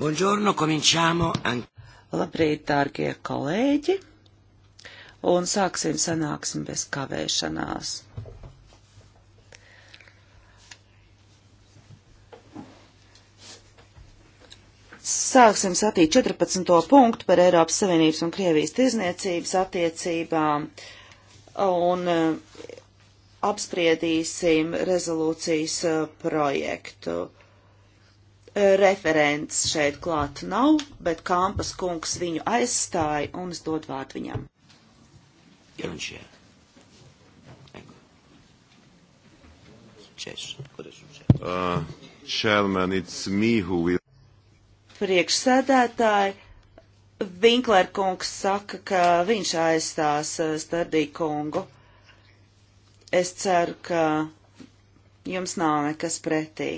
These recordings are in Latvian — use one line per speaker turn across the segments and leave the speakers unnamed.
Buongiorno, cominciamo. An...
Labrīt, dārgie kolēģi, un sāksim sanāksim bez kavēšanās. Sāksim satīt 14. punktu par Eiropas Savienības un Krievijas tirzniecības attiecībām un eh, apspriedīsim rezolūcijas eh, projektu. Referents šeit klāt nav, bet Kampas kungs viņu aizstāja un es dod vārdu viņam.
Ja viņš ir. Uh, chairman, it's me who will.
Priekšsēdētāji, Vinklēr kungs saka, ka viņš aizstās uh, Stardī kungu. Es ceru, ka jums nav nekas pretī.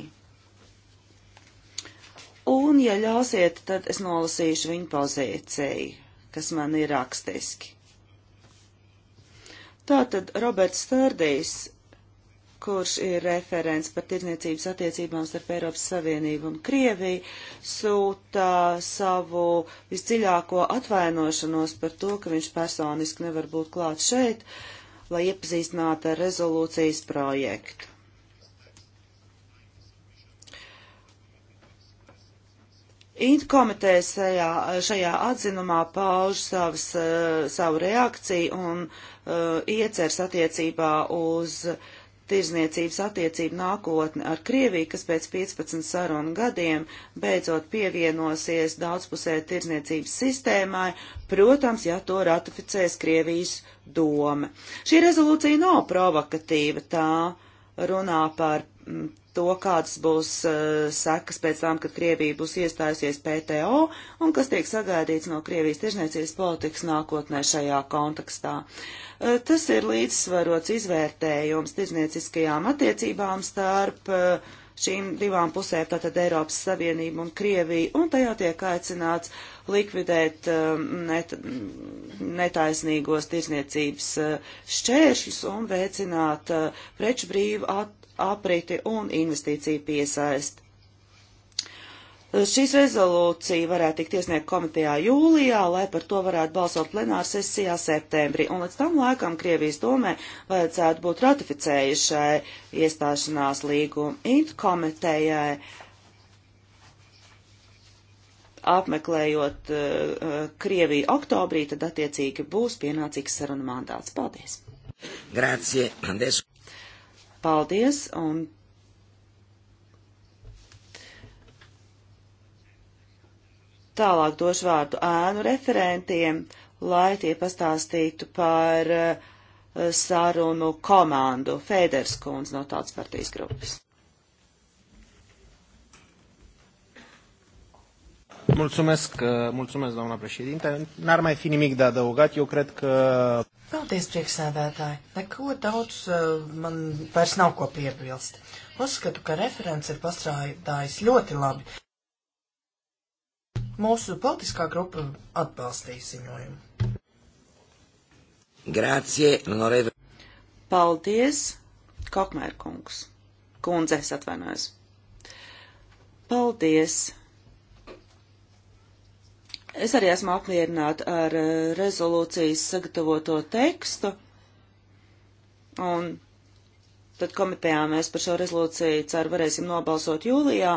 Un, ja ļausiet, tad es nolasīšu viņu pozīciju, kas man ir rakstiski. Tātad Roberts Stārdīs, kurš ir referents par tirniecības attiecībām starp Eiropas Savienību un Krieviju, sūta savu visdziļāko atvainošanos par to, ka viņš personiski nevar būt klāt šeit, lai iepazīstinātu ar rezolūcijas projektu. Īt komiteja šajā, šajā atzinumā pauž savas, eh, savu reakciju un uh, eh, iecers attiecībā uz tirzniecības attiecību nākotni ar Krieviju, kas pēc 15 sarunu gadiem beidzot pievienosies daudzpusē tirzniecības sistēmai, protams, ja to ratificēs Krievijas doma. Šī rezolūcija nav provokatīva, tā runā par mm, to, kādas būs uh, sekas pēc tam, kad Krievija būs iestājusies PTO un kas tiek sagaidīts no Krievijas tirzniecības politikas nākotnē šajā kontekstā. Uh, tas ir līdzsvarots izvērtējums tirznieciskajām attiecībām starp uh, šīm divām pusēm, tātad Eiropas Savienību un Krieviju, un tajā tiek aicināts likvidēt net, netaisnīgos tirzniecības šķēršļus un veicināt preču brīvu attīstību apriti un investīciju piesaist. Šīs rezolūcija varētu tikt iesniegt komitejā jūlijā, lai par to varētu balsot plenāra sesijā septembrī, un līdz tam laikam Krievijas domē vajadzētu būt ratificējušai iestāšanās līgumu int komitejai, apmeklējot uh, Krieviju oktobrī, tad attiecīgi būs pienācīgs saruna mandāts. Paldies!
Grācie! Paldies!
Paldies un tālāk došu vārdu ēnu referentiem, lai tie pastāstītu par eh, sarunu komandu Fēderskundz no tāds partijas grupas. Mulțumesc, uh, mulțumesc,
doamna președinte. N-ar mai fi nimic de adăugat. Eu cred că...
Paldies, priekšsēdētāji. Neko daudz uh, man vairs nav ko piebilst. Uzskatu, ka referents ir pastrādājis ļoti labi. Mūsu politiskā grupa atbalstīja ziņojumu.
Grācie, onorevole.
Paldies, Kokmērkungs. Kundze, es atvainojos. Paldies. Es arī esmu apmierināta ar eh, rezolūcijas sagatavoto tekstu, un tad komitejā mēs par šo rezolūciju ceru varēsim nobalsot jūlijā.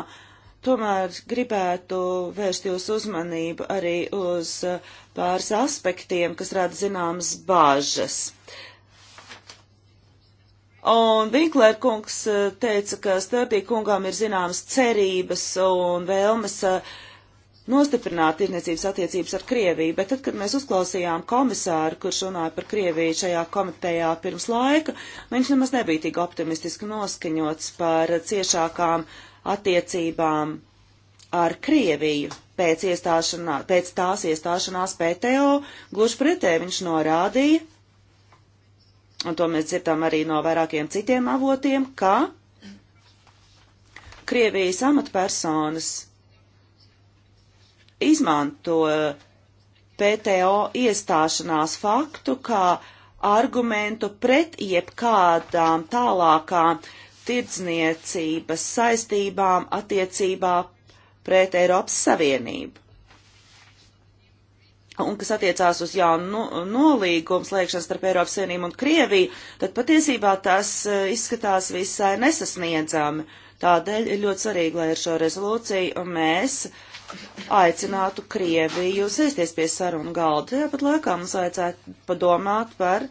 Tomēr gribētu vērst jūsu uzmanību arī uz eh, pāris aspektiem, kas rada zināmas bāžas. Un Vinklēr kungs eh, teica, ka Stördī kungām ir zināmas cerības un vēlmes uh, nostiprināt tirniecības attiecības ar Krieviju, bet tad, kad mēs uzklausījām komisāru, kurš runāja par Krieviju šajā komitejā pirms laika, viņš nemaz nebija tik optimistiski noskaņots par ciešākām attiecībām ar Krieviju pēc, iestāšanā, pēc tās iestāšanās PTO. Gluži pretēji viņš norādīja, un to mēs dzirdām arī no vairākiem citiem avotiem, ka Krievijas amatpersonas izmanto eh, PTO iestāšanās faktu kā argumentu pret jebkādām tālākām tirdzniecības saistībām attiecībā pret Eiropas Savienību. Un kas attiecās uz jaunu nolīgumu slēgšanu starp Eiropas Savienību un Krieviju, tad patiesībā tas eh, izskatās visai nesasniedzami. Tādēļ ir ļoti svarīgi, lai ar šo rezolūciju mēs uh, aicinātu Krieviju sēsties pie sarunu galda. Tāpat laikā mums vajadzētu padomāt par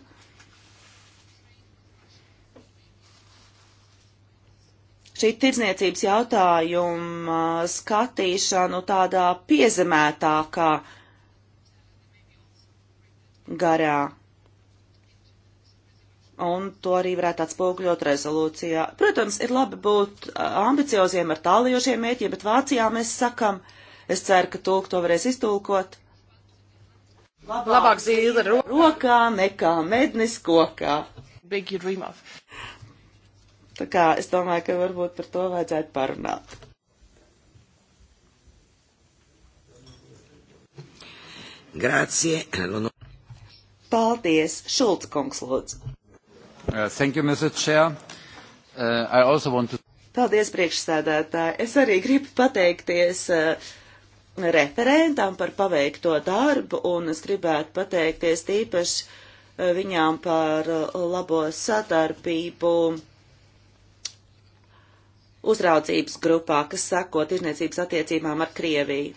šī tirdzniecības jautājuma skatīšanu tādā piezemētākā garā. Un to arī varētu atspūgļot rezolūcijā. Protams, ir labi būt ambicioziem ar tālajošiem mēķiem, bet Vācijā mēs sakam, uh, Es ceru, ka tulk to varēs iztulkot.
Labāk, Labāk zīle
rokā nekā mednis kokā. Big you dream of. Tā kā es domāju, ka varbūt par to vajadzētu parunāt. Grācie. Paldies. Šulc kungs lūdzu.
Uh, thank you, Mr. Chair. Uh, I also want to.
Paldies, priekšsēdētāji. Es arī gribu pateikties uh, referentām par paveikto darbu, un es gribētu pateikties tīpaši eh, viņām par eh, labo sadarbību uzraudzības grupā, kas sako tirniecības attiecībām ar Krieviju.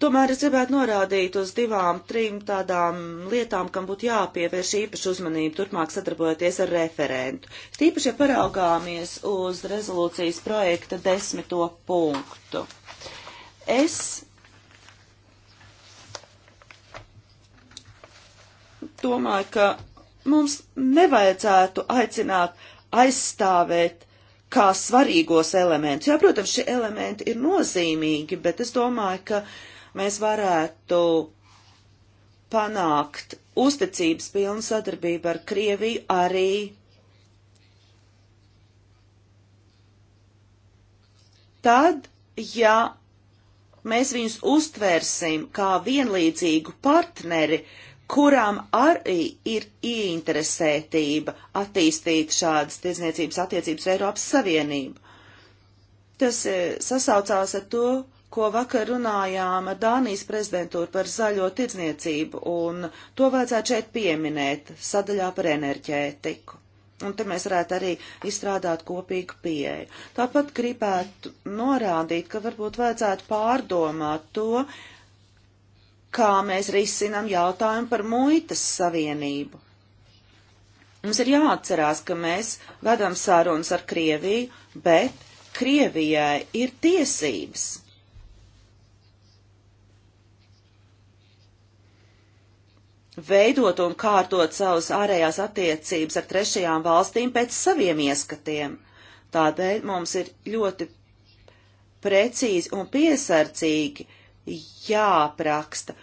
Tomēr es gribētu norādīt uz divām, trim tādām lietām, kam būtu jāpievērš īpaši uzmanību turpmāk sadarbojoties ar referentu. Tīpaši, ja paraugāmies uz rezolūcijas projekta desmito punktu. Es domāju, ka mums nevajadzētu aicināt aizstāvēt kā svarīgos elementus. Jā, protams, šie elementi ir nozīmīgi, bet es domāju, ka mēs varētu panākt uzticības pilnu sadarbību ar Krieviju arī tad, ja mēs viņus uztvērsim kā vienlīdzīgu partneri, kurām arī ir ieinteresētība attīstīt šādas tirdzniecības attiecības Eiropas Savienību. Tas e, sasaucās ar to, ko vakar runājām ar Dānijas prezidentūru par zaļo tirdzniecību, un to vajadzētu šeit pieminēt sadaļā par enerģētiku. Un te mēs varētu arī izstrādāt kopīgu pieeju. Tāpat gribētu norādīt, ka varbūt vajadzētu pārdomāt to, kā mēs risinam jautājumu par muitas savienību. Mums ir jāatcerās, ka mēs vedam sarunas ar Krieviju, bet Krievijai ir tiesības veidot un kārtot savas ārējās attiecības ar trešajām valstīm pēc saviem ieskatiem. Tādēļ mums ir ļoti precīzi un piesardzīgi jāapraksta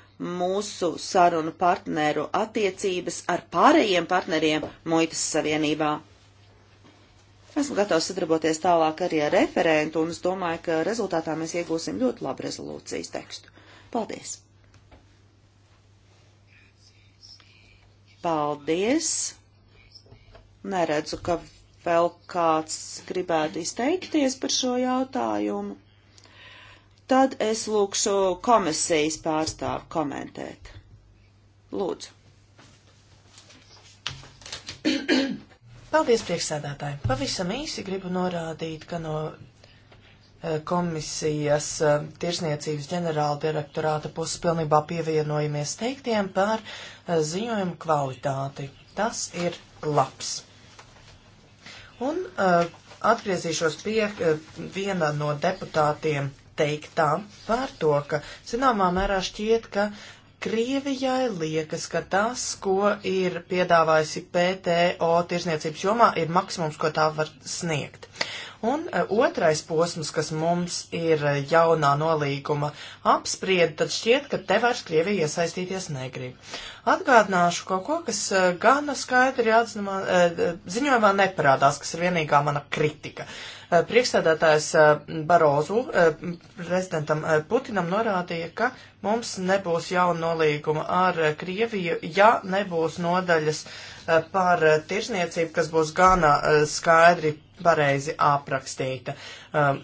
mūsu sarunu partneru attiecības ar pārējiem partneriem muitas savienībā. Esmu gatavs sadarboties tālāk arī ar referentu, un es domāju, ka rezultātā mēs iegūsim ļoti labu rezolūcijas tekstu. Paldies! Paldies! Neredzu, ka vēl kāds gribētu izteikties par šo jautājumu. Tad es lūkšu komisijas pārstāvu komentēt. Lūdzu.
Paldies, priekšsēdētāji! Pavisam īsi gribu norādīt, ka no Eh, komisijas eh, tirsniecības ģenerāla direktorāta puses pilnībā pievienojamies teiktiem par eh, ziņojumu kvalitāti. Tas ir labs. Un uh, atgriezīšos pie uh, viena no deputātiem teiktā par to, ka zināmā mērā šķiet, ka Krievijai liekas, ka tas, ko ir piedāvājusi PTO tirsniecības jomā, ir maksimums, ko tā var sniegt. Uh, Un e, otrais posms, kas mums ir e, jaunā nolīguma apspried, tad šķiet, ka te vairs Krievija iesaistīties negrib. Atgādināšu kaut ko, kas e, gana skaidri atzinumā, ziņojumā neparādās, kas ir vienīgā mana kritika. Priekšstādātājs Barozu prezidentam Putinam norādīja, ka mums nebūs jauna nolīguma ar Krieviju, ja nebūs nodaļas par tirzniecību, kas būs gana skaidri pareizi aprakstīta. Um,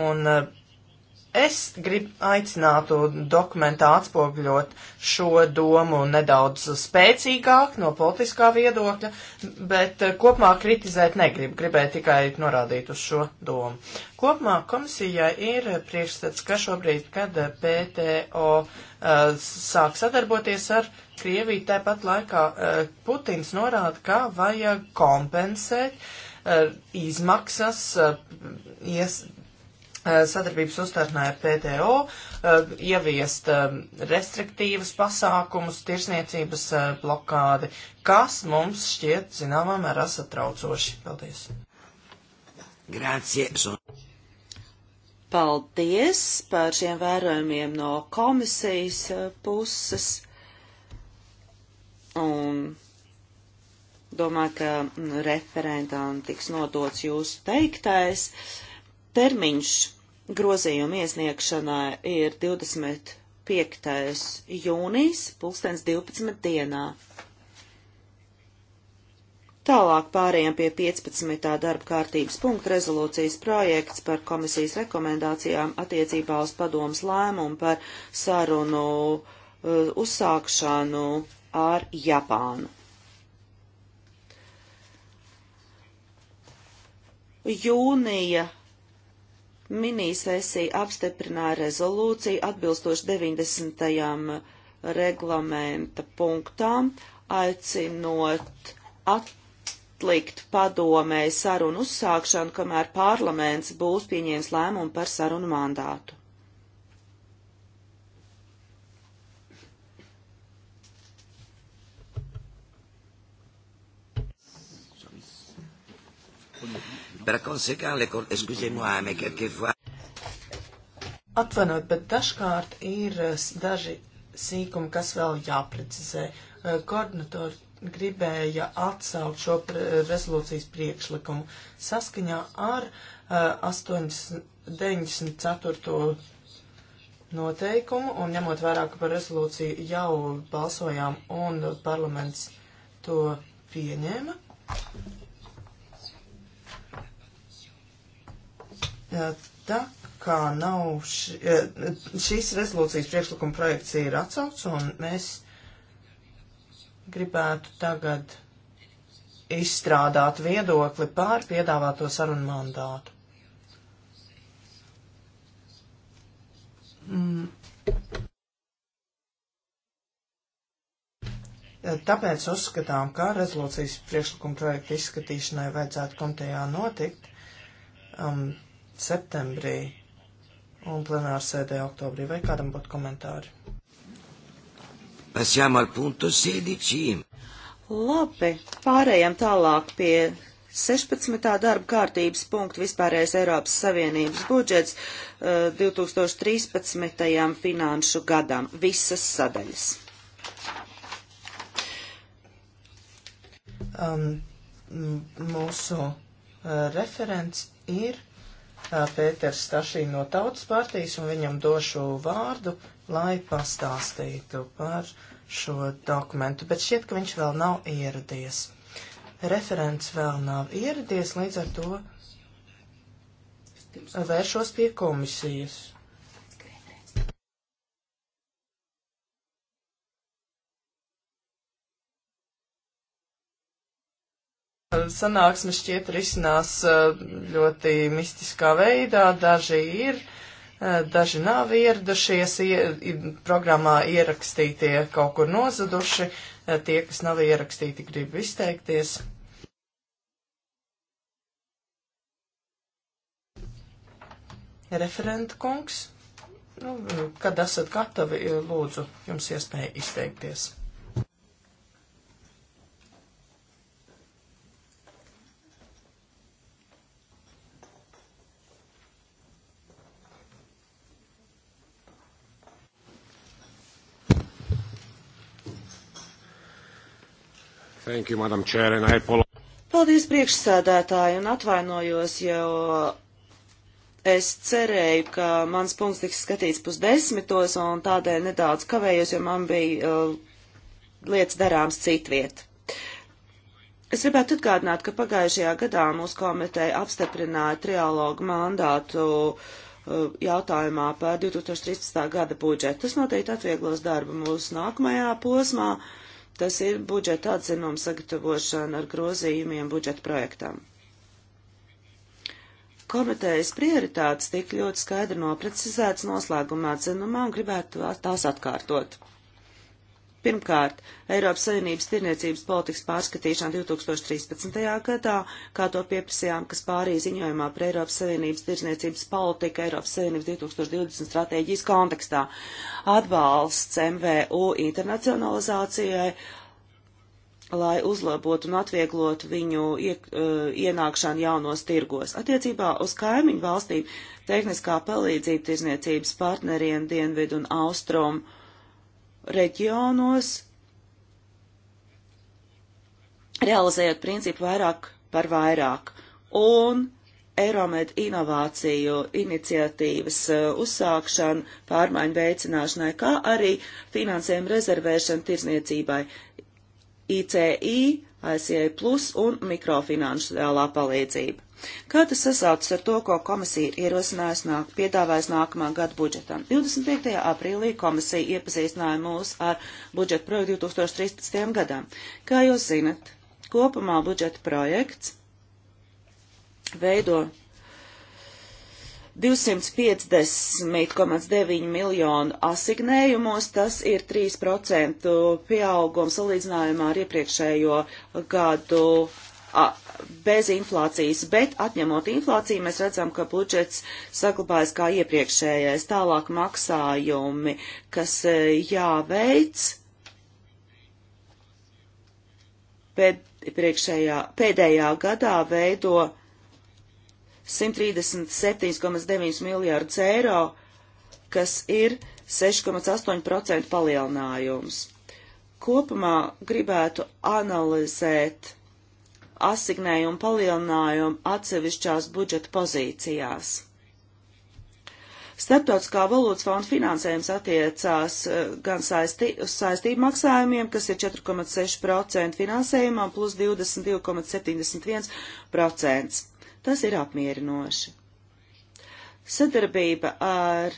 un uh, es gribu aicinātu dokumentā atspogļot šo domu nedaudz spēcīgāk no politiskā viedokļa, bet uh, kopumā kritizēt negribu, gribēju tikai norādīt uz šo domu. Kopumā komisijai ir priekšstats, ka šobrīd, kad uh, PTO uh, sāk sadarboties ar Krieviju, tāpat laikā uh, Putins norāda, ka vajag kompensēt uh, Eh, izmaksas eh, ies, eh, sadarbības uzstādnē ar PTO ieviest restriktīvas pasākumus, tirsniecības blokādi, kas mums šķiet zināmā mērā satraucoši. Paldies!
Grācie!
Paldies par šiem vērojumiem no komisijas puses. Un Domāju, ka mm, referentam tiks nodots jūsu teiktais. Termiņš grozījuma iesniegšanai ir 25. jūnijas, pulkstens 12. dienā. Tālāk pārējām pie 15. darba kārtības punkta rezolūcijas projekts par komisijas rekomendācijām attiecībā uz padomas lēmumu par sarunu uh, uzsākšanu ar Japānu. jūnija minisesija apstiprināja rezolūciju atbilstoši 90. reglamenta punktām, aicinot atlikt padomē sarunu uzsākšanu, kamēr parlaments būs pieņēmis lēmumu par sarunu mandātu.
Sorry. Per conséquent, excusez-moi, mais quelquefois.
Atvainojiet, bet dažkārt ir eh, daži sīkumi, kas vēl jāprecizē. Eh, koordinatori gribēja atsaukt šo rezolūcijas priekšlikumu saskaņā ar 94. Eh, noteikumu un ņemot vērā, ka par rezolūciju jau balsojām un parlaments to pieņēma Tā kā nav ši, šīs rezolūcijas priekšlikuma projekts ir atsaukts, un mēs gribētu tagad izstrādāt viedokli pār piedāvāto sarunu mandātu. Mm. Tāpēc uzskatām, ka rezolūcijas priekšlikuma projekta izskatīšanai vajadzētu komitejā notikt. Um, septembrī un plenāra sēdē oktobrī. Vai kādam būtu komentāri?
Passiamo al punto 16.
Labi, pārējām tālāk pie 16. darba kārtības punkta vispārējais Eiropas Savienības budžets uh, 2013. finanšu gadam. Visas sadaļas.
Um, mūsu uh, referents ir Pēters Stašīn no Tautas partijas, un viņam došu vārdu, lai pastāstītu par šo dokumentu, bet šķiet, ka viņš vēl nav ieradies. Referents vēl nav ieradies, līdz ar to vēršos pie komisijas. Sanāksme šķiet risinās eh, ļoti mistiskā veidā. Daži ir, eh, daži nav ieradušies, programmā ierakstītie kaut kur nozaduši, eh, tie, kas nav ierakstīti, grib izteikties. Referenta kungs, nu, kad esat gatavi, lūdzu, jums iespēja izteikties.
Thank you, Madam Chair, and I apologize.
Paldies priekšsēdētāji un atvainojos, jo es cerēju, ka mans punkts tiks skatīts pusdesmitos un tādēļ nedaudz kavējos, jo man bija uh, lietas darāms citviet. Es gribētu atgādināt, ka pagājušajā gadā mūsu komiteja apstiprināja trialogu mandātu uh, jautājumā par 2013. gada budžetu. Tas noteikti atvieglos darbu mūsu nākamajā posmā. Uh, Tas ir budžeta atzinuma sagatavošana ar grozījumiem budžeta projektām. Komitejas prioritātes tika ļoti skaidri noprecizētas noslēgumā atzinumā un gribētu tās atkārtot. Pirmkārt, Eiropas Savienības tirniecības politikas pārskatīšana 2013. gadā, kā to pieprasījām, kas pārīja ziņojumā par Eiropas Savienības tirniecības politiku Eiropas Savienības 2020 stratēģijas kontekstā. Atbalsts MVU internacionalizācijai, lai uzlabotu un atvieglotu viņu iek, uh, ienākšanu jaunos tirgos. Attiecībā uz kaimiņu valstīm tehniskā palīdzība tirzniecības partneriem Dienvidu un Austrumu reģionos, realizējot principu vairāk par vairāk. Un Eiromed inovāciju iniciatīvas uh, uzsākšanu, pārmaiņu veicināšanai, kā arī finansējumu rezervēšanu tirzniecībai, ICI, ICI e plus un mikrofinansiālā palīdzība. Kā tas sasaucas ar to, ko komisija ir ierosinājusi nāk, piedāvājusi nākamā gada budžetam? 25. aprīlī komisija iepazīstināja mūs ar budžetu projektu 2013. gadam. Kā jūs zinat, kopumā budžeta projekts veido 250,9 miljonu asignējumos, tas ir 3% pieaugums salīdzinājumā ar iepriekšējo gadu bez inflācijas, bet atņemot inflāciju, mēs redzam, ka budžets saglabājas kā iepriekšējais. Tālāk maksājumi, kas eh, jāveic, pēd, priekšējā, pēdējā gadā veido 137,9 miljārdus eiro, kas ir 6,8% palielinājums. Kopumā gribētu analizēt asignējumu palielinājumu atsevišķās budžeta pozīcijās. Starptautiskā valūtas fonda finansējums attiecās eh, gan saistī, uz saistību maksājumiem, kas ir 4,6% finansējumam plus 22,71%. Tas ir apmierinoši. Sadarbība ar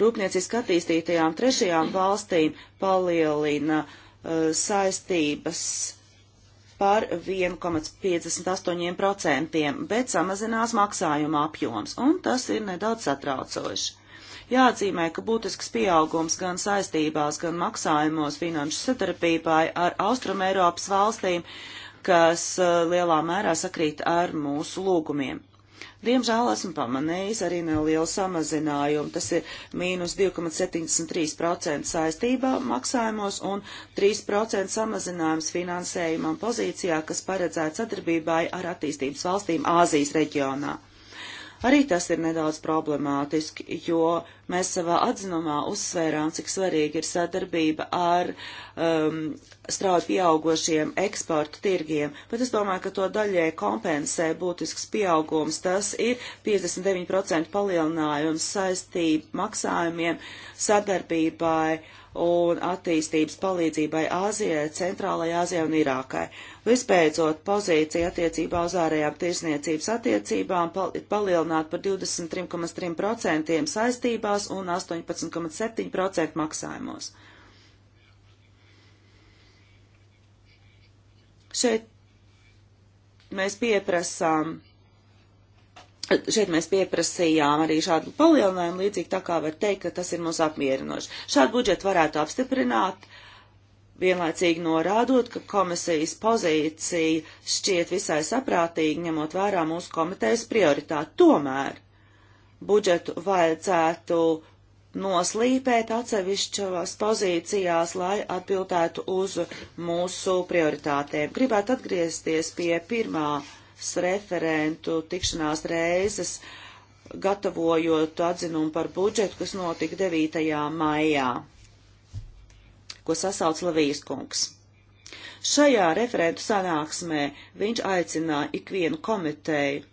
rūpnieciski attīstītajām trešajām valstīm palielina uh, saistības par 1,58%, bet samazinās maksājuma apjoms, un tas ir nedaudz satraucoši. Jāatzīmē, ka būtisks pieaugums gan saistībās, gan maksājumos finanšu sadarbībai ar Austrumēropas valstīm, kas eh, lielā mērā sakrīt ar mūsu lūgumiem. Diemžēl esmu pamanījis arī nelielu samazinājumu. Tas ir mīnus 2,73% saistībā maksājumos un 3% samazinājums finansējumam pozīcijā, kas paredzēts sadarbībai ar attīstības valstīm Āzijas reģionā. Arī tas ir nedaudz problemātiski, jo mēs savā atzinumā uzsvērām, cik svarīgi ir sadarbība ar um, strauji pieaugošiem eksporta tirgiem, bet es domāju, ka to daļai kompensē būtisks pieaugums. Tas ir 59% palielinājums saistību maksājumiem sadarbībai un attīstības palīdzībai Āzijai, Centrālajai Āzijai un Irākai. Visbeidzot, pozīcija attiecībā uz ārējām tirsniecības attiecībām palielināt par 23,3% saistībās un 18,7% maksājumos. Šeit mēs pieprasām Šeit mēs pieprasījām arī šādu palielinājumu, līdzīgi tā kā var teikt, ka tas ir mums apmierinoši. Šādu budžetu varētu apstiprināt, vienlaicīgi norādot, ka komisijas pozīcija šķiet visai saprātīga, ņemot vērā mūsu komitejas prioritāti. Tomēr budžetu vajadzētu noslīpēt atsevišķās pozīcijās, lai atbildētu uz mūsu prioritātēm. Gribētu atgriezties pie pirmā referentu tikšanās reizes, gatavojot atzinumu par budžetu, kas notika 9. maijā, ko sasauc Lavijas kungs. Šajā referentu sanāksmē viņš aicināja ikvienu komiteju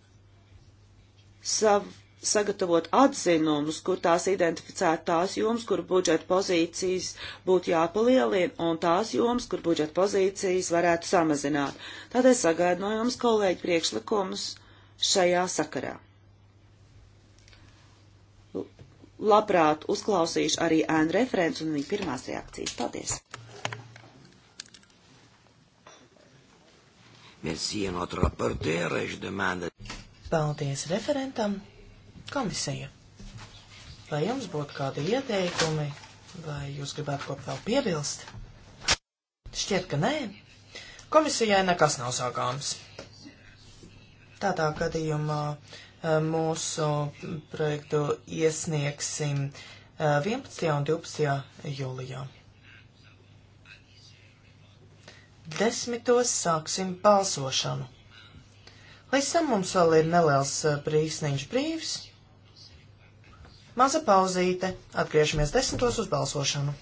savu sagatavot atzinumus, kur tās identificētu tās jomas, kur budžeta pozīcijas būtu jāpalielina, un tās jomas, kur budžeta pozīcijas varētu samazināt. Tādēļ sagaidu no jums kolēģi priekšlikumus šajā sakarā. Labprāt uzklausīšu arī ēnu referents un viņa pirmās reakcijas. Paldies!
Merci à notre rapporteur et je demande.
Paldies referentam komisija. Vai jums būtu kādi ieteikumi, vai jūs gribētu kaut vēl piebilst? Šķiet, ka nē. Komisijai nekas nav sākāms. Tādā gadījumā eh, mūsu projektu iesniegsim 11. Eh, un 12. jūlijā. Desmitos sāksim balsošanu. Līdz tam mums vēl ir neliels eh, brīsniņš brīvs. Maza pauzīte. Atgriežamies desmitos uz balsošanu.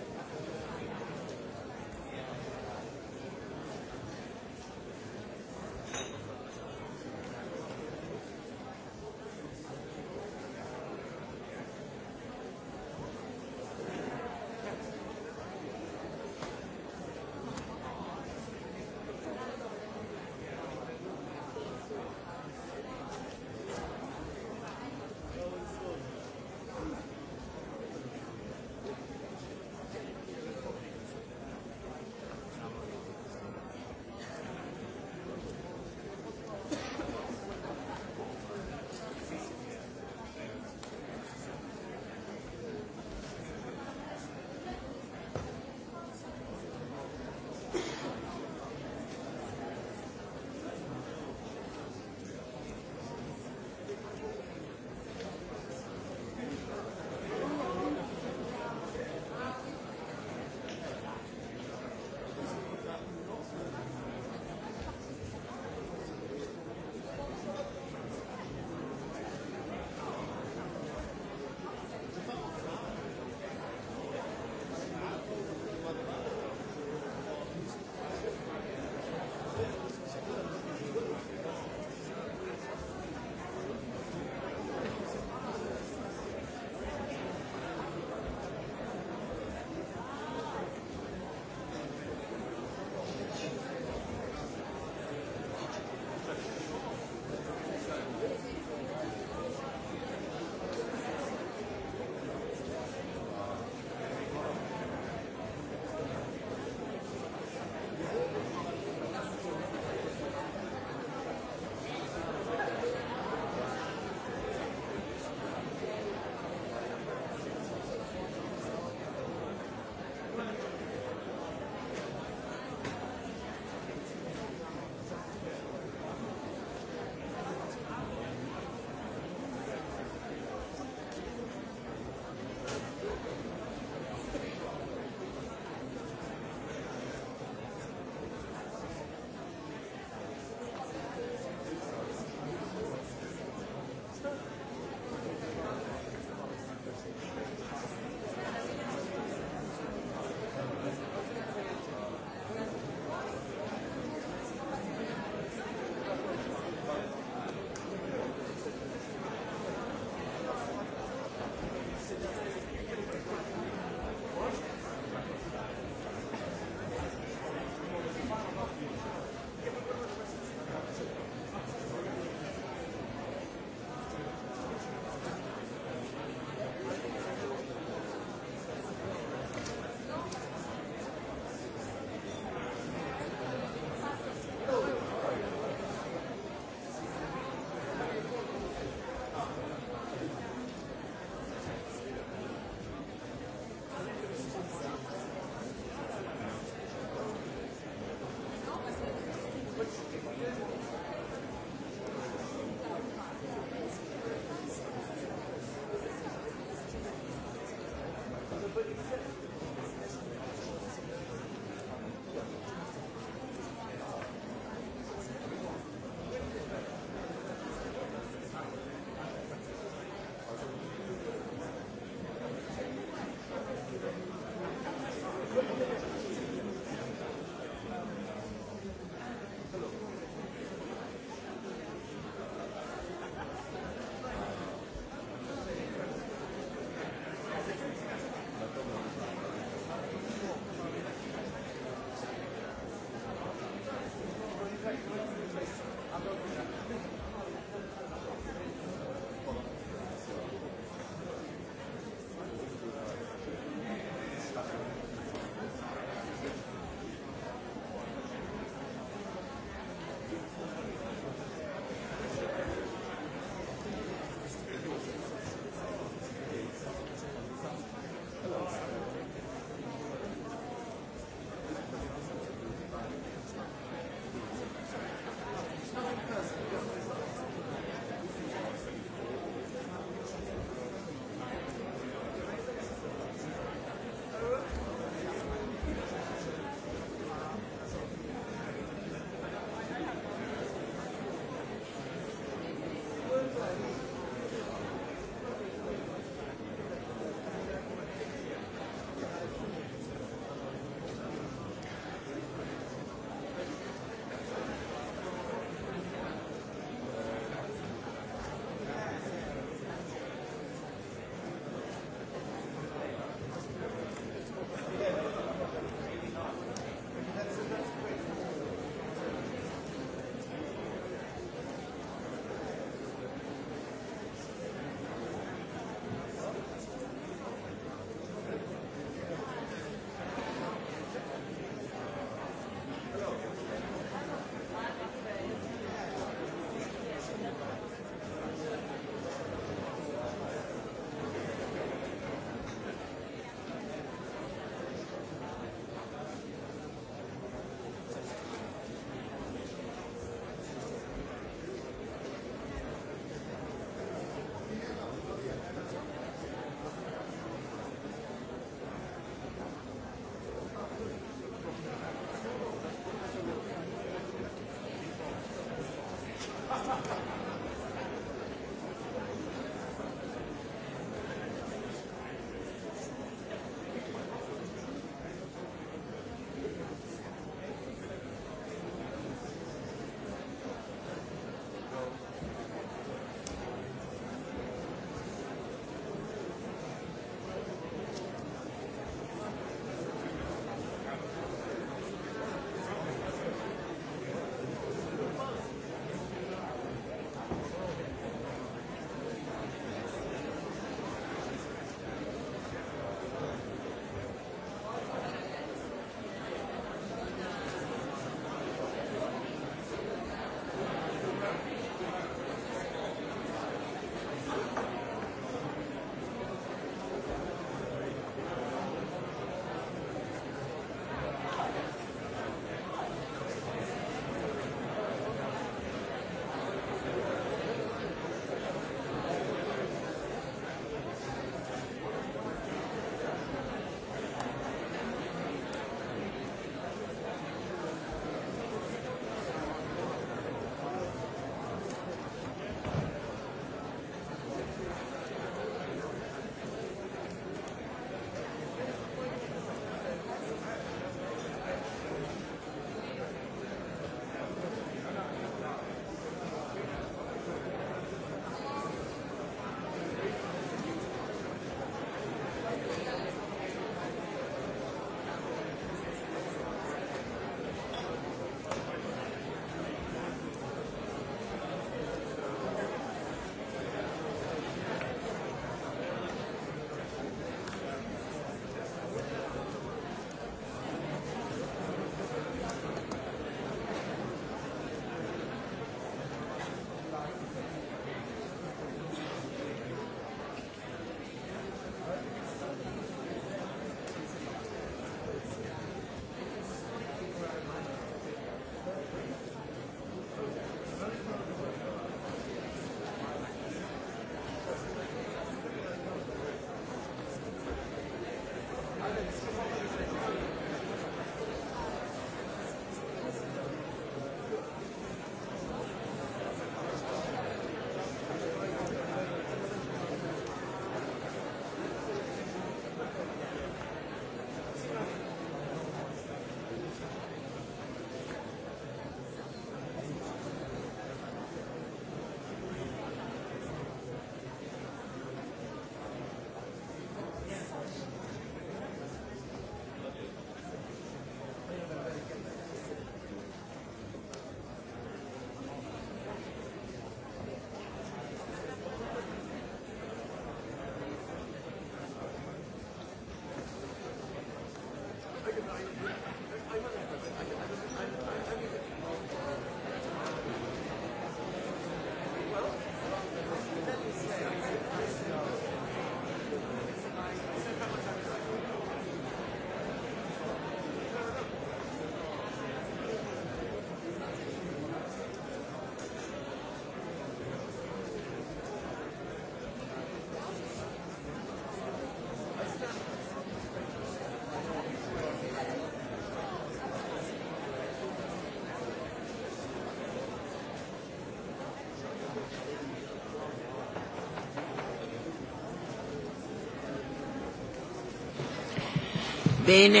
Bene,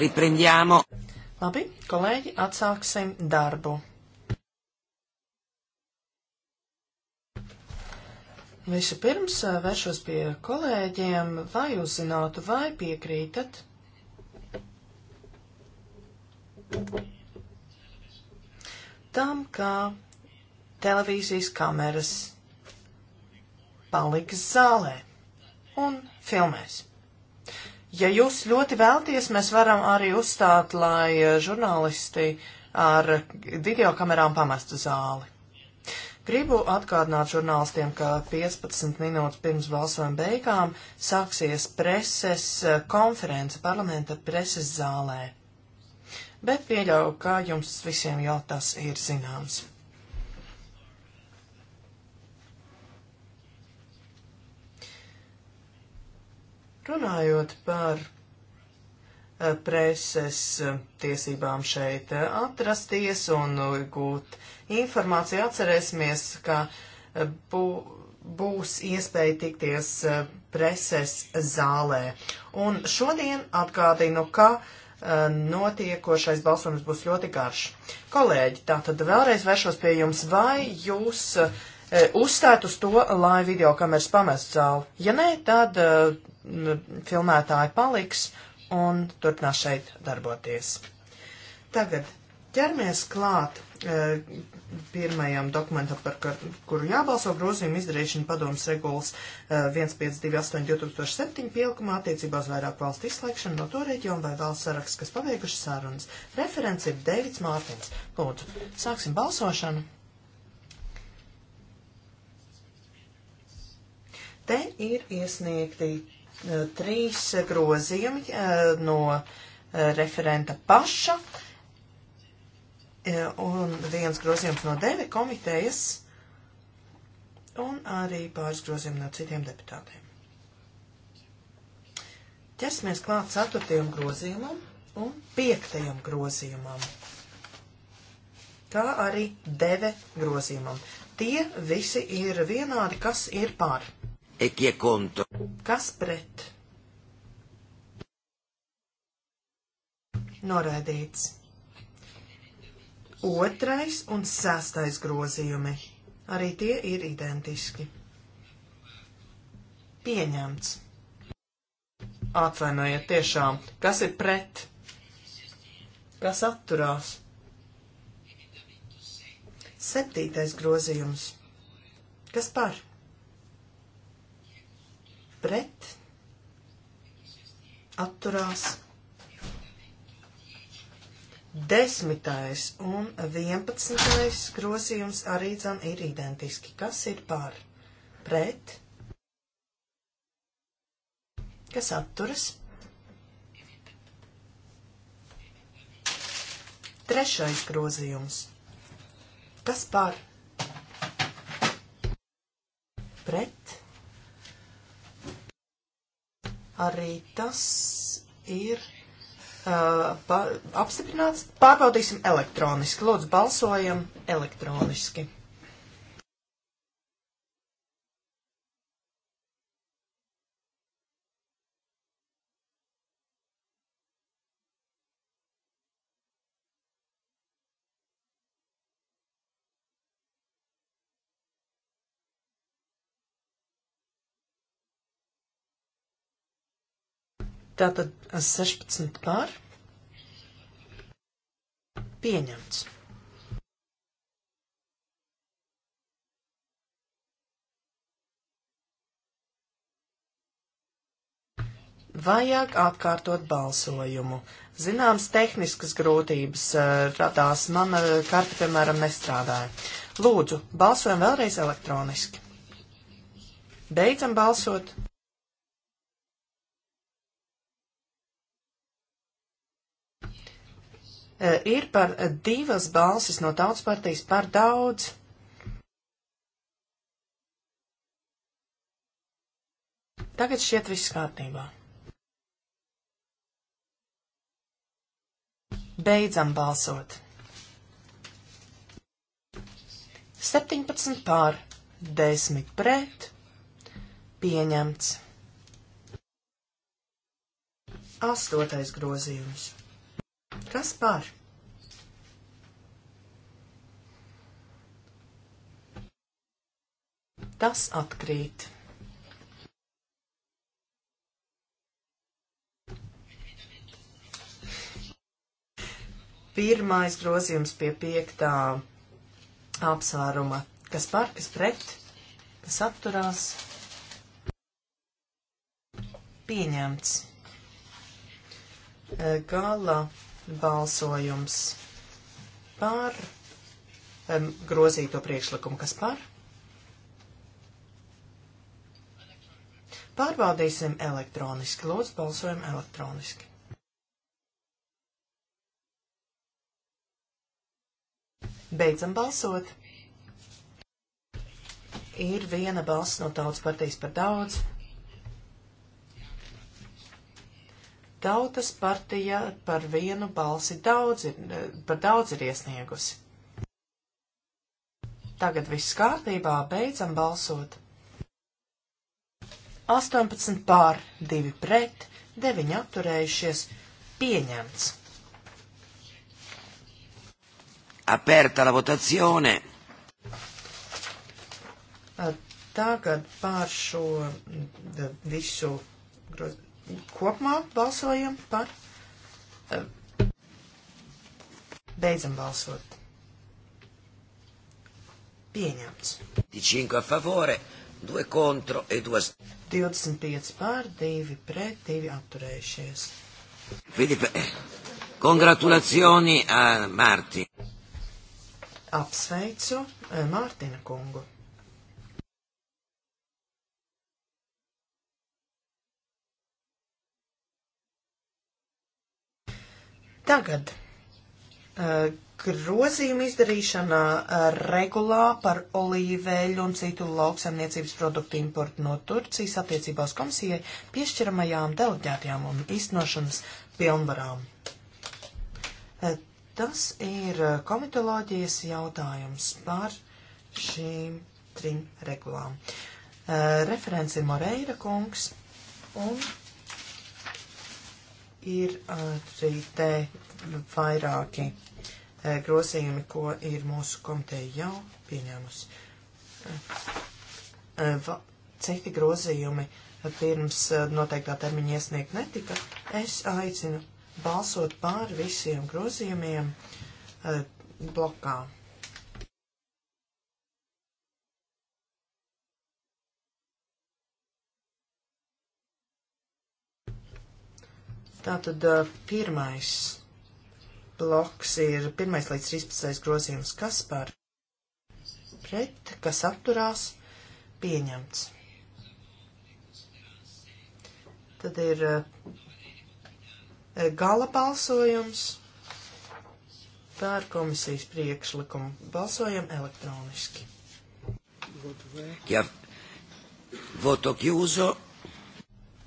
riprendiamo. Labi,
kolēģi, atsāksim darbu. Vispirms eh, vēršos pie kolēģiem, lai uzzinātu, vai piekrītat. Tam, kā televīzijas kameras paliks zālē un filmēs. Ja jūs ļoti vēlties, mēs varam arī uzstāt, lai eh, žurnālisti ar videokamerām pamestu zāli. Gribu atgādināt žurnālistiem, ka 15 minūtes pirms balsojuma beigām sāksies preses eh, konference parlamenta preses zālē. Bet pieļauju, ka jums visiem jau tas ir zināms. Runājot par eh, preses eh, tiesībām šeit eh, atrasties un gūt informāciju, atcerēsimies, ka bū, būs iespēja tikties preses zālē. Un šodien atgādinu, ka notiekošais balsojums būs ļoti garš. Kolēģi, tātad vēlreiz vēršos pie jums, vai jūs uzstāt uz to, lai video kameras pamest zāli? Ja nē, tad Nu, filmētāji paliks un turpinās šeit darboties. Tagad ķermies klāt e, pirmajam dokumentam, par kar, kuru jābalso grozījumu izdarīšana padomas regulas e, 1528-2007 pielikumā attiecībā uz vairāku valstu izslēgšanu no to reģionu vai valsts saraksts, kas paveikuši sarunas. Referents ir Deivids Mārtins. Lūdzu, sāksim balsošanu. Te ir iesniegti trīs grozījumi eh, no eh, referenta paša eh, un viens grozījums no deve komitejas un arī pāris grozījumi no citiem deputātiem. Ķersimies klāt ceturtajam grozījumam un piektajam grozījumam, kā arī deve grozījumam. Tie visi ir vienādi, kas ir pār.
E chi è contro?
Kas pret? Noraidīts. Otrais un sastais grozījumi. Arī tie ir identiski. Pieņemts. Atvainojiet, tiešām, kas ir pret? Kas atturās? Septītais grozījums. Kas par? pret, atturās. Desmitais un vienpadsmitais grozījums arī dzan ir identiski. Kas ir par? Pret? Kas atturas? Trešais grozījums. Kas par? Pret? Arī tas ir uh, pa, apstiprināts. Pārbaudīsim elektroniski. Lūdzu, balsojam elektroniski. Tātad 16 pār. Pieņemts. Vajag atkārtot balsojumu. Zināms, tehniskas grūtības eh, radās. Mana karta, piemēram, nestrādāja. Lūdzu, balsojam vēlreiz elektroniski. Beidzam balsot. E, ir par divas balsis no tautas partijas par daudz. Tagad šķiet viss kārtībā. Beidzam balsot. 17 pār, 10 pret, pieņemts. Astotais grozījums. Kas par? Tas atkrīt. Pirmais grozījums pie piektā apsvēruma. Kas par, kas pret, kas atturās? Pieņemts. Gala balsojums par um, grozīto priekšlikumu. Kas par? Pārbaudīsim elektroniski. Lūdzu, balsojam elektroniski. Beidzam balsot. Ir viena balss no tautas partijas par daudz. Tautas partija par vienu balsi daudz ir, par daudz ir iesniegusi. Tagad viss kārtībā, beidzam balsot. 18 pār, 2 pret, 9 atturējušies, pieņemts.
Aperta la votazione.
Tagad pār šo visu grozījumu kopumā balsojam par. Eh, beidzam balsot.
Pieņemts. 25 favore, 2 contro e 2.
25 pār, 2 pret, 2 atturējušies.
Filipe, congratulazioni a Marti.
Apsveicu eh, Mārtiņa kungu. Tagad eh, grozījuma izdarīšanā eh, regulā par olīveļu un citu lauksaimniecības produktu importu no Turcijas attiecībās komisijai piešķiramajām deleģētajām un iznošanas pilnvarām. Eh, tas ir komitoloģijas jautājums par šīm trim regulām. Referents ir Moreira kungs un Ir arī te vairāki grozījumi, ko ir mūsu komiteja jau pieņēmusi. Citi grozījumi pirms noteiktā termiņa iesniegt netika. Es aicinu balsot pār visiem grozījumiem blokā. Tātad pirmais bloks ir 1 līdz 13 grozījums, kas par pret, kas atturās, pieņemts. Tad ir gala balsojums par komisijas priekšlikumu. Balsojam elektroniski.
Ja. Voto kjūzo.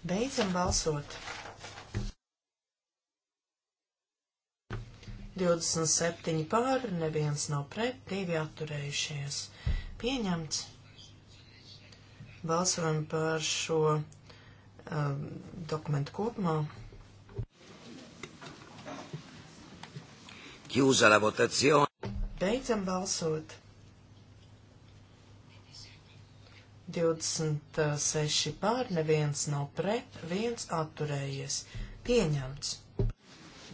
Beidzam balsot. 27 pār, neviens nav pret, divi atturējušies. Pieņemts. Balsojam par šo um, dokumentu kopumā.
Chiusa la votazione.
Beidzam balsot. 26 pār, neviens nav pret, viens atturējies. Pieņemts.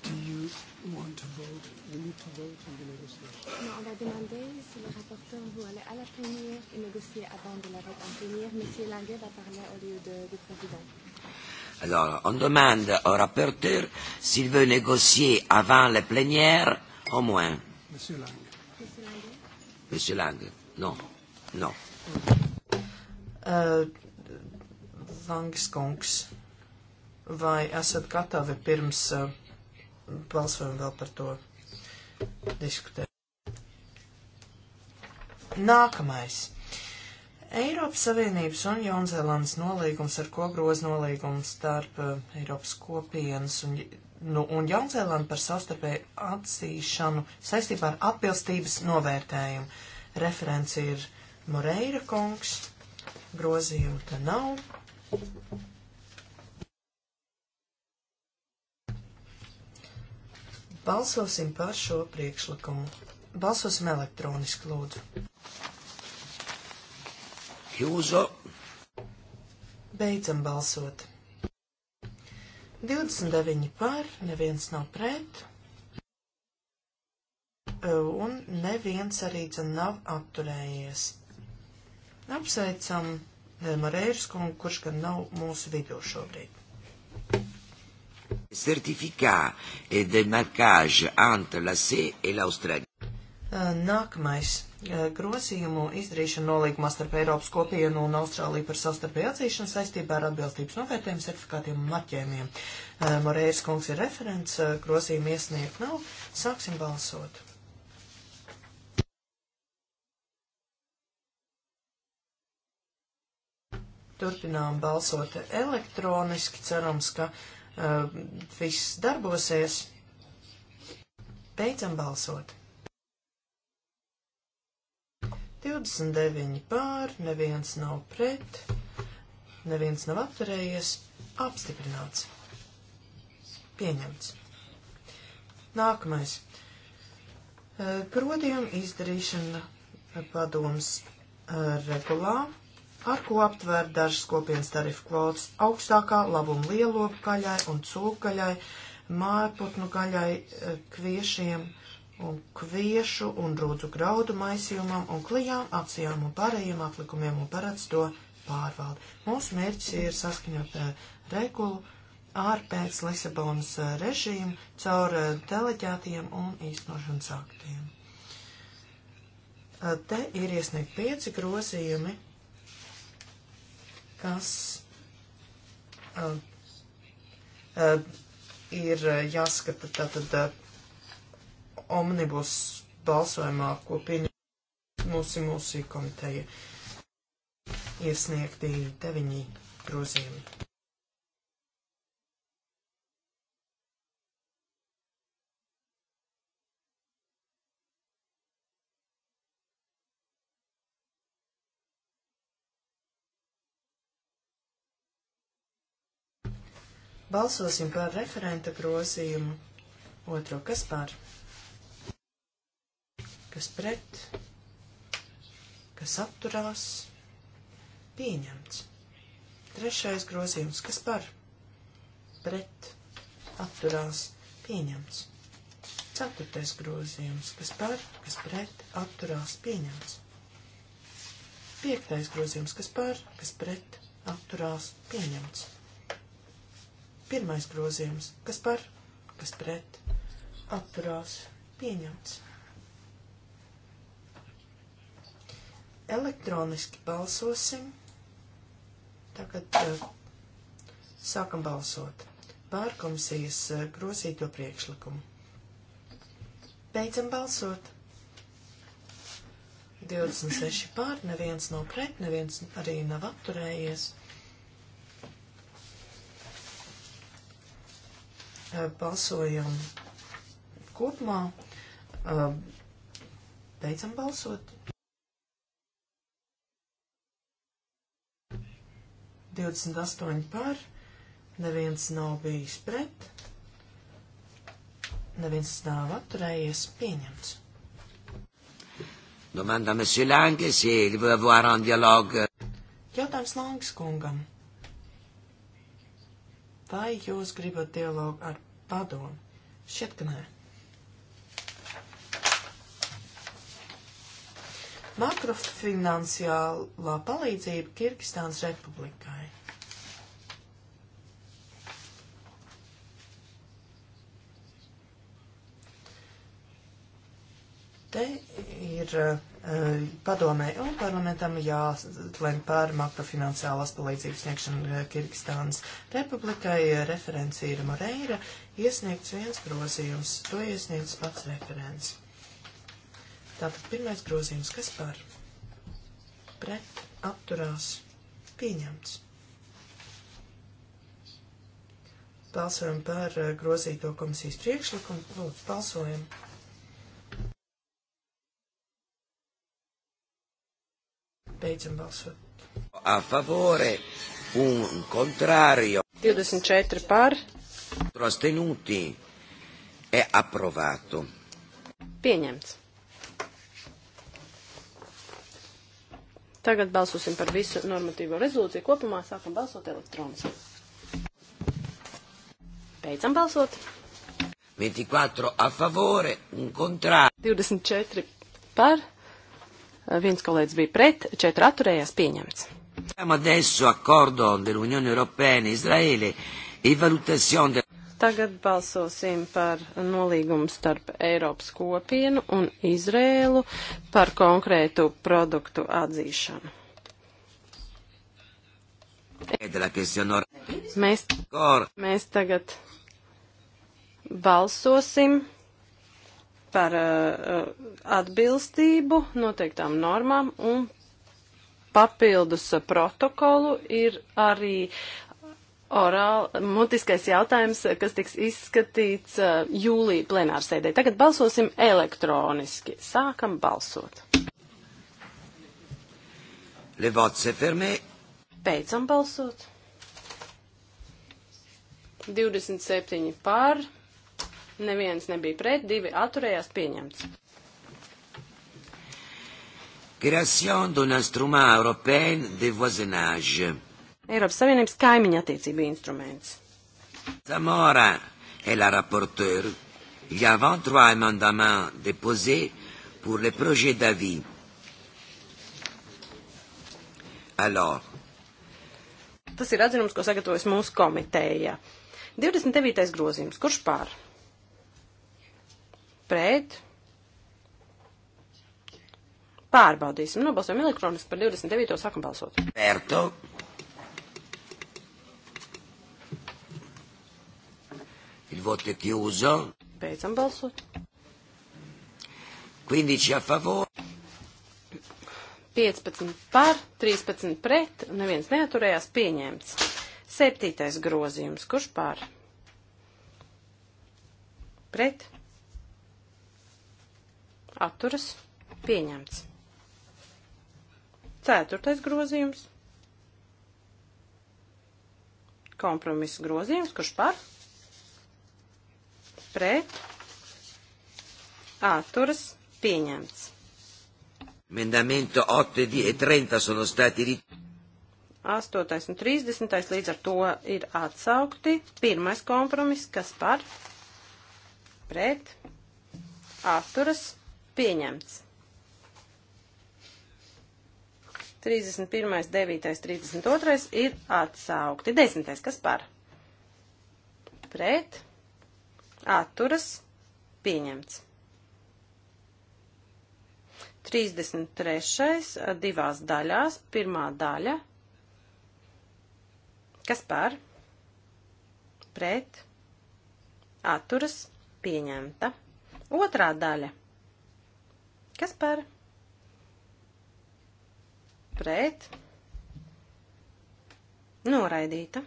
Do you want to vote, we need to
vote on the negotiation.
Non, on va demander si le rapporteur veut aller à la plénière et négocier avant de la vote en plénière. Monsieur Languet va parler au lieu de, du président.
Alors, on demande au rapporteur s'il veut négocier avant la plénière, au moins.
Monsieur Lange. Monsieur
Lange. Monsieur Lange. Non. Non.
Uh, Langs kungs, vai esat gatavi pirms uh, balsojumu vēl par to diskutēt. Nākamais. Eiropas Savienības un Jaunzēlandes nolīgums ar kogroz nolīgumu starp eh, Eiropas kopienas un, nu, un Jaunzēlandu par savstarpēju atzīšanu saistībā ar atbilstības novērtējumu. Referents ir Moreira kungs, grozījumu te nav. Balsosim par šo priekšlikumu. Balsosim elektroniski, lūdzu. Jūzo. Beidzam balsot. 29 par, neviens nav pret, un neviens arī dzen nav atturējies. Apsveicam eh, Marēžas kungu, kurš gan nav mūsu vidū šobrīd.
Certifikā demarkāža anta lasē el Austrāļa.
Uh, nākamais uh, grozījumu izdarīšana nolīgumā starp Eiropas kopienu un Austrāliju par savstarpēju atzīšanu saistībā ar atbilstības novērtējumu certifikātiem un maķēmiem. Uh, Moreiras kungs ir referents, grozījumu iesniegt nav. Sāksim balsot. Turpinām balsot elektroniski, cerams, ka uh, Eh, viss darbosies. Beidzam balsot. 29 pār, neviens nav pret, neviens nav atturējies, apstiprināts. Pieņemts. Nākamais. Eh, Prodījuma izdarīšana padoms eh, regulā ar ko aptver dažas kopienas tarifu kvotas augstākā labuma lielopu gaļai un cūkaļai, mājputnu gaļai, e, kviešiem un kviešu un rūdzu graudu maisījumam un klijām, apsijām un pārējiem aplikumiem un paredz to pārvaldi. Mūsu mērķis ir saskaņot e, regulu ar pēc Lisabonas e, režīmu caur deleģētiem un īstenošanas aktiem. Te ir iesniegt pieci grozījumi kas uh, uh, ir jāskata tātad uh, omnibus balsojumā, ko pieņem mūsu mūsu komiteja iesniegti deviņi grozījumi. Balsosim par referenta grozījumu. Otro, kas par? Kas pret? Kas atturās? Pieņemts. Trešais grozījums, kas par? Pret. Atturās. Pieņemts. Ceturtais grozījums, kas par? Kas pret? Atturās. Pieņemts. Piektais grozījums, kas par? Kas pret? Atturās. Pieņemts. Pirmais grozījums. Kas par? Kas pret? Atturās. Pieņemts. Elektroniski balsosim. Tagad uh, sākam balsot par komisijas uh, grozīto priekšlikumu. Beidzam balsot. 26 pār, neviens nav pret, neviens arī nav atturējies. Uh, balsojam kopumā. Uh, beidzam balsot. 28 par, neviens nav bijis pret, neviens nav atturējies pieņemts.
Domanda, monsieur Lange, s'il veut avoir un dialogue.
Jautājums Langs kungam. Vai jūs gribat dialogu ar padomu? Šķiet, ka nē. Makrofinansiālā palīdzība Kirgistānas republikai. Te ir uh, padomē un parlamentam jālem par makrofinanciālās palīdzības sniegšanu Kirgistānas republikai. Referenci ir Moreira, iesniegts viens grozījums, to iesniegts pats referents. Tātad pirmais grozījums, kas par pret apturās pieņemts. Balsojam par eh, grozīto komisijas priekšlikumu. Lūdzu, balsojam! Beidzam balsot.
A favore un contrario.
24 par.
Astenuti. È approvato.
Pieņemts. Tagad balsosim par visu normatīvo rezolūciju. Kopumā sākam balsot elektroniski. Beidzam balsot.
24 a favore, un contrario. 24
par Viens kolēģis bija pret, četri atturējās
pieņemts. E
tagad balsosim par nolīgumu starp Eiropas kopienu un Izrēlu par konkrētu produktu atzīšanu. Mēs, mēs tagad balsosim par uh, atbilstību noteiktām normām un papildus protokolu ir arī orāli, mutiskais jautājums, kas tiks izskatīts uh, jūlija plenārsēdē. Tagad balsosim elektroniski. Sākam balsot.
Le vote se fermé.
Beidzam balsot. 27 pār neviens nebija pret, divi atturējās pieņemts.
Création d'un instrument européen de voisinage.
Eiropas Savienības kaimiņa attiecība instruments.
Zamora est la rapporteure. Il y a 23 amendements déposés pour le projet d'avis. Alors.
Tas ir atzinums, ko sagatavojas mūsu komiteja. 29. grozījums. Kurš pār? pret. Pārbaudīsim. Nobalsojam elektroniski par 29. sākam
balsot. Pērto. Il voto è chiuso.
Beidzam balsot.
15 a favore.
15 par, 13 pret, neviens neaturējās pieņemts. Septītais grozījums, kurš par? Pret? atturas pieņemts. Ceturtais grozījums. Kompromiss grozījums, kurš par? Pret. Atturas pieņemts.
Emendamento 8 e 30 e sono stati ritirati.
8 un 30 līdz ar to ir atsaukti. Pirmais kompromiss, kas par pret atturas Pieņemts. 31., 9., 32. ir atsaukti. 10. kas par? Pret. Atturas. Pieņemts. 33. divās daļās. Pirmā daļa. Kas par? Pret. Atturas. Pieņemta. Otrā daļa. Kas par? Pret. Noraidīta.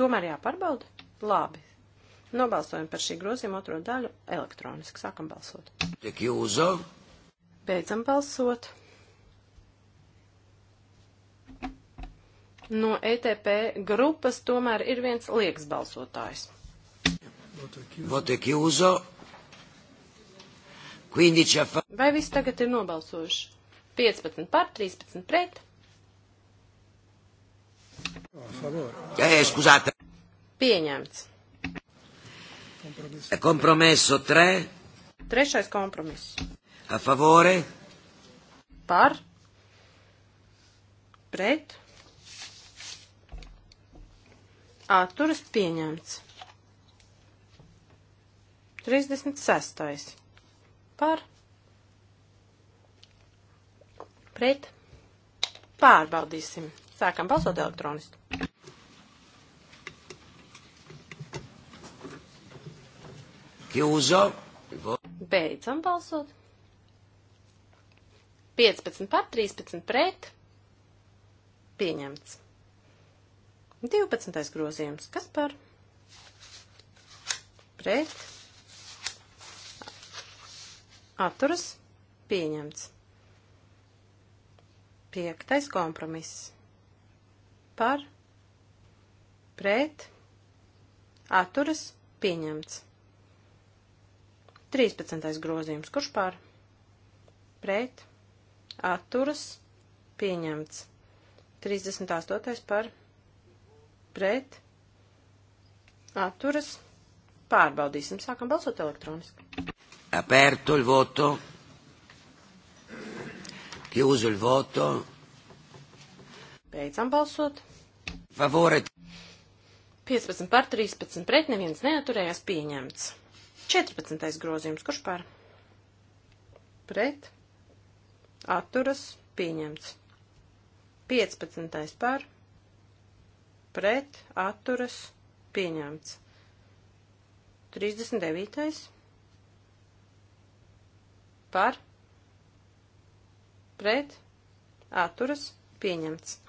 Tomēr jāparbauda. Labi. Nobalsojam par šī grozījuma otro daļu elektroniski. Sākam balsot.
Tik jūza.
Beidzam balsot. No ETP grupas tomēr ir viens liekas balsotājs.
Votek jūza.
Vai viss tagad ir nobalsojuši? 15 par, 13 pret.
Eh, eh,
pieņemts.
Kompromiso eh, 3.
Trešais kompromiss.
A favore.
Par. Pret. Atturas pieņemts. 36 par pret pārbaudīsim. Sākam balsot elektroniski. Kjūza. Beidzam balsot. 15 par, 13 pret. Pieņemts. 12. grozījums. Kas par? Pret atturas pieņemts. Piektais kompromiss par pret atturas pieņemts. 13. grozījums. Kurš par? Pret atturas pieņemts. 38. par pret atturas pārbaudīsim. Sākam balsot elektroniski.
Aperto il voto. Chiuso il voto.
Beidzam balsot. Favore. 15 par 13 pret, neviens neaturējās pieņemts. 14. grozījums, kurš par? Pret. Atturas pieņemts. 15. par. Pret. Atturas pieņemts. 39 par pret atturas pieņemts.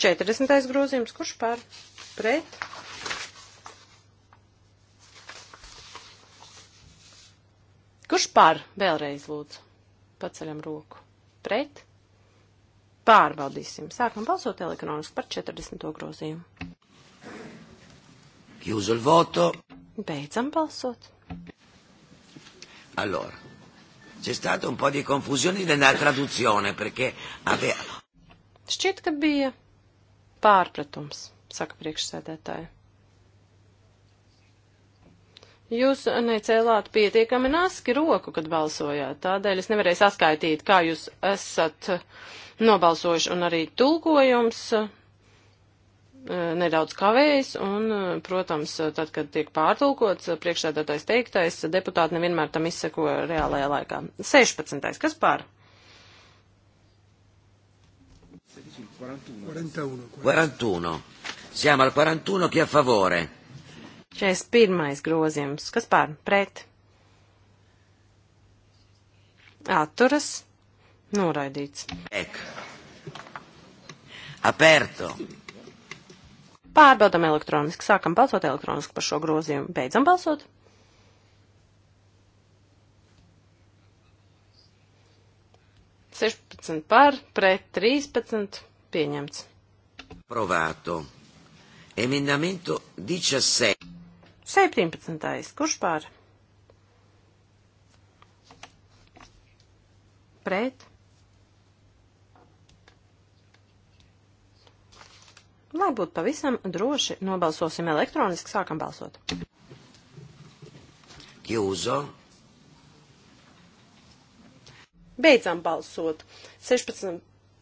40. grozījums, kurš par pret Kurš par? Vēlreiz lūdzu. Paceļam roku. Pret. Pārbaudīsim. Sākam balsot elektroniski par 40. grozījumu.
Chiuso il voto.
Beidzam balsot.
Allora, c'è stata un po' di confusione nella traduzione perché ave...
Šķiet, ka bija pārpratums, saka priekšsēdētāji. Jūs necēlāt pietiekami naski roku, kad balsojāt, tādēļ es nevarēju saskaitīt, kā jūs esat nobalsojuši, un arī tulkojums nedaudz kavējas, un, protams, tad, kad tiek pārtulkots priekšsēdētājs teiktais, deputāti nevienmēr tam izseko reālajā laikā. 16. Kas pār?
41. 41. Siamo al 41, chi a favore?
41. grozījums. Kas pār? Pret. Atturas. Noraidīts. Ek.
Aperto.
Pārbaudam elektroniski. Sākam balsot elektroniski par šo grozījumu. Beidzam balsot. Sešpadsmit par, pret trīspadsmit pieņemts.
Provāto. Emendamento 17.
17. Kurš pār? Pret. Lai būtu pavisam droši, nobalsosim elektroniski, sākam balsot. Jūzo. Beidzam balsot. 16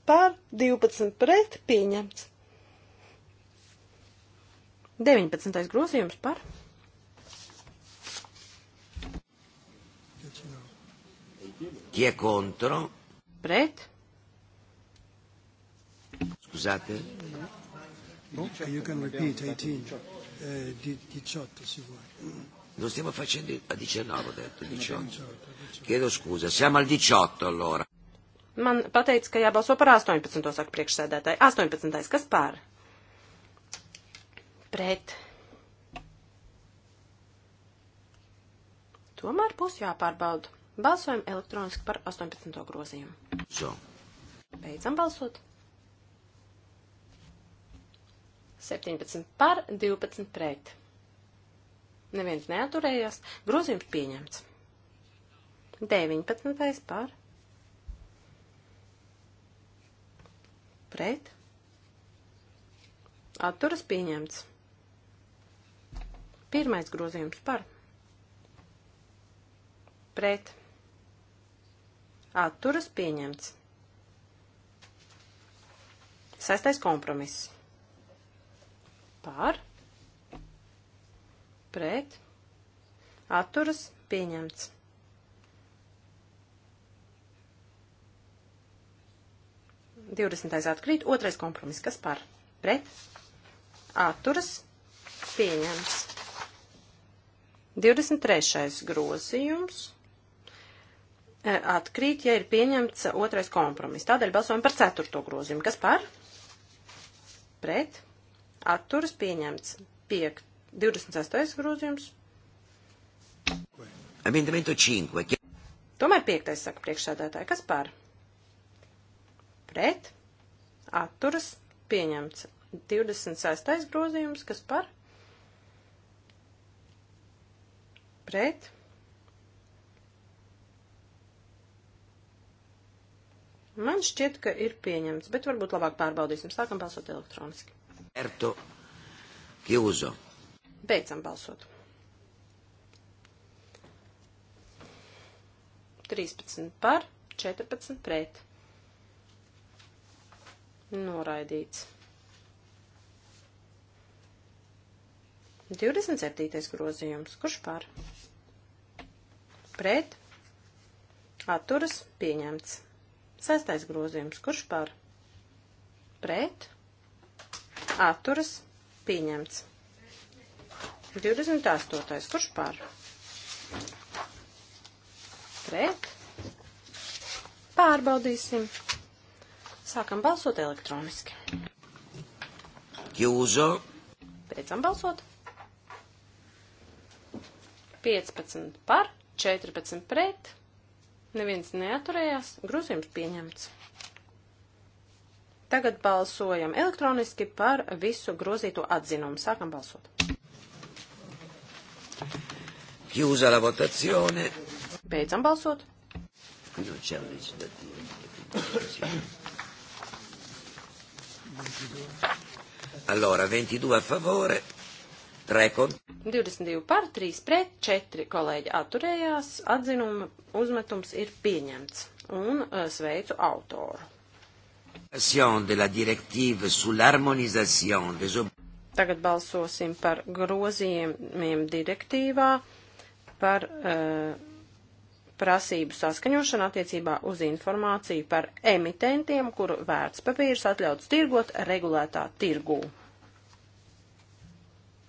pār, 12 pret, pieņemts. 19. grozījums par.
Chi è contro? Pret. Scusate. No? You can repeat
18, eh, 18 si vuole.
Lo stiamo facendo a 19, ho detto 18. Chiedo scusa, siamo al 18 allora.
Man pateica, ka jābalso par 18, saka priekšsēdētāji. 18. kas pār? Pret. Tomēr būs jāpārbauda. Balsojam elektroniski par 18. grozījumu. So. Beidzam balsot. 17 par, 12 pret. Neviens neaturējās. Grozījums pieņemts. 19 par. Pret. Atturas pieņemts. Pirmais grozījums par. Pret. Atturas pieņemts. Sestais kompromiss. Pār. Pret. Atturas pieņemts. Divdesmitais atkrīt. Otrais kompromiss. Kas par? Pret. Atturas pieņemts. 23. grozījums e, atkrīt, ja ir pieņemts otrais kompromiss. Tādēļ balsojam par ceturto grozījumu. Kas par? Pret? atturas pieņemts. Piek, 26. grozījums.
Amendamento 5.
Tomēr piektais saka priekšsēdētāji. Kas par? Pret. Atturas pieņemts. 26. grozījums. Kas par? Pret. Man šķiet, ka ir pieņemts, bet varbūt labāk pārbaudīsim. Sākam balsot elektroniski.
Erto Kjūzo.
Beidzam balsot. 13 par, 14 pret. Noraidīts. 27. grozījums. Kurš par? Pret. Atturas pieņemts. 6. grozījums. Kurš par? Pret atturas pieņemts. 28. Kurš par? Pret. Pārbaudīsim. Sākam balsot elektroniski. Jūzo. Beidzam balsot. 15 par, 14 pret. Neviens neaturējās. Grūzījums pieņemts. Tagad balsojam elektroniski par visu grozīto atzinumu. Sākam balsot.
Chiusa la votazione.
Beidzam balsot.
Non c'è un Allora, 22 a favore, 3 contro.
22 par, 3 pret, 4 kolēģi atturējās, atzinuma uzmetums ir pieņemts un eh, sveicu autoru. Tagad balsosim par grozījumiem direktīvā par uh, prasību saskaņošanu attiecībā uz informāciju par emitentiem, kuru vērtspapīrs atļauts tirgot regulētā tirgū.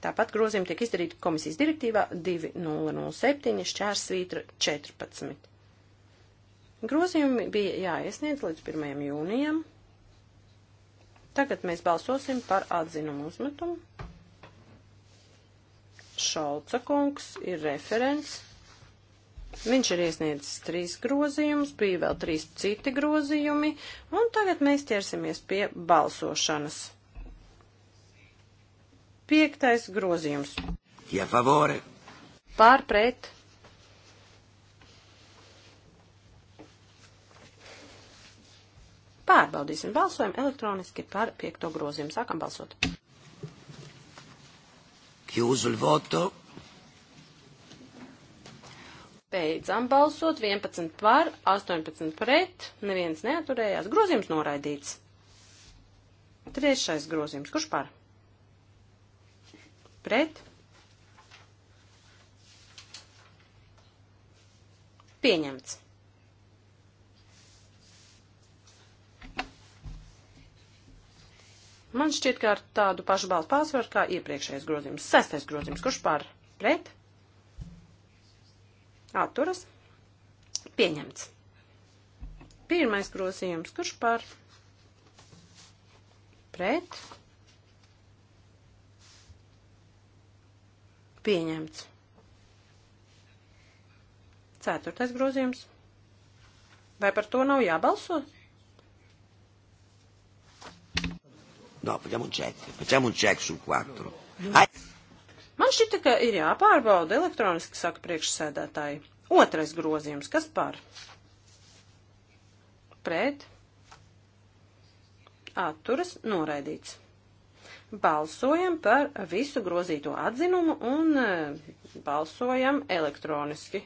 Tāpat grozījumi tiek izdarīti komisijas direktīvā 2007 šķērsvītra 14. Grozījumi bija jāiesniedz līdz 1. jūnijam Tagad mēs balsosim par atzinumu uzmetumu. Šalca kungs ir referents. Viņš ir iesniedzis trīs grozījumus, bija vēl trīs citi grozījumi, un tagad mēs ķersimies pie balsošanas. Piektais grozījums.
Ja favore.
Pārpret Pārbaudīsim balsojumu elektroniski par piekto grozījumu. Sākam balsot.
Chiuso il voto.
Beidzam balsot 11 par, 18 pret, neviens neaturējās, grozījums noraidīts. Trešais grozījums, kurš par? Pret. Pieņemts. Man šķiet, ka ar tādu pašu balstu pārsvaru kā iepriekšējais grozījums. Sestais grozījums, kurš par pret? Atturas. Pieņemts. Pirmais grozījums, kurš par pret? Pieņemts. Ceturtais grozījums. Vai par to nav jābalso?
No, facciamo un check, facciamo un check sul 4.
Ai. Man šķita, ka ir jāpārbauda elektroniski, saka priekšsēdētāji. Otrais grozījums, kas par? Pret. Atturas noraidīts. Balsojam par visu grozīto atzinumu un eh, balsojam elektroniski.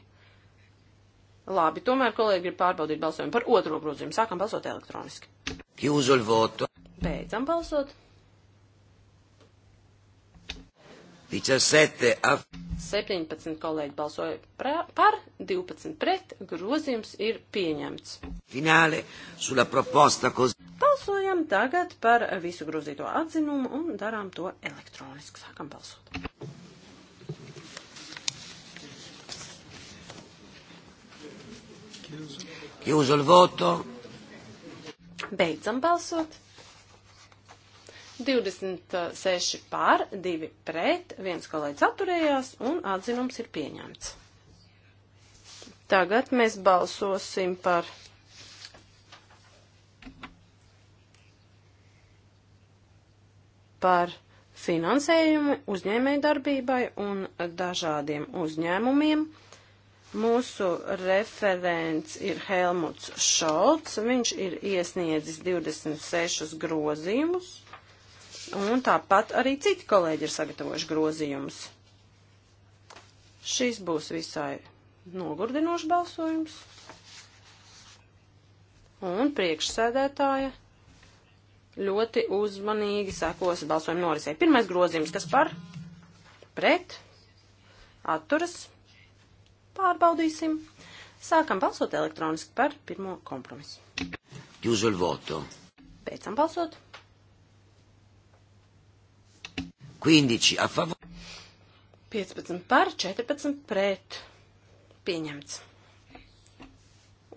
Labi, tomēr kolēģi grib pārbaudīt balsojumu par otro grozījumu. Sākam balsot elektroniski.
Chiuso il voto.
Beidzam balsot.
17, af...
17 kolēģi balsoja pra, par, 12 pret, grozījums ir pieņemts.
Fināle sulla proposta cos...
Balsojam tagad par visu grozīto atzinumu un darām to elektroniski. Sākam balsot.
Chiuso il voto.
Beidzam balsot. 26 pār, 2 pret, viens kolēģis atturējās un atzinums ir pieņemts. Tagad mēs balsosim par. par finansējumu uzņēmēju darbībai un dažādiem uzņēmumiem. Mūsu referents ir Helmuts Šolts, viņš ir iesniedzis 26 grozījumus un tāpat arī citi kolēģi ir sagatavojuši grozījumus. Šis būs visai nogurdinošs balsojums. Un priekšsēdētāja ļoti uzmanīgi sekos balsojuma norisē. Pirmais grozījums, kas par pret atturas pārbaudīsim. Sākam balsot elektroniski par pirmo kompromisu.
Jūs vēl voto.
Beidzam balsot.
15 a favore.
15 par, 14 pret. Pieņemts.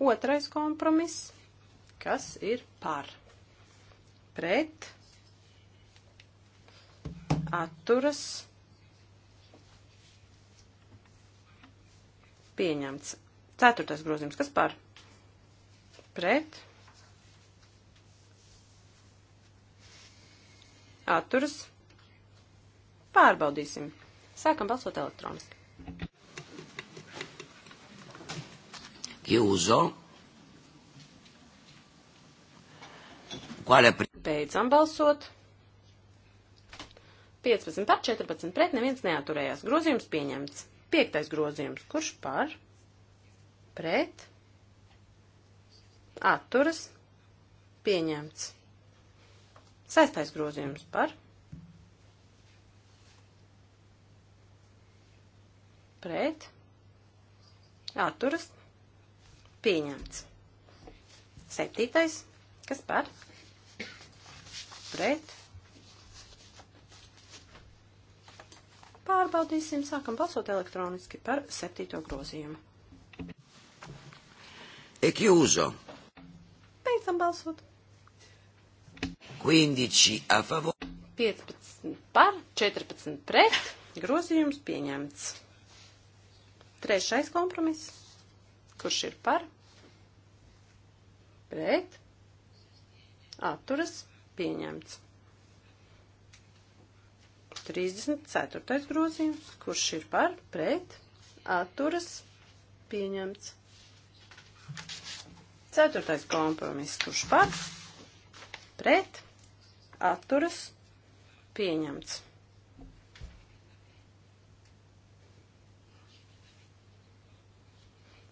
Otrais kompromiss. Kas ir par? Pret. Atturas. Pieņemts. Ceturtais grozījums. Kas par? Pret. Atturas. Pārbaudīsim. Sākam balsot elektroniski.
Chiuso. Quale...
Beidzam balsot. 15 par 14 pret neviens neaturējās. Grozījums pieņemts. Piektais grozījums. Kurš par? Pret? Atturas? Pieņemts. Sestais grozījums par? pret, atturas, pieņemts. Septītais, kas par, pret, pārbaudīsim, sākam balsot elektroniski par septīto grozījumu. Ekjūzo. Beidzam balsot.
15 a favor.
15 par, 14 pret, grozījums pieņemts. Trešais kompromiss. Kurš ir par? Pret. Atturas. Pieņemts. 34. grozījums. Kurš ir par? Pret. Atturas. Pieņemts. Ceturtais kompromiss, kurš par, pret, atturas, pieņemts.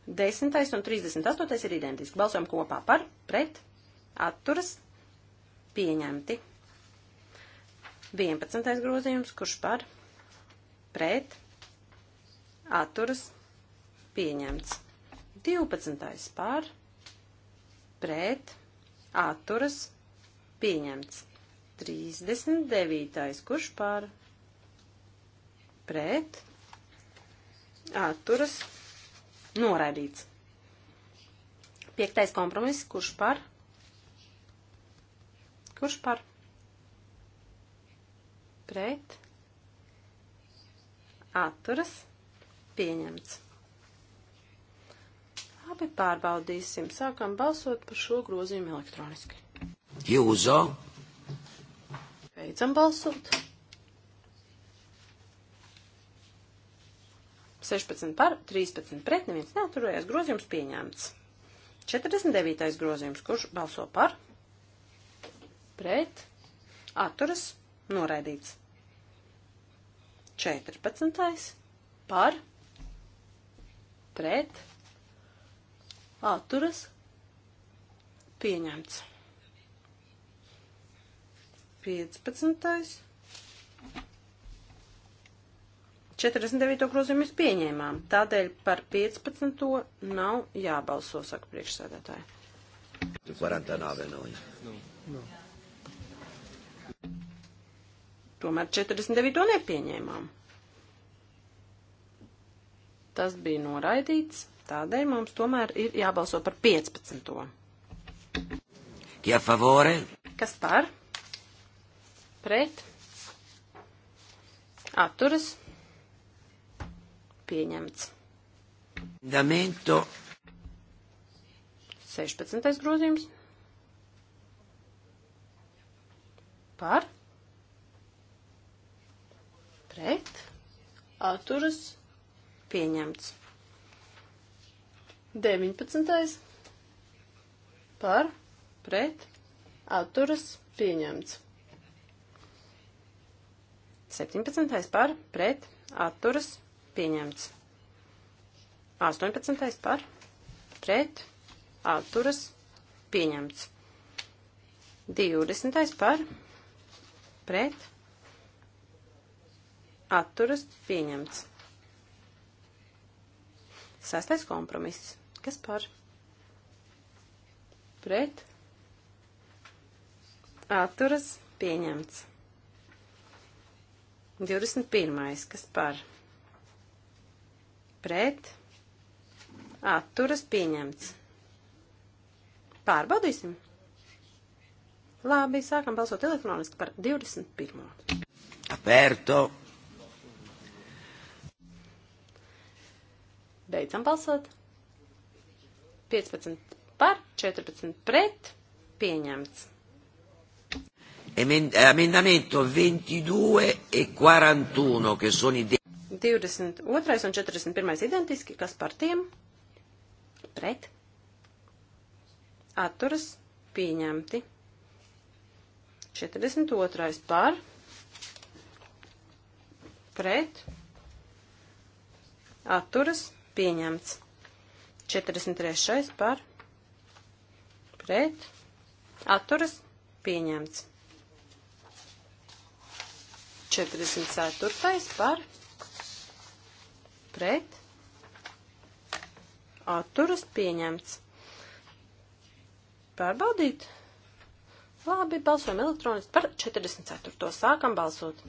10. un 38. ir identiski. Balsojam kopā par, pret, atturas, pieņemti. 11. grozījums, kurš par, pret, atturas, pieņemts. 12. par, pret, atturas, pieņemts. 39. kurš par, pret, atturas, pieņemts Noraidīts. Piektais kompromiss, kurš par? Kurš par? Pret? Atturas? Pieņemts. Labi, pārbaudīsim. Sākam balsot par šo grozījumu elektroniski. Jūzo. Beidzam balsot. 16 par, 13 pret, neviens neaturējās, grozījums pieņemts. 49. grozījums, kurš balso par, pret, atturas, noraidīts. 14. par, pret, atturas, pieņemts. 15. 49. grozījumu mēs pieņēmām, tādēļ par 15. nav jābalso, saka priekšsēdētāji.
49. nav, jā. No.
Tomēr 49. nepieņēmām. Tas bija noraidīts, tādēļ mums tomēr ir jābalso par 15.
Chi a favore?
Kas par? Pret? Atturas? pieņemts.
Damento.
16. grozījums. Par. Pret. Atturas. Pieņemts. 19. Par. Pret. Atturas. Pieņemts. 17. par pret atturas pieņemts. 18. par pret atturas pieņemts. 20. par pret atturas pieņemts. Sastais kompromiss. Kas par? Pret. Atturas pieņemts. 21. Kas par? pret, atturas pieņemts. Pārbaudīsim. Labi, sākam balsot elektroniski par 21.
Aperto.
Beidzam balsot. 15 par, 14 pret, pieņemts.
Emendamento 22 e 41, che sono identici.
22 un 41 identiski, kas par tiem pret atturas pieņemti. 42 par pret atturas pieņemts. 43 par pret atturas pieņemts. 44 par pret pret, atturas pieņemts. Pārbaudīt. Labi, balsojam elektroniski par 44. Sākam balsot.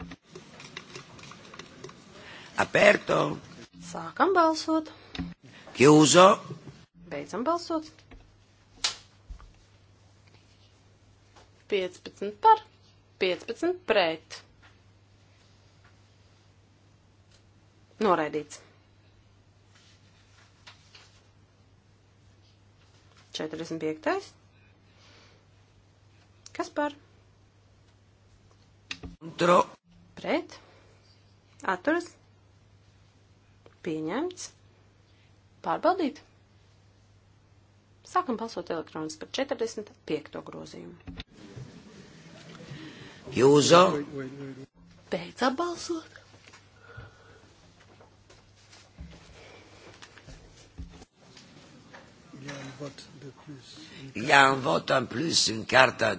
Aperto. Sākam balsot. Kjūzo. Beidzam balsot. 15 par, 15 pret. Noraidīts. 45. Kas par? Dro. Pret. Atturas. Pieņemts. Pārbaudīt. Sākam balsot elektroniski par 45. grozījumu. Jūzo. Beidzam balsot.
Il y a un vote de plus.
Il y a un vote en plus, une carte,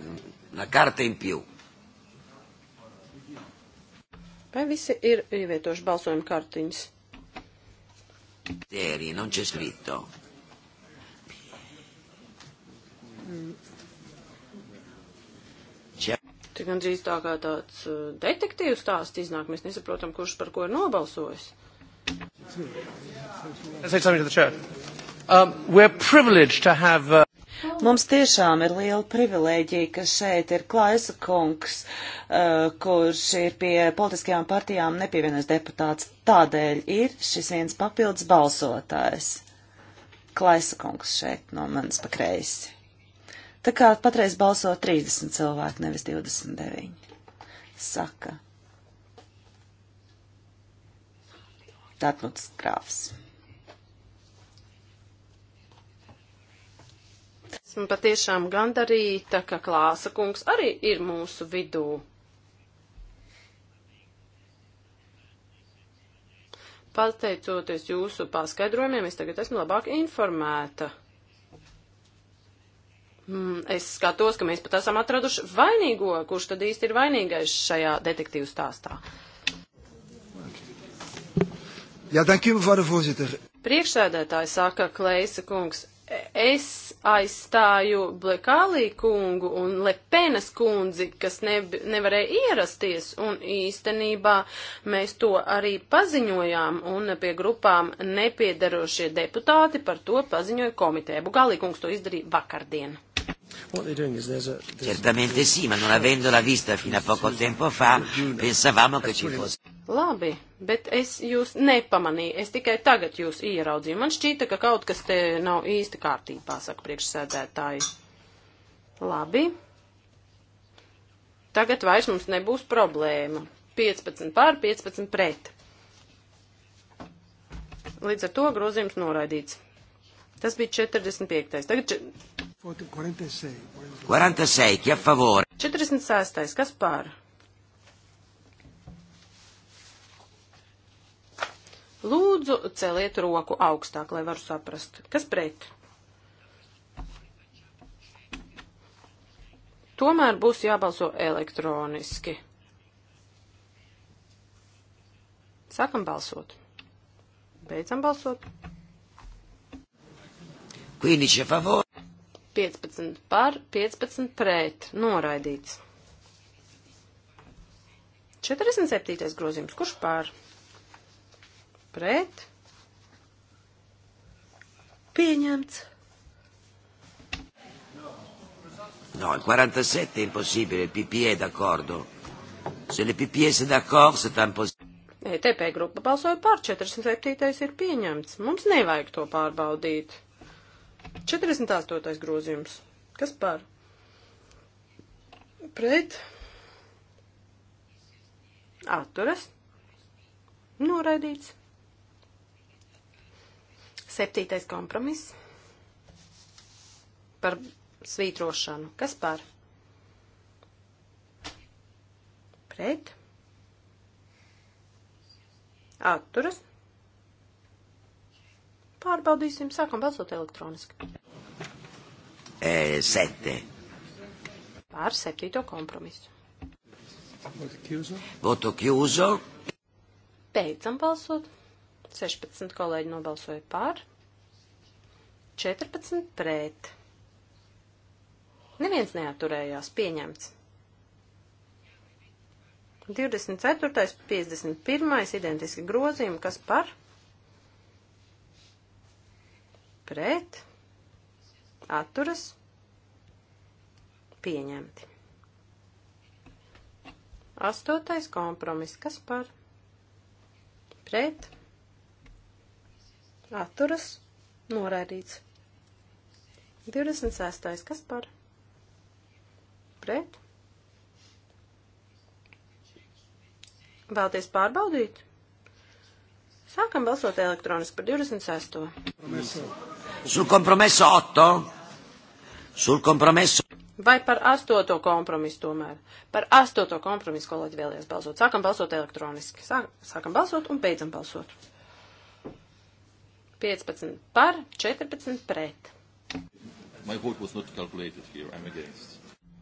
una carte in più.
Vai visi ir ievietojuši balsojuma kartiņas?
Tēri, non c'è scritto.
Mm. Tik gandrīz tā kā tāds uh, detektīvs stāsts iznāk, mēs nesaprotam, kurš par ko ir nobalsojis.
Let's say something to the chair. Um, we're privileged to have uh, Mums tiešām ir liela privilēģija, ka šeit ir Klaisa kungs, uh, kurš ir pie politiskajām partijām nepievienojas deputāts. Tādēļ ir šis viens papildus balsotājs. Klaisa kungs šeit no manas pakreisi. Tā kā patreiz balso 30 cilvēki, nevis 29. Saka. Tātad krāvs. Nu
Esmu patiešām gandarīta, ka Klāsa kungs arī ir mūsu vidū. Pateicoties jūsu paskaidrojumiem, es tagad esmu labāk informēta. Mm, es skatos, ka mēs pat esam atraduši vainīgo, kurš tad īsti ir vainīgais šajā detektīvu stāstā.
Jā, ja, dank jums, vara voorzitter.
Priekšsēdētāji saka, Kleisa kungs, es aizstāju Blekālī kungu un Lepenes kundzi, kas ne, nevarēja ierasties, un īstenībā mēs to arī paziņojām, un pie grupām nepiedarošie deputāti par to paziņoja komiteja. Bugālī kungs to izdarīja vakardien.
Certamente sì, ma non avendola vista fino a poco tempo fa, pensavamo che ci fosse.
Labi, bet es jūs nepamanīju, es tikai tagad jūs ieraudzīju. Man šķīta, ka kaut kas te nav īsti kārtībā, saka priekšsēdētāji. Labi. Tagad vairs mums nebūs problēma. 15 pār, 15 pret. Līdz ar to grozījums noraidīts. Tas bija 45. Tagad
46. 46. Chi è a favore?
46. Kas par? Lūdzu, celiet roku augstāk, lai varu saprast. Kas pret? Tomēr būs jābalso elektroniski. Sākam balsot. Beidzam balsot.
15 favor.
15 par, 15 pret, noraidīts. 47. grozījums, kurš pār? Pret. Pieņemts.
No, il 47 è impossibile, il PPE è d'accordo. Se le PPE sono d'accordo, c'est impossibile.
ETP grupa balsoja par 47. ir pieņemts. Mums nevajag to pārbaudīt. 48. grozījums. Kas par? Pret. Atturas. Noraidīts. Septītais kompromiss. Par svītrošanu. Kas par? Pret. Atturas. Pārbaudīsim, sākam balsot elektroniski.
E, sette.
Pār septīto kompromisu.
Voto chiuso.
Beidzam balsot. 16 kolēģi nobalsoja pār. 14 pret. Neviens neaturējās pieņemts. 24. 51. identiski grozījumi, kas par? pret, atturas, pieņemti. Astotais kompromiss, kas par pret, atturas, noraidīts. 26. kas par pret. Vēlties pārbaudīt? Sākam balsot elektroniski par 26.
Promesa. Sul compromesso 8? Sul compromesso.
Vai par astoto kompromisu tomēr? Par astoto kompromisu kolēģi vēlējās balsot. Sākam balsot elektroniski. Sāk, sākam balsot un beidzam balsot. 15 par, 14 pret.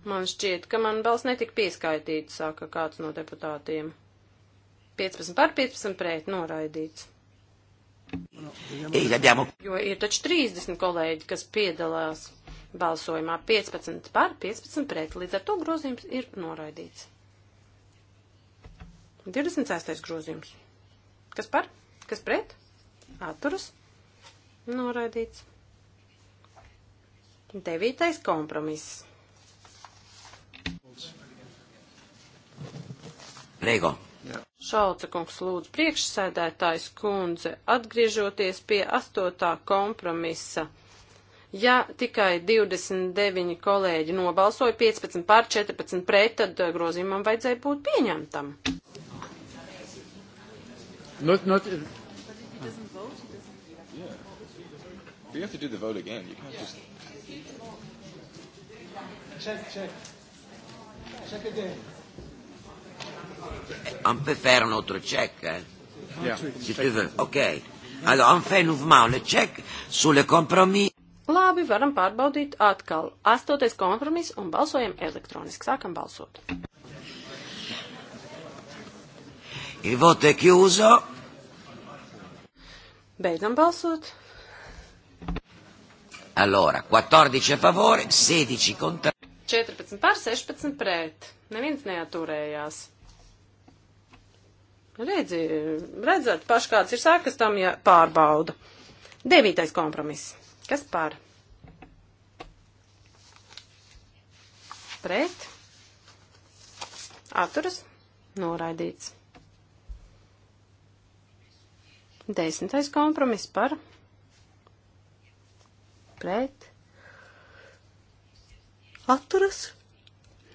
Man šķiet, ka man balss netika pieskaitīts, saka kāds no deputātiem. 15 par, 15 pret, noraidīts. Jo ir taču 30 kolēģi, kas piedalās balsojumā 15 par, 15 pret, līdz ar to grozījums ir noraidīts. 26. grozījums. Kas par? Kas pret? Atturas. Noraidīts. 9. kompromiss.
Prego. Jā.
Šalca kungs lūdzu priekšsēdētājs kundze, atgriežoties pie astotā kompromisa. Ja tikai 29 kolēģi nobalsoja 15 pār 14 pret, tad eh, grozījumam vajadzēja būt pieņemtam. Not, not, uh,
yeah.
You have to do the vote again. You
can't yeah. just check, check, check again
on peut faire notre chèque, hein, yeah. si tu veux. OK. Alors, on fait mouvement le chèque sur le compromis.
Labi, varam pārbaudīt atkal. Astoties kompromis un balsojam elektroniski. Sākam balsot.
Il voto è chiuso.
Beidzam balsot.
Allora, 14 a favore, 16 contro.
14 par 16 pret. Neviens neaturējās. Redzi, redzat, paši kāds ir sākas tam, ja pārbauda. Devītais kompromiss. Kas pār? Pret. Atturas. Noraidīts. Desmitais kompromiss par. Pret. Atturas.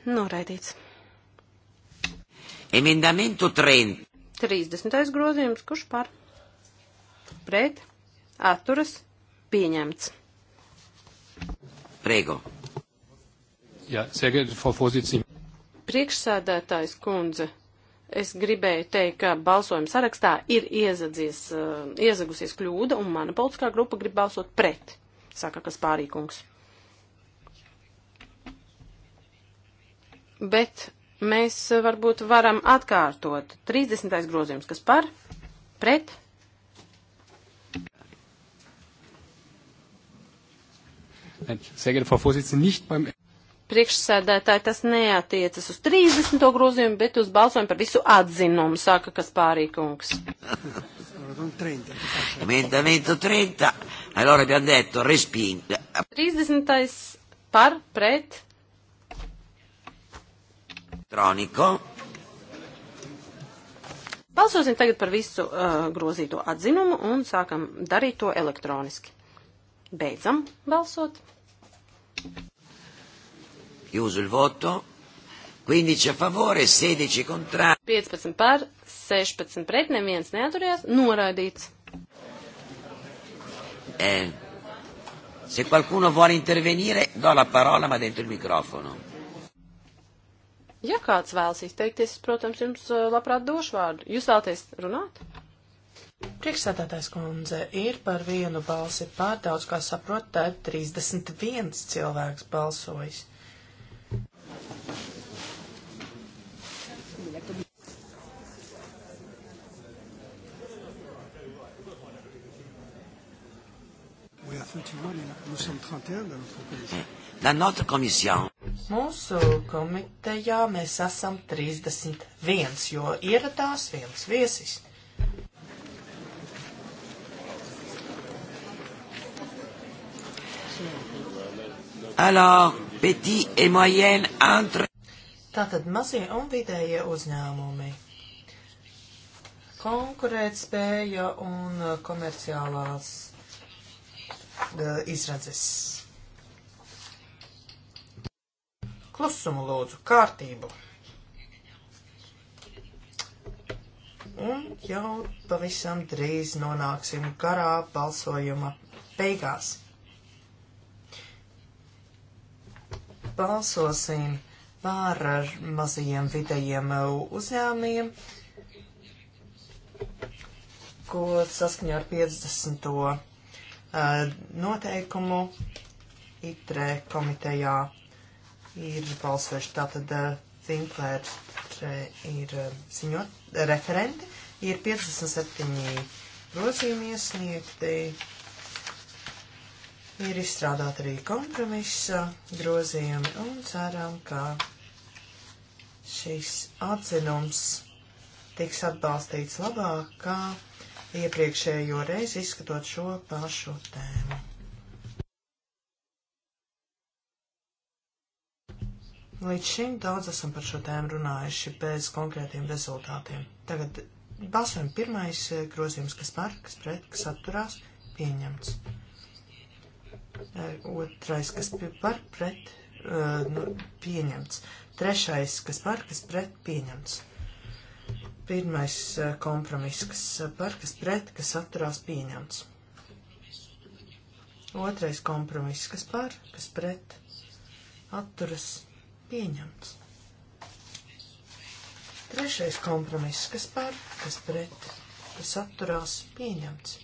Noraidīts.
Emendamento 30.
30. grozījums, kurš par pret atturas pieņemts.
Prego. Jā, sēgat, Frau
Priekšsēdētājs kundze, es gribēju teikt, ka balsojuma sarakstā ir iezadzies, eh, iezagusies kļūda un mana politiskā grupa grib balsot pret, saka Kaspārīkungs. Bet Mēs eh, varbūt varam atkārtot 30. grozījums, kas par, pret. Priekšsēdētāji tas neatiecas uz 30. grozījumu, bet uz balsojumu par visu atzinumu, saka Kaspārīkungs.
Emendamento 30. Allora abbiamo detto respinta.
30. par, pret.
Tronico.
Balsosim tagad par visu uh, grozīto atzinumu un sākam darīt to elektroniski. Beidzam balsot.
Chiuso il voto. 15 a favore, 16 contrari.
15 par, 16 pret, neviens neaturējās, noraidīts.
Eh, se qualcuno vuole intervenire, do la parola, ma dentro il microfono.
Ja kāds vēlas izteikties, es, protams, jums eh, labprāt došu vārdu. Jūs vēlaties runāt?
Priekšsēdētājs kundze ir par vienu balsi pār daudz, kā saprot, tā ir 31 cilvēks balsojis.
Dans notre commission.
Mūsu komitejā mēs esam 31, jo ieradās viens viesis.
Alors, petit et moyenne entre... Tātad
mazie un vidējie uzņēmumi. Konkurētspēja un komerciālās uh, izredzes Klusumu lūdzu, kārtību. Un jau pavisam drīz nonāksim garā balsojuma beigās. Balsosim pār ar mazajiem vidējiem uzņēmiem, ko saskaņā ar 50. Eh, noteikumu ITRE komitejā ir balsojuši. Tātad Vinklēra eh, ir eh, ziņot eh, referenti. Ir 57 grozījumi iesniegti. Ir izstrādāt arī kompromisa grozījumi un ceram, ka šis atzinums tiks atbalstīts labāk kā iepriekšējo reizi izskatot šo pašu tēmu. Līdz šim daudz esam par šo tēmu runājuši bez konkrētiem rezultātiem. Tagad balsojam pirmais eh, grozījums, kas par, kas pret, kas atturās, pieņemts. Eh, otrais, kas par, pret, eh, nu, pieņemts. Trešais, kas par, kas pret, pieņemts. Pirmais kompromiss, kas par, kas pret, kas atturās, pieņemts. Otrais kompromiss, kas par, kas pret, atturas, pieņemts Pieņemts. Trešais kompromiss, kas par, kas pret, kas atturās, pieņemts.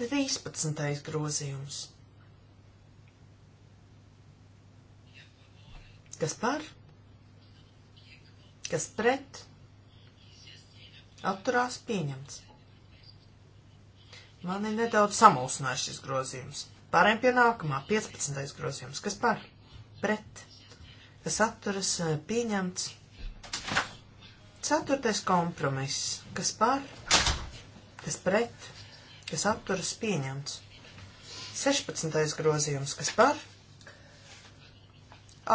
Te 13. grozījums. Kas par, kas pret, atturās, pieņemts. Man ir nedaudz samulsinājušies grozījums. Pārējām pie nākamā, 15. grozījums. Kas par? Pret. Kas atturas eh, pieņemts? Ceturtais kompromiss. Kas par? Kas pret? Kas atturas pieņemts? 16. grozījums. Kas par?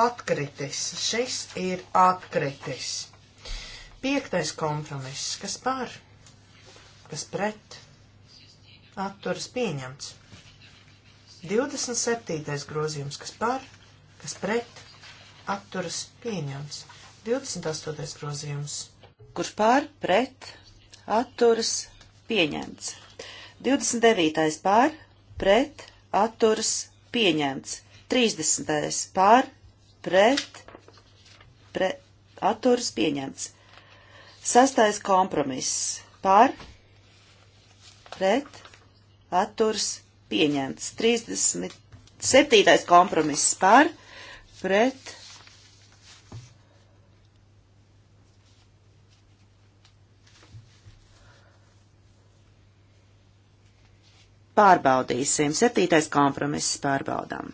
Atkritis. Šis ir atkritis. Piektais kompromiss. Kas par? Kas pret? Atturas pieņemts. 27. grozījums, kas par, kas pret, atturas pieņemts. 28. grozījums.
Kurš par, pret, atturas pieņemts. 29. par, pret, atturas pieņemts. 30. par, pret, pret, atturas pieņemts. Sastais kompromiss par, pret, atturas pieņemts. 37. kompromiss par pret pārbaudīsim. 7. kompromiss pārbaudām.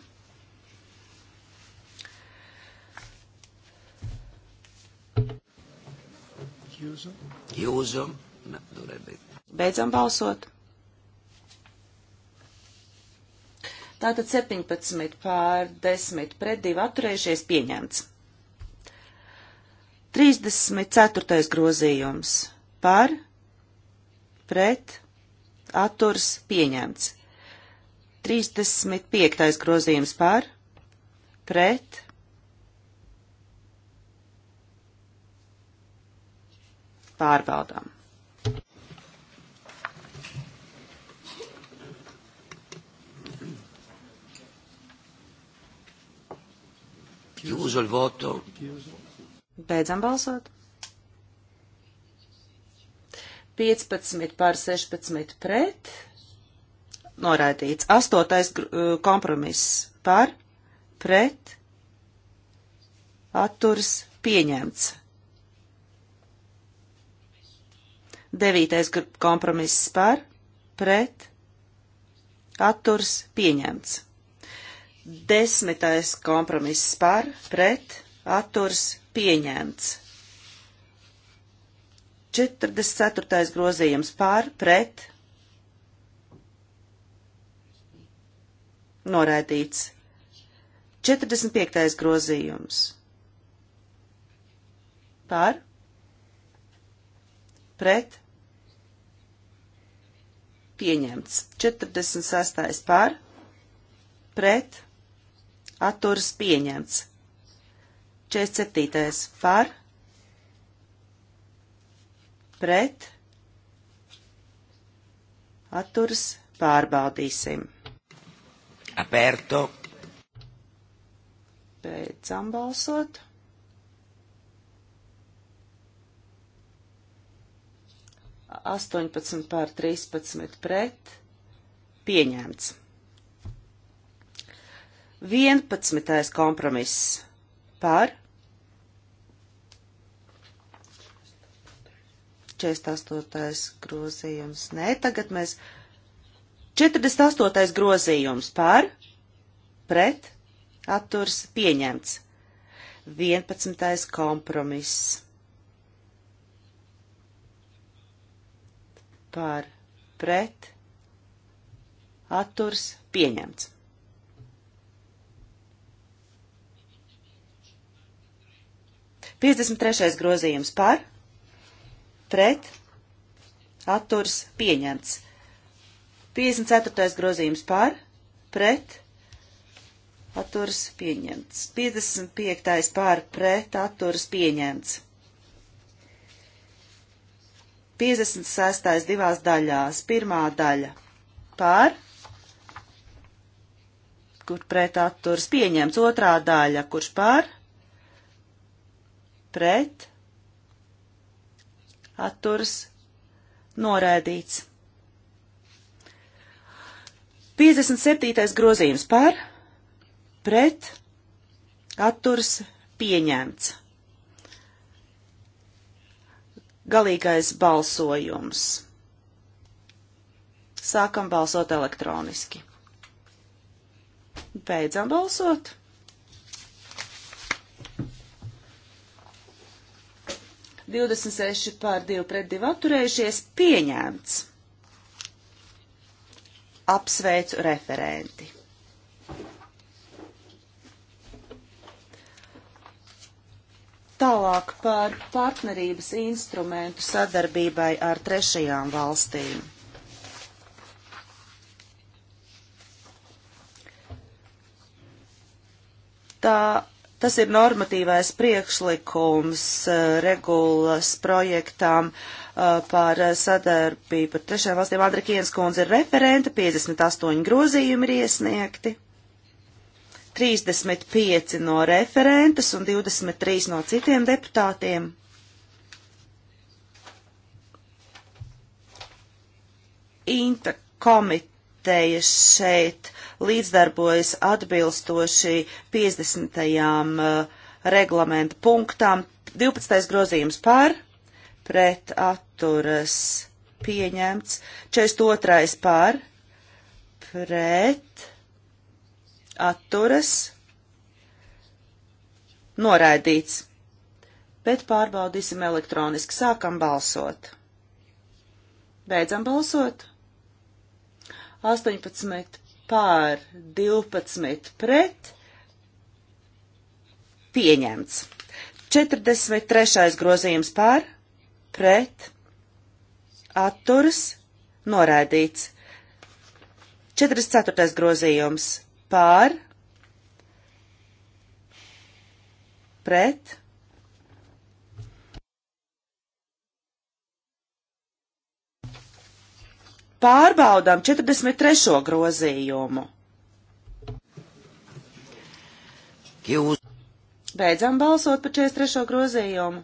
Chiuso. Chiuso. No, dovrebbe. Beidzam balsot.
Tātad 17 pār 10 pret 2 atturējušies pieņemts. 34. grozījums par pret atturs pieņemts. 35. grozījums par pret pārbaudām. Chiuso il voto. Beidzam balsot. 15 pār 16 pret. Noraidīts. Astotais eh, kompromiss par, pret, atturs pieņemts. Devītais kompromiss par, pret, atturs pieņemts. Desmitais kompromiss par, pret, atturs pieņemts. 44. grozījums par, pret, noraidīts. 45. grozījums par, pret, pieņemts. 46. par, pret, atturas pieņemts. 47. par, pret, atturas pārbaudīsim.
Aperto.
Beidzam balsot. Astoņpadsmit pār trīspadsmit pret pieņemts. 11. kompromiss par 48. grozījums. Nē, tagad mēs 48. grozījums par pret atturs pieņemts. 11. kompromiss par pret atturs pieņemts. 53. grozījums par, pret, atturs pieņemts. 54. grozījums par, pret, atturs pieņemts. 55. par, pret, atturs pieņemts. 56. divās daļās. Pirmā daļa par, kur pret atturs pieņemts. Otrā daļa, kurš par, pret, pret, atturas, noraidīts. 57. grozījums par, pret, atturas, pieņemts. Galīgais balsojums. Sākam balsot elektroniski. Beidzam balsot. 26 pār 2 pret 2 atturējušies pieņēmts. Apsveicu referenti. Tālāk par partnerības instrumentu sadarbībai ar trešajām valstīm. Tā Tas ir normatīvais priekšlikums eh, regulas projektām eh, par sadarbību ar trešajām valstīm. Andrikienas kundze ir referenta, 58 grozījumi ir iesniegti, 35 no referentes un 23 no citiem deputātiem. Inta komiteja šeit līdzdarbojas atbilstoši 50. Eh, reglamenta punktām. 12. grozījums par, pret atturas pieņemts, 42. par, pret atturas noraidīts. Bet pārbaudīsim elektroniski. Sākam balsot. Beidzam balsot. 18 pār 12 pret pieņemts. 43. grozījums pār pret atturas noraidīts. 44. grozījums pār pret pārbaudām 43. grozījumu. Jūs. Beidzam balsot par 43. grozījumu.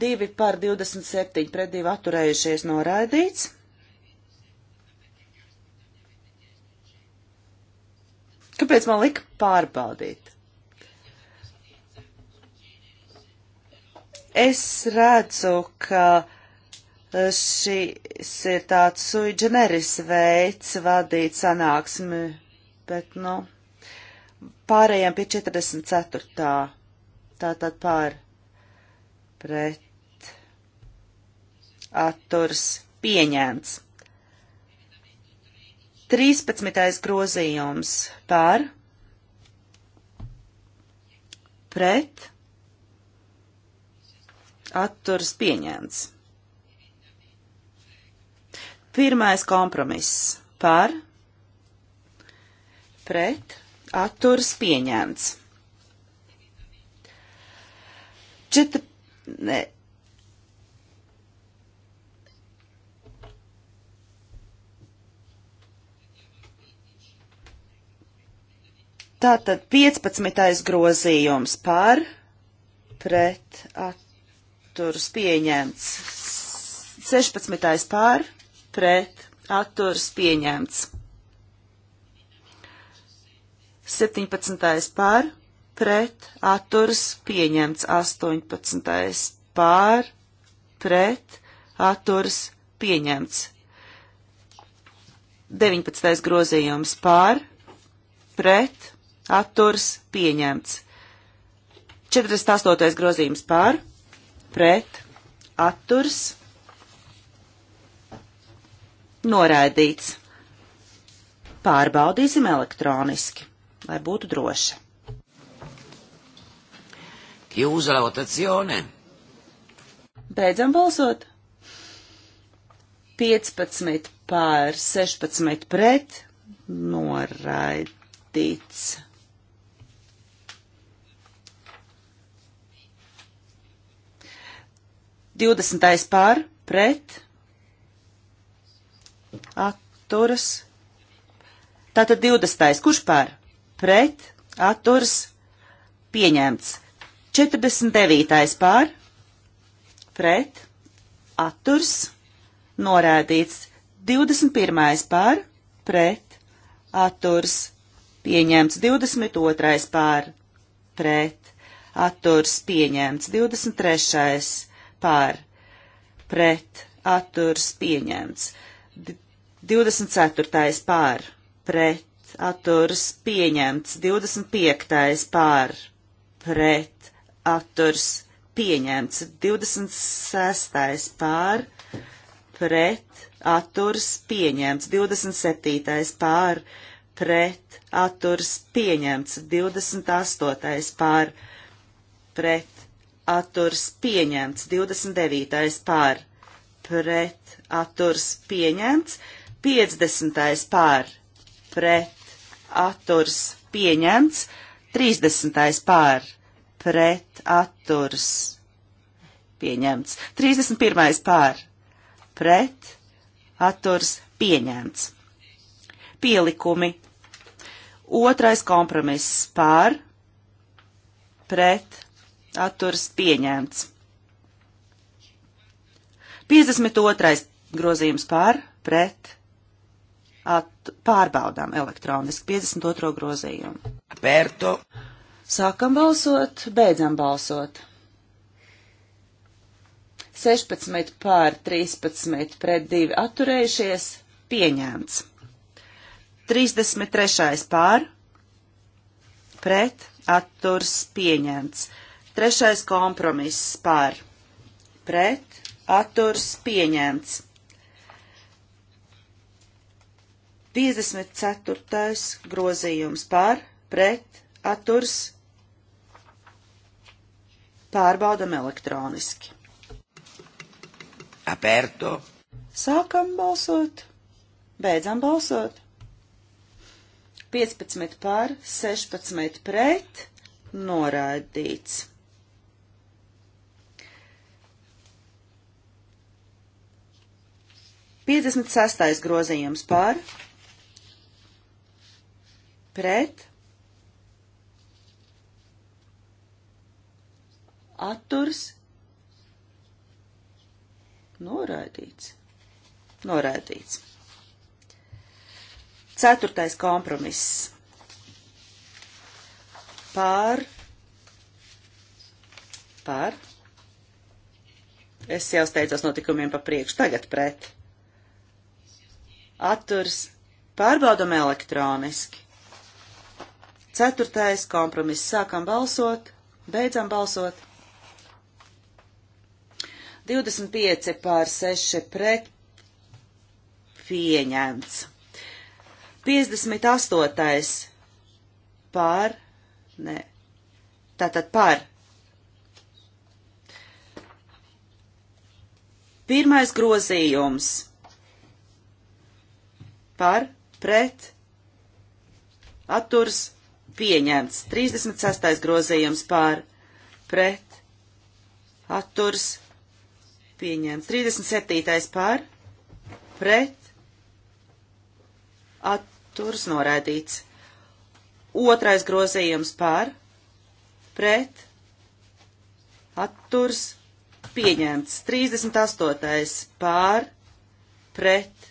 2 par 27 pret 2 atturējušies noraidīts. Kāpēc man lika pārbaudīt? Es redzu, ka šis ir tāds sui generis veids vadīt sanāksmi, bet, nu, pārējiem pie 44. Tātad pār pret atturs pieņēmts. 13. grozījums pār pret atturs pieņēmts. Pirmais kompromiss par, pret, atturs pieņemts. Četri, ne. Tātad 15. grozījums par, pret, atturs pieņemts. 16. par, pret atturs pieņemts. 17. pār pret atturs pieņemts. 18. pār pret atturs pieņemts. 19. grozījums pār pret atturs pieņemts. 48. grozījums pār pret atturs pieņemts atturs Noraidīts. Pārbaudīsim elektroniski, lai būtu droši.
Chiusa la votazione.
Beidzam balsot. 15 pār 16 pret noraidīts. Divdesmitais pār pret atturas. Tātad 20. Kurš pār? Pret, atturas, pieņemts. 49. pār? Pret, atturas, norādīts. 21. pār? Pret, atturas, pieņemts. 22. pār? Pret, atturas, pieņemts. 23. pār? Pret, atturas, pieņemts. 24. pār pret atturs pieņemts, 25. pār pret atturs pieņemts, 26. pār pret atturs pieņemts, 27. pār pret atturs pieņemts, 28. pār pret atturs pieņemts, 29. pār pret atturs pieņemts, 29. 50. pār pret atturs pieņemts, 30. pār pret atturs pieņemts, 31. pār pret atturs pieņemts. Pielikumi. Otrais kompromiss pār pret atturs pieņemts. 52. grozījums pār pret at, pārbaudām elektroniski 52. grozījumu. Pērto. Sākam balsot, beidzam balsot. 16 pār 13 pret 2 atturējušies, pieņēmts. 33 pār pret atturs pieņemts. Trešais kompromiss pār pret atturs pieņemts. 54. grozījums par, pret, atturs, pārbaudam elektroniski.
Aperto.
Sākam balsot, beidzam balsot. 15 pār, 16 pret, noraidīts. Piedesmit sastais grozījums pār, pret, atturs, noraidīts, noraidīts. Ceturtais kompromiss par, par, es jau steidzos notikumiem pa priekšu, tagad pret, atturs, pārbaudam elektroniski. Ceturtais kompromiss. Sākam balsot, beidzam balsot. 25 pār 6 pret pieņemts. 58. pār, ne, tātad pār. Pirmais grozījums par, pret, atturs, pieņemts. 36. grozījums pār pret atturs pieņemts. 37. pār pret atturs noraidīts. Otrais grozījums pār pret atturs pieņemts. 38. pār pret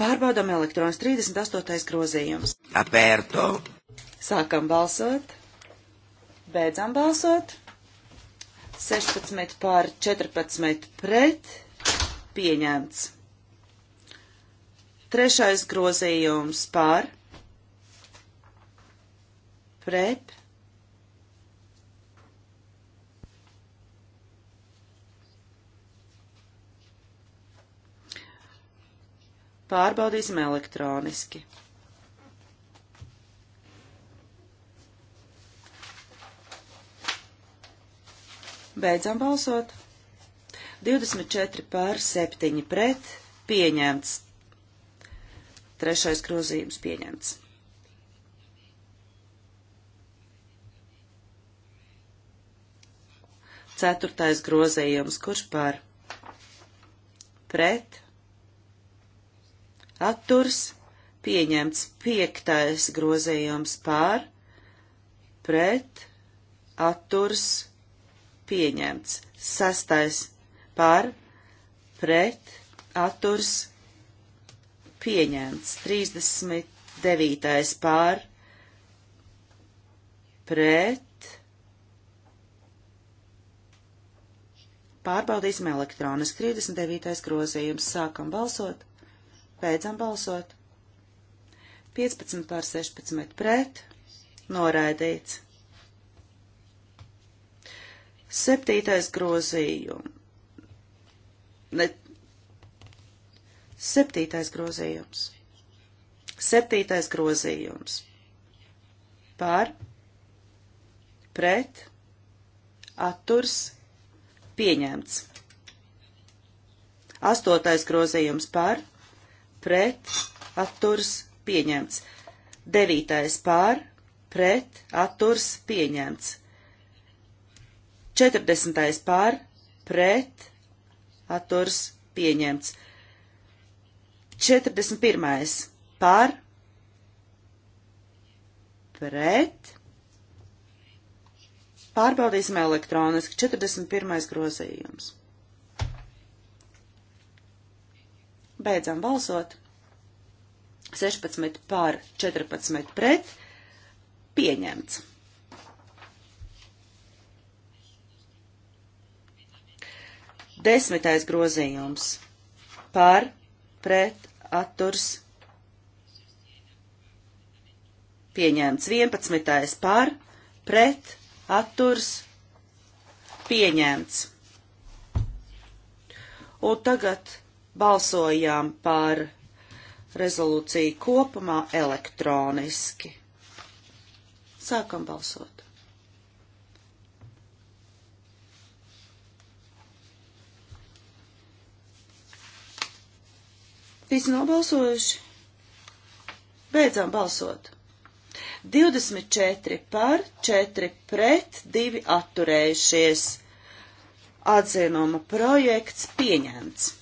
Pārbaudam elektronas 38. grozījums.
Apērto.
Sākam balsot. Beidzam balsot. 16 pār 14 pret. Pieņemts. Trešais grozījums pār. Pret Pārbaudīsim elektroniski. Beidzam balsot. 24 pār 7 pret pieņemts. Trešais grozījums pieņemts. Ceturtais grozījums, kurš par pret atturs pieņemts piektais grozījums pār, pret, atturs pieņemts sastais pār, pret, atturs pieņemts 39. pār, pret, Pārbaudīsim elektroniski 39. grozījums. Sākam balsot. Beidzam balsot. 15 pār 16 pret, noraidīts. Septītais grozījums. Ne, septītais grozījums. Septītais grozījums. Par, pret, atturs, pieņemts. Astotais grozījums par, pret, atturs, pieņemts. Devītais pār, pret, atturs, pieņemts. Četrdesmitais pār, pret, atturs, pieņemts. Četrdesmit pirmais pār, pret. Pārbaudīsim elektroniski 41. grozījums. Beidzam balsot. 16 pār 14 pret. Pieņemts. Desmitais grozījums par pret atturs pieņemts. Vienpadsmitais par pret atturs pieņemts. Un tagad balsojām par rezolūciju kopumā elektroniski. Sākam balsot. Visi nobalsojuši? Beidzām balsot. 24 par, 4 pret, 2 atturējušies. Atzinuma projekts pieņemts.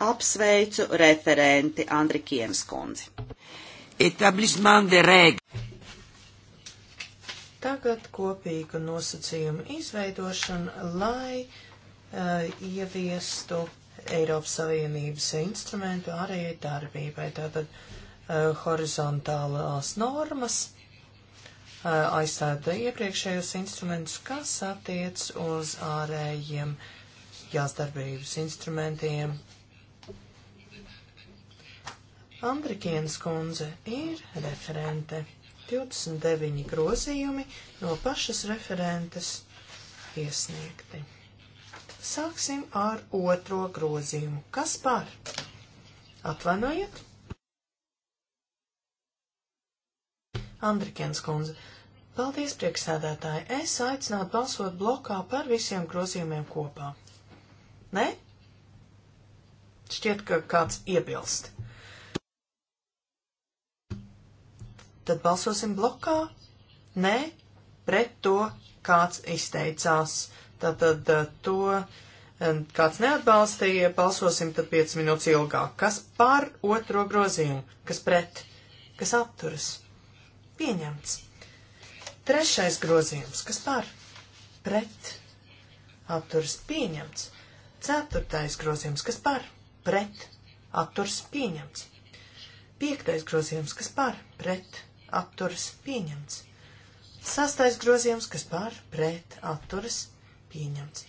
Apsveicu referenti Andrikienas kundzi. Tagad kopīgu
nosacījumu izveidošana, lai uh, ieviestu Eiropas Savienības instrumentu arī darbībai. Tātad uh, horizontālās normas uh, eh, aizstāda iepriekšējos instrumentus, kas attiec uz ārējiem jāsdarbības instrumentiem Andrikienas kundze ir referente. 29 grozījumi no pašas referentes iesniegti. Sāksim ar otro grozījumu. Kas par? Atvainojiet? Andrikienas kundze. Paldies, priekšsēdētāji. Es aicinātu balsot blokā par visiem grozījumiem kopā. Nē? Šķiet, ka kāds iebilst. Tad balsosim blokā? Nē, pret to kāds izteicās. Tātad eh, to eh, kāds neatbalstīja, balsosim tad 5 minūtes ilgāk. Kas par otro grozījumu? Kas pret? Kas atturas? Pieņemts. Trešais grozījums. Kas par? Pret. Atturas pieņemts. Ceturtais grozījums. Kas par? Pret. Atturs pieņemts. Piektais grozījums. Kas par? Pret atturas pieņemts. Sastais grozījums, kas par pret atturas pieņemts.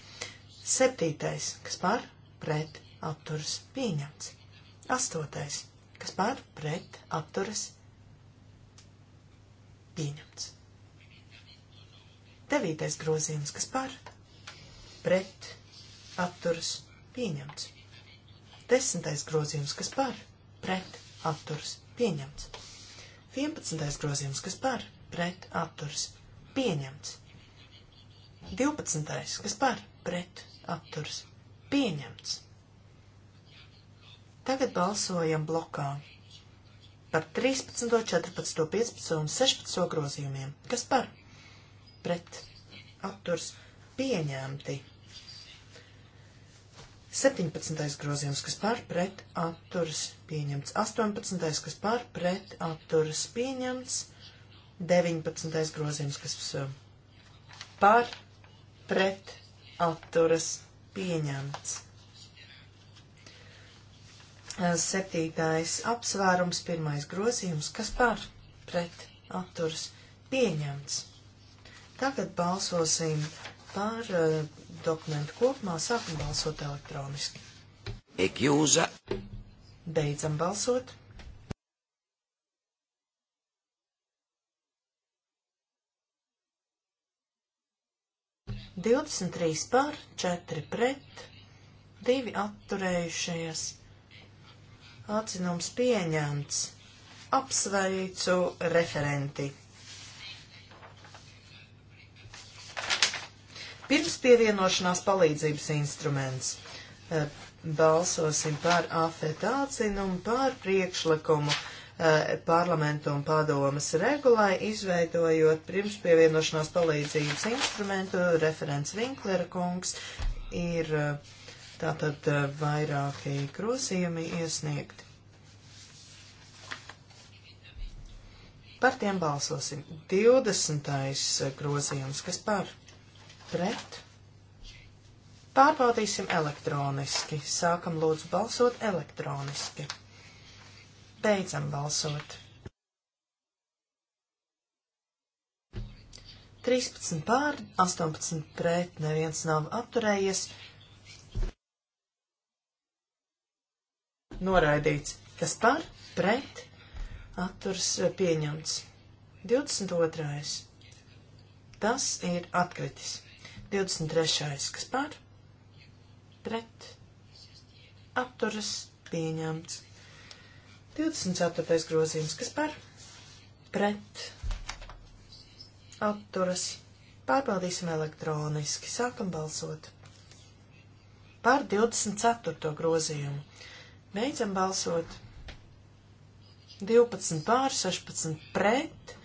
Septītais, kas par pret atturas pieņemts. Astotais, kas par pret atturas pieņemts. Devītais grozījums, kas par pret atturas pieņemts. Desmitais grozījums, kas par pret atturas pieņemts. 11. grozījums, kas par pret atturs pieņemts. 12. kas par pret atturs pieņemts. Tagad balsojam blokā par 13, 14, 15 un 16 grozījumiem, kas par pret atturs pieņemti. 17. grozījums, kas pār pret atturas pieņemts. 18. kas pār pret atturas pieņemts. 19. grozījums, kas uh, pār pret atturas pieņemts. 7. Uh, apsvērums, 1. grozījums, kas pār pret atturas pieņemts. Tagad balsosim par uh, dokumentu kopumā, sākam balsot elektroniski. Ekjūza. Beidzam balsot. Divdesmit trīs pār, četri pret, divi atturējušies. Atzinums pieņemts. Apsveicu referenti. Pirms pievienošanās palīdzības instruments. Eh, balsosim par afetācinumu, par priekšlikumu eh, parlamentu un padomas regulai, izveidojot pirms pievienošanās palīdzības instrumentu. Referents Vinklera kungs ir eh, tātad vairāki grozījumi iesniegti. Par tiem balsosim. 20. grozījums, kas par pret. Pārbaudīsim elektroniski. Sākam lūdzu balsot elektroniski. Beidzam balsot. 13 pār, 18 pret, neviens nav apturējies. Noraidīts. Kas par? Pret. Atturs eh, pieņemts. 22. Tas ir atkritis. 23. kas par, pret, apturas, pieņemts. 24. grozījums, kas par, pret, apturas, pārbaudīsim elektroniski, sākam balsot. Par 24. grozījumu. Beidzam balsot. 12 pār 16 pret,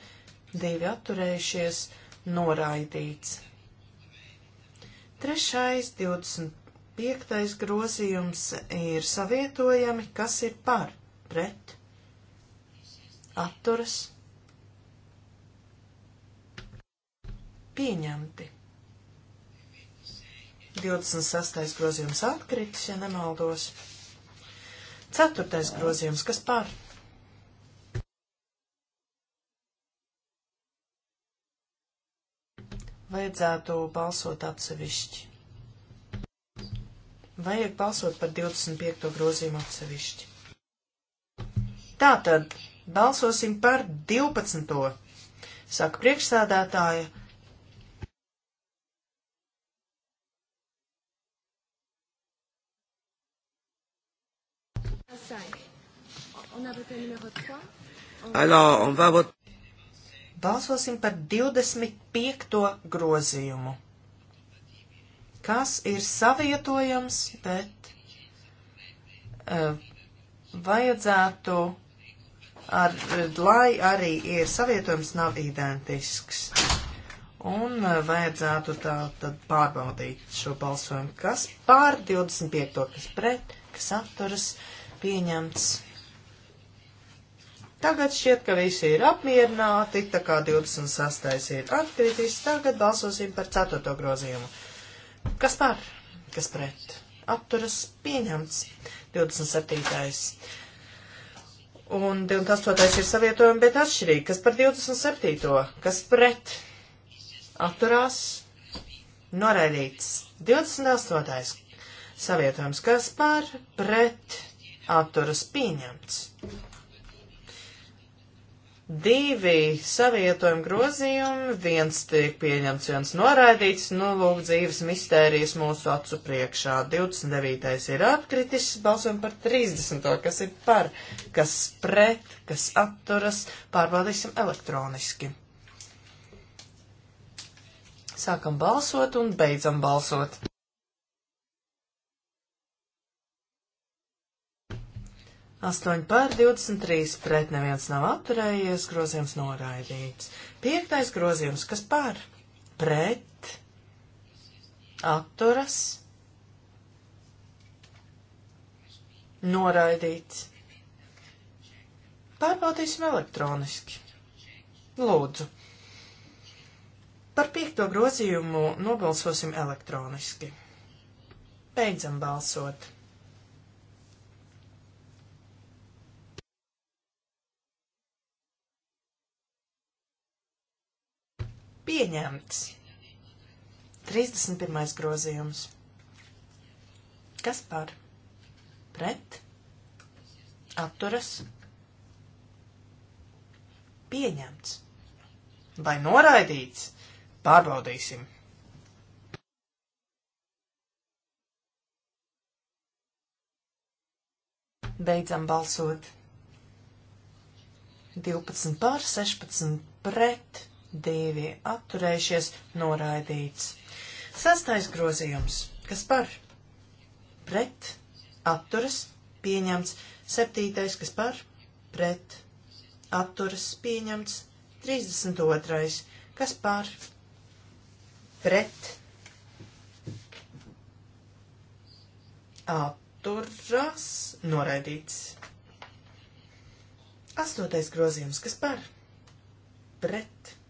2 atturējušies, noraidīts. Trešais, 25. grozījums ir savietojami, kas ir par, pret, atturas, pieņemti. 26. grozījums atkrits, ja nemaldos. 4. grozījums, kas par, vajadzētu balsot atsevišķi. Vajag balsot par 25. grozījumu atsevišķi. Tātad balsosim par 12. saka priekšsēdētāja. Alors, on va voter. Balsosim par 25. grozījumu, kas ir savietojams, bet uh, vajadzētu, ar, lai arī ir savietojams, nav identisks. Un uh, vajadzētu tā tad pārbaudīt šo balsojumu, kas pār 25. kas pret, kas atturas pieņemts. Tagad šķiet, ka visi ir apmierināti, tā kā 26. ir atkritis, tagad balsosim par 4. grozījumu. Kas par? Kas pret? Atturas pieņemts. 27. Un 28. ir savietojumi, bet atšķirīgi. Kas par 27. Kas pret? Atturās. Noraidīts. 28. Savietojums. Kas par? Pret. Atturas pieņemts divi savietojumi grozījumi, viens tiek pieņemts, viens noraidīts, nu lūk, dzīves mistērijas mūsu acu priekšā. 29. ir atkritis, balsojam par 30. kas ir par, kas pret, kas atturas, pārbaudīsim elektroniski. Sākam balsot un beidzam balsot. 8 pār 23 pret neviens nav atturējies, grozījums noraidīts. Piektais grozījums, kas pār? Pret atturas noraidīts. Pārbaudīsim elektroniski. Lūdzu. Par piekto grozījumu nobalsosim elektroniski. Beidzam balsot. Pieņemts. 31. grozījums. Kas par? Pret? Atturas? Pieņemts. Vai noraidīts? Pārbaudīsim. Beidzam balsot. 12 pār 16 pret divi atturējušies noraidīts. Sastais grozījums, kas par pret atturas pieņemts, septītais, kas par pret atturas pieņemts, 32. kas par pret atturas noraidīts. Astotais grozījums, kas par pret atturas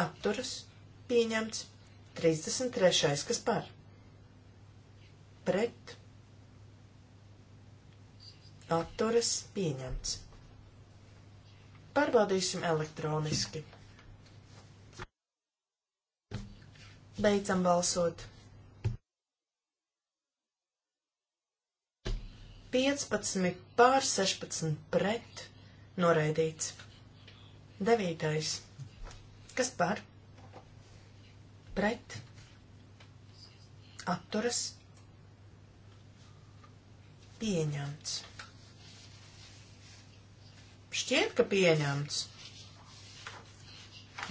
Atturas. Pieņemts. 33. Kas par? Pret. Atturas. Pieņemts. Pārbaudīsim elektroniski. Beidzam balsot. 15 pār 16 pret noraidīts. 9. Kas par? Pret. Atturas. Pieņemts. Šķiet, ka pieņemts.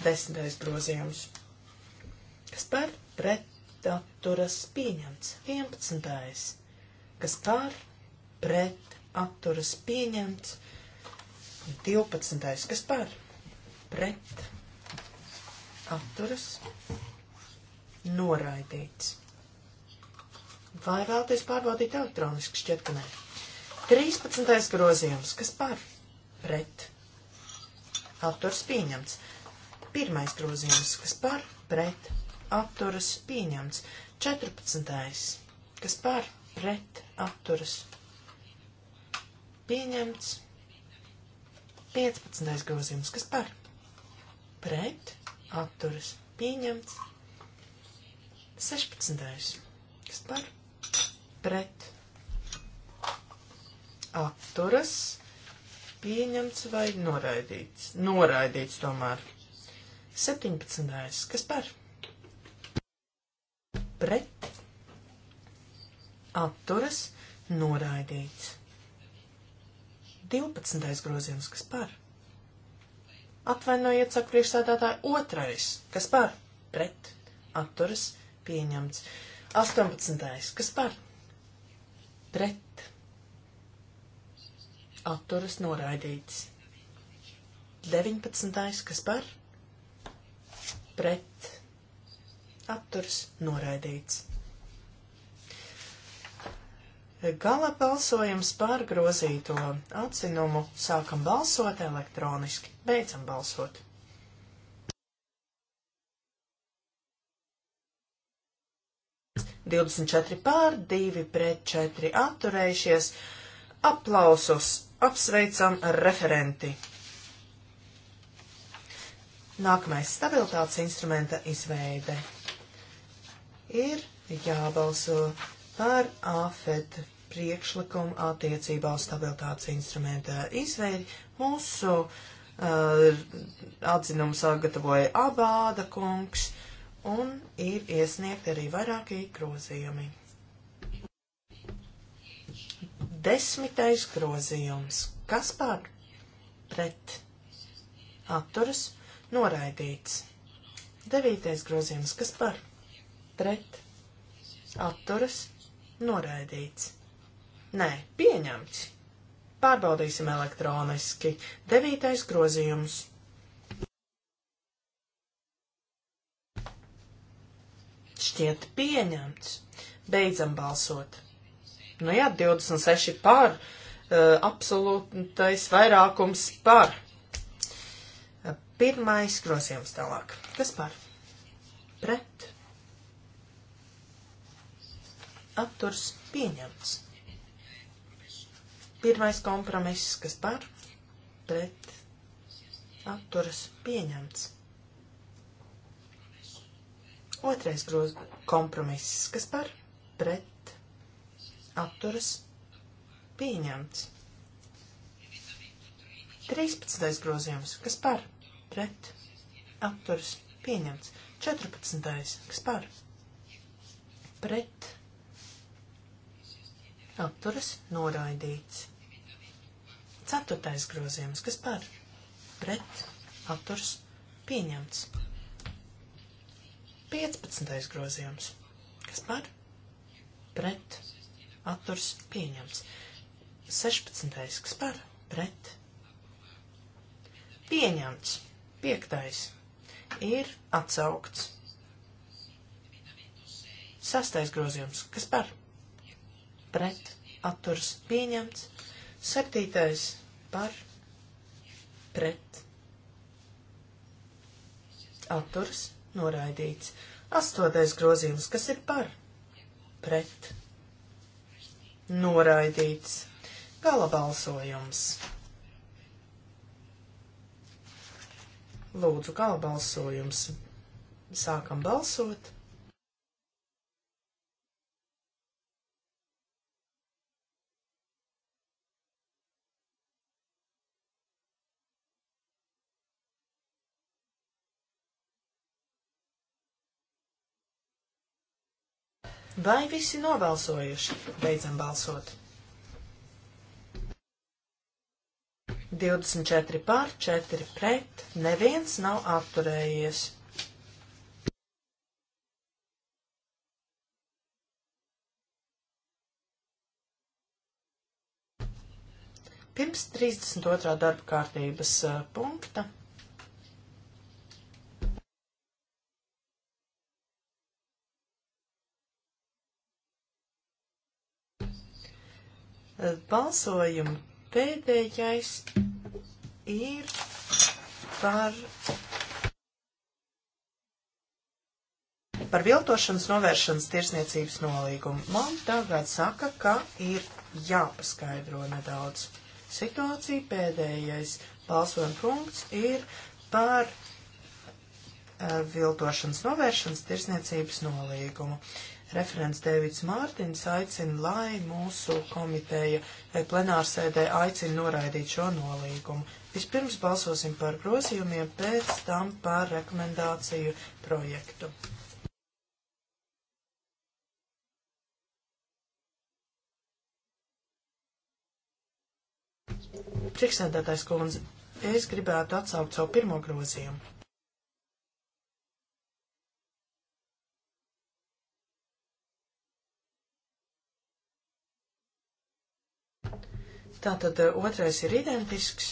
Desmitais grozījums. Kas par? Pret. Atturas. Pieņemts. Vienpadsmitais. Kas par? Pret. Atturas. Pieņemts. Divpadsmitais. Kas par? Pret atturas noraidīts. Vai vēlties pārbaudīt elektroniski šķiet, ka nē. 13. grozījums, kas par pret atturas pieņemts. Pirmais grozījums, kas par pret atturas pieņemts. 14. kas par pret atturas pieņemts. 15. grozījums, kas par pret atturas pieņemts. 16. kas par pret atturas pieņemts vai noraidīts. Noraidīts tomēr. 17. kas par pret atturas noraidīts. 12. grozījums, kas par pret Atvainojiet, saka priekšsēdētāji, otrais, kas par, pret, atturas, pieņemts. 18. kas par, pret, atturas, noraidīts. 19. kas par, pret, atturas, noraidīts. Gala balsojums par grozīto atzinumu sākam balsot elektroniski, beidzam balsot. Divdesmit četri pār, divi pret četri atturējušies. Aplausus apsveicam referenti. Nākamais stabilitātes instrumenta izveide ir jābalso par AFED priekšlikumu attiecībā uz stabilitātes instrumenta izveidi. Mūsu uh, atzinumu sagatavoja abāda kungs un ir iesniegt arī vairākie grozījumi. Desmitais grozījums. Kas par pret atturas noraidīts? Devītais grozījums. Kas par pret atturas Noraidīts. Nē, pieņemts. Pārbaudīsim elektroniski. Devītais grozījums. Šķiet pieņemts. Beidzam balsot. Nu jā, 26 pār. Uh, absolūtais vairākums par. Pirmais grozījums tālāk. Kas par? Pret atturs pieņemts. Pirmais kompromiss, kas par pret atturas pieņemts. Otrais groz kompromiss, kas par pret atturas pieņemts. 13. grozījums, kas par pret atturas pieņemts. 14. kas par pret atturas noraidīts. Ceturtais grozījums, kas par pret atturas pieņemts. 15. grozījums, kas par pret atturas pieņemts. 16. kas par pret pieņemts. 5. ir atsaukts. Sastais grozījums, kas par pret atturs pieņemts. Septītais par pret atturs noraidīts. Astotais grozījums, kas ir par pret noraidīts. Gala balsojums. Lūdzu, gala balsojums. Sākam balsot. Vai visi nobalsojuši? Beidzam balsot. 24 pār, 4 pret, neviens nav atturējies. Pirms 32. darba kārtības uh, punkta balsojumu. Pēdējais ir par, par viltošanas novēršanas tirsniecības nolīgumu. Man tagad saka, ka ir jāpaskaidro nedaudz situācija. Pēdējais balsojuma punkts ir par eh, viltošanas novēršanas tirsniecības nolīgumu. Uh, Referents Dēvids Mārtiņš aicina, lai mūsu komiteja plenārsēdē aicina noraidīt šo nolīgumu. Vispirms balsosim par grozījumiem, pēc tam par rekomendāciju projektu. Priekšsēdētājs kundze, es gribētu atsaukt savu pirmo grozījumu. Tātad eh, otrais ir identisks.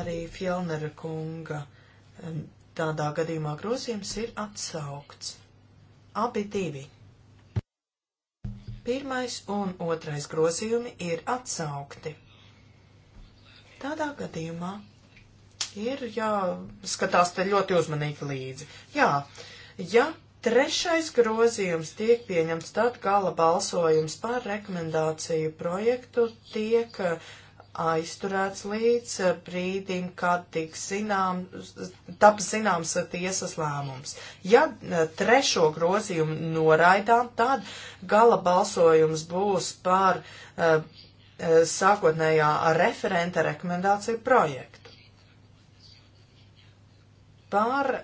Arī Fjellnera kunga tādā gadījumā grozījums ir atsaukts. Abi divi. Pirmais un otrais grozījumi ir atsaukti. Tādā gadījumā ir jāskatās te ļoti uzmanīgi līdzi. Jā, ja Trešais grozījums tiek pieņemts tad gala balsojums par rekomendāciju projektu tiek uh, aizturēts līdz uh, brīdim, kad tiks zinām, tap zināms uh, tiesas lēmums. Ja trešo grozījumu noraidām, tad gala balsojums būs par uh, sākotnējā referenta rekomendāciju projektu. Par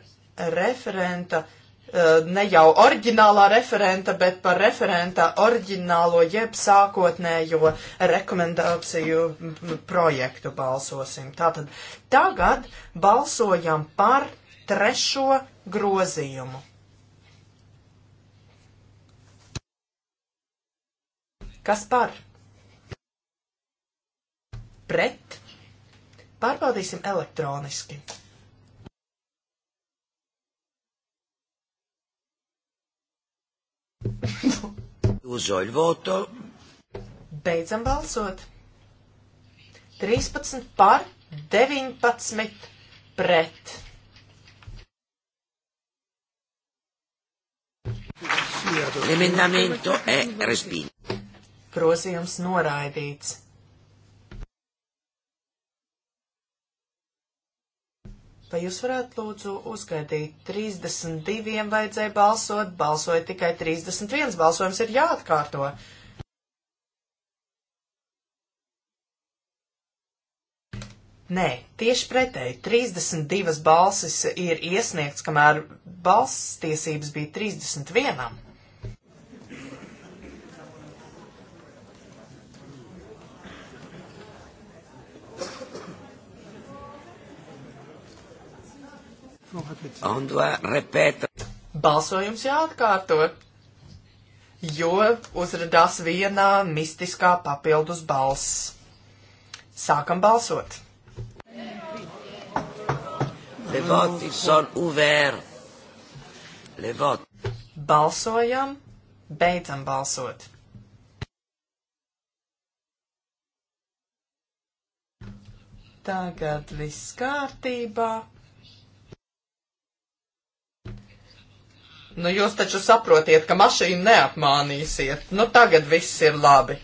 referenta uh, Eh, ne jau oriģinālā referenta, bet par referenta oriģinālo jeb sākotnējo rekomendāciju projektu balsosim. Tātad tagad balsojam par trešo grozījumu. Kas par? Pret? Pārbaudīsim elektroniski.
Uzoļ voto.
Beidzam balsot. 13 par, 19 pret.
L'emendamento è respinto.
Grozījums noraidīts. Vai jūs varētu lūdzu uzskaitīt 32 vajadzēja balsot, balsoja tikai 31, balsojums ir jāatkārto. Nē, tieši pretēji, 32 balsis ir iesniegts, kamēr balss tiesības bija 31.
Un doit répéter.
Balsojums jāatkārto, jo uzradās viena mistiskā papildus balss. Sākam balsot.
Le vote, ils sont ouverts. Le vote.
Balsojam, beidzam balsot. Tagad viss kārtībā. Nu, jūs taču saprotiet, ka mašīnu neapmānīsiet. Nu, tagad viss ir labi.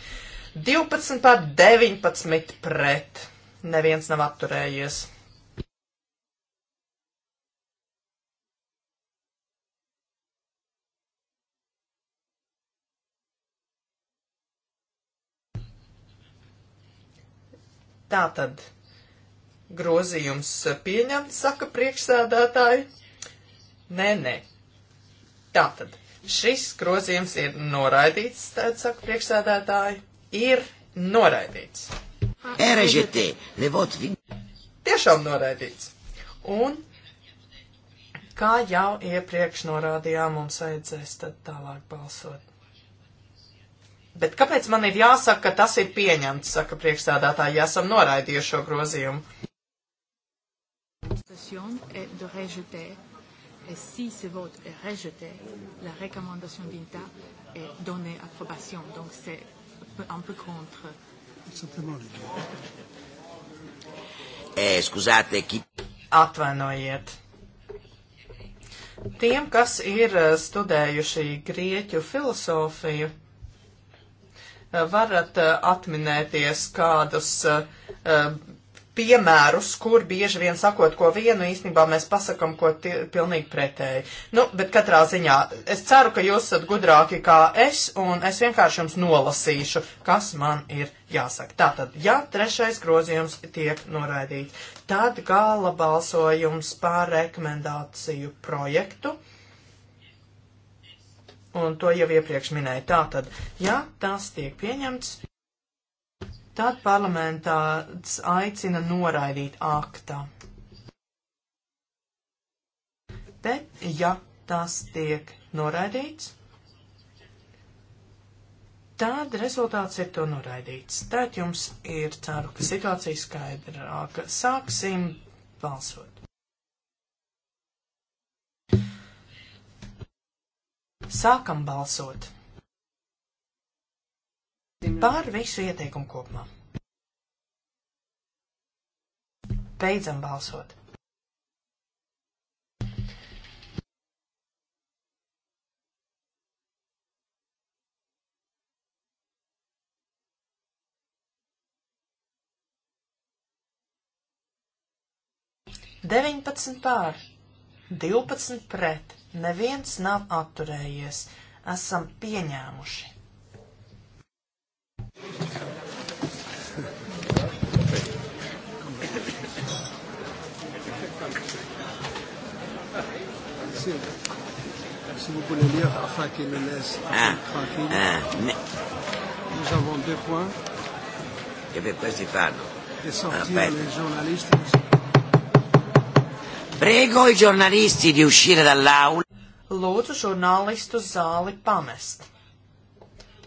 12 pār 19 pret. Neviens nav atturējies. Tātad grozījums pieņemts, saka priekšsēdētāji. Nē, nē, Tātad, šis grozījums ir noraidīts, tad saka priekšsēdētāji, ir noraidīts. RGT,
Levot Vigna. Tiešām noraidīts.
Un, kā jau iepriekš norādījām, mums vajadzēs tad tālāk balsot. Bet kāpēc man ir jāsaka, ka tas ir pieņemts, saka priekšstādātāji, ja esam noraidījuši šo grozījumu? Et si ce vote est rejeté, la recommandation d'INTA
est donnée approbation. Donc c'est un peu contre.
Eh, scusate, chi... Atvainojiet.
Tiem, kas ir eh, studējuši grieķu filozofiju, eh, varat eh, atminēties kādus piemērus, kur bieži vien sakot ko vienu, īstenībā mēs pasakam ko pilnīgi pretēji. Nu, bet katrā ziņā es ceru, ka jūs esat gudrāki kā es, un es vienkārši jums nolasīšu, kas man ir jāsaka. Tātad, ja trešais grozījums tiek noraidīts, tad gala balsojums pār rekomendāciju projektu. Un to jau iepriekš minēju. Tātad, ja tas tiek pieņemts tad parlamentāts aicina noraidīt aktā. Bet, ja tas tiek noraidīts, tad rezultāts ir to noraidīts. Tad jums ir ceru, ka situācija skaidrāka. Sāksim balsot. Sākam balsot. Pār visu ieteikumu kopumā. Beidzam balsot. Deviņpadsmit pār, divpadsmit pret, neviens nav atturējies, esam pieņēmuši.
Sì. Si vous voulez lire Afak et Menes, ah, tranquille. Ah, mais... Nous avons deux points. E per questi fanno. E sortire i giornalisti. Prego i giornalisti di uscire dall'aula.
Lūdzu žurnālistu zāli pamest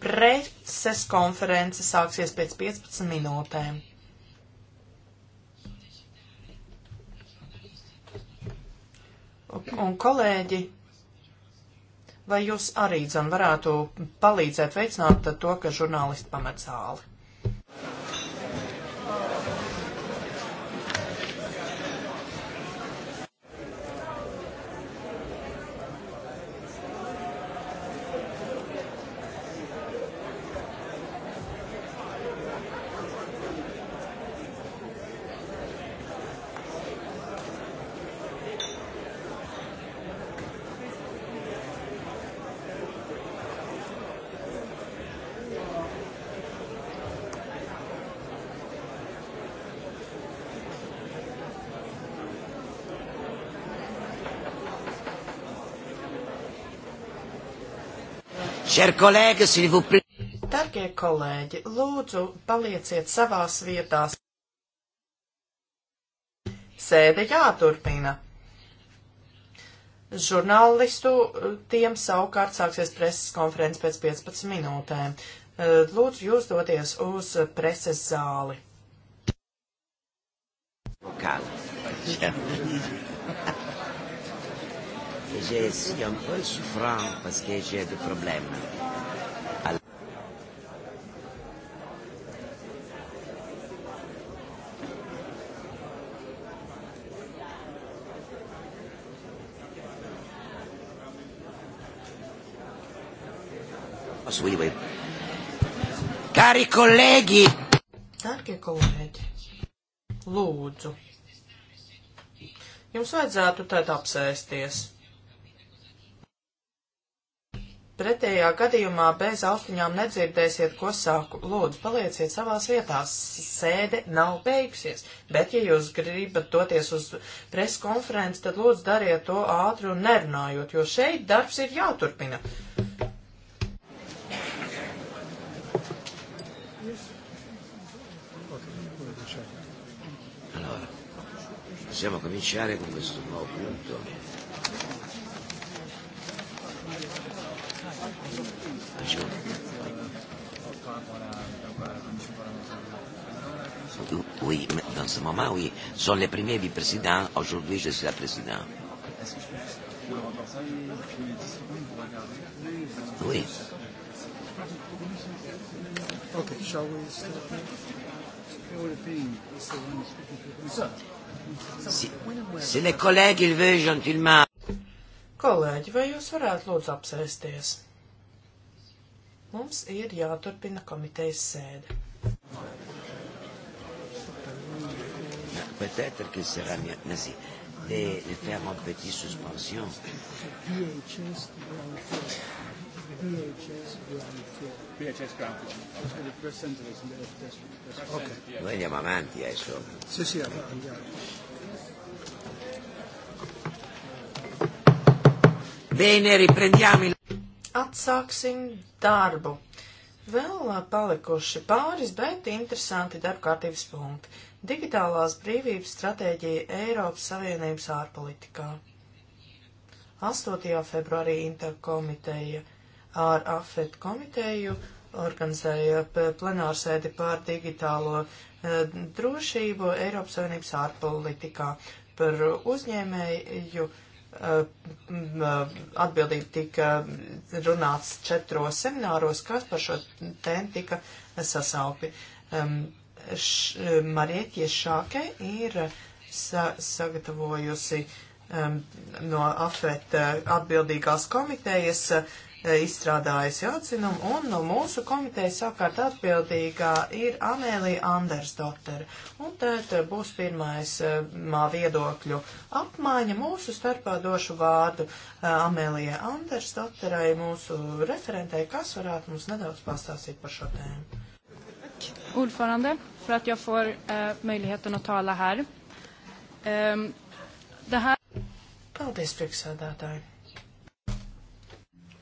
preses konference sāksies pēc 15 minūtēm. Un kolēģi, vai jūs arī, dzan, varētu palīdzēt veicināt to, ka žurnālisti pamet zāli?
Darbie
kolēģi, lūdzu, palieciet savās vietās. Sēde jāturpina. Žurnālistu eh, tiem savukārt sāksies preses konferences pēc 15 minūtēm. Eh, lūdzu, jūs doties uz preses zāli.
Vokāli. que je suis un peu souffrant parce que j'ai des problèmes. Alors, Oui, oui. Cari colleghi! Cari
colleghi! Lūdzu! Jums vajadzētu tad apsēsties. Pretējā gadījumā bez austiņām nedzirdēsiet, ko saku. Lūdzu, palieciet savās vietās. Sēde nav beigusies. Bet, ja jūs gribat doties uz preskonferenci, tad lūdzu dariet to ātri un nerunājot, jo šeit darbs ir jāturpina.
Allora, possiamo cominciare con questo nuovo punto. faccio. Oui, mais dans ce moment, oui. Sont les premiers vice-présidents. Aujourd'hui, je suis la présidente.
Oui. Okay, shall we
start? Si, si les collègues, ils veulent gentiment.
Kolēģi, vai jūs varētu lūdzu apsēsties? Mums ir jāturpina komitejas sēde.
Peut-être que sera mieux. Merci. De, de faire une petite suspension. VHS Ground Floor.
VHS Ground Floor. VHS Ground Floor. Okay. Noi andiamo
avanti adesso. Eh, sì, sì, andiamo. Bene, riprendiamo il...
Atsāksim darbu. Vēl palikuši pāris, bet interesanti darbkārtības punkti. Digitālās brīvības stratēģija Eiropas Savienības ārpolitikā. 8. februārī interkomiteja ar AFET komiteju organizēja plenārsēdi pār digitālo drošību Eiropas Savienības ārpolitikā par uzņēmēju atbildīgi tika runāts četros semināros, kas par šo tēmu tika sasaupi. Marieķie Šāke ir sa sagatavojusi um, no AFET atbildīgās komitejas uh, E, izstrādājusi atzinumu, un no mūsu komitejas savukārt atbildīgā ir Anēlija Andersdotere. Un tad e, būs pirmais e, mā viedokļu apmaiņa mūsu starpā došu vārdu Amēlijai Andersdoterei, mūsu referentei, kas varētu mums nedaudz pastāstīt par šo tēmu.
Ordförande, för att jag får eh, möjligheten att tala här. Eh, det här...
Paldies, priekšsēdētāji.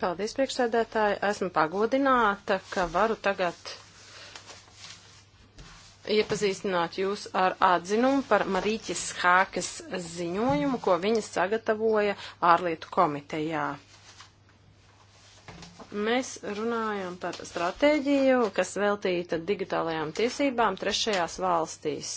Paldies, priekšsēdētāji. Esmu pagodināta, ka varu tagad iepazīstināt jūs ar atzinumu par Marīķis Hākas ziņojumu, ko viņa sagatavoja ārlietu komitejā. Mēs runājam par stratēģiju, kas veltīta digitālajām tiesībām trešajās valstīs.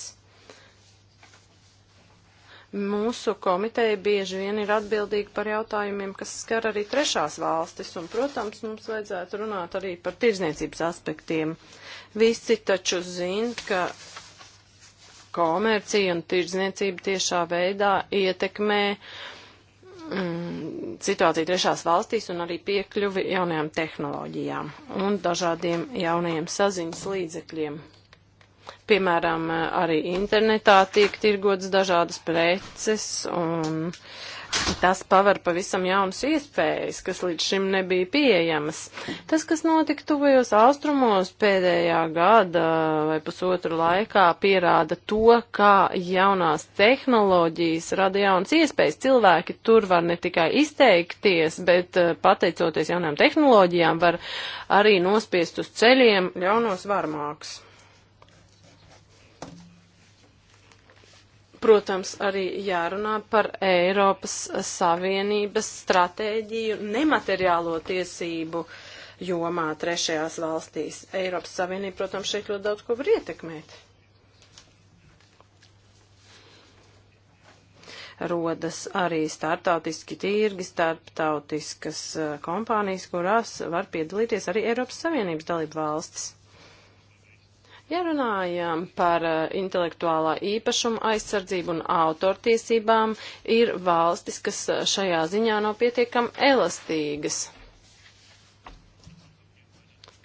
Mūsu komiteja bieži vien ir atbildīga par jautājumiem, kas skar arī trešās valstis, un, protams, mums vajadzētu runāt arī par tirzniecības aspektiem. Visi taču zina, ka komercija un tirzniecība tiešā veidā ietekmē mm, situāciju trešās valstīs un arī piekļuvi jaunajām tehnoloģijām un dažādiem jaunajiem saziņas līdzekļiem. Piemēram, arī internetā tiek tirgotas dažādas preces un tas paver pavisam jaunas iespējas, kas līdz šim nebija pieejamas. Tas, kas notika tuvajos austrumos pēdējā gada vai pusotru laikā, pierāda to, kā jaunās tehnoloģijas rada jaunas iespējas. Cilvēki tur var ne tikai izteikties, bet eh, pateicoties jaunām tehnoloģijām, var arī nospiest uz ceļiem jaunos varmākus. Protams, arī jārunā par Eiropas Savienības stratēģiju nemateriālo tiesību jomā trešajās valstīs. Eiropas Savienība, protams, šeit ļoti daudz ko var ietekmēt. rodas arī startautiski tirgi, starptautiskas eh, kompānijas, kurās var piedalīties arī Eiropas Savienības dalību valstis. Ja runājam par uh, intelektuālā īpašuma aizsardzību un autortiesībām, ir valstis, kas uh, šajā ziņā nav pietiekam elastīgas.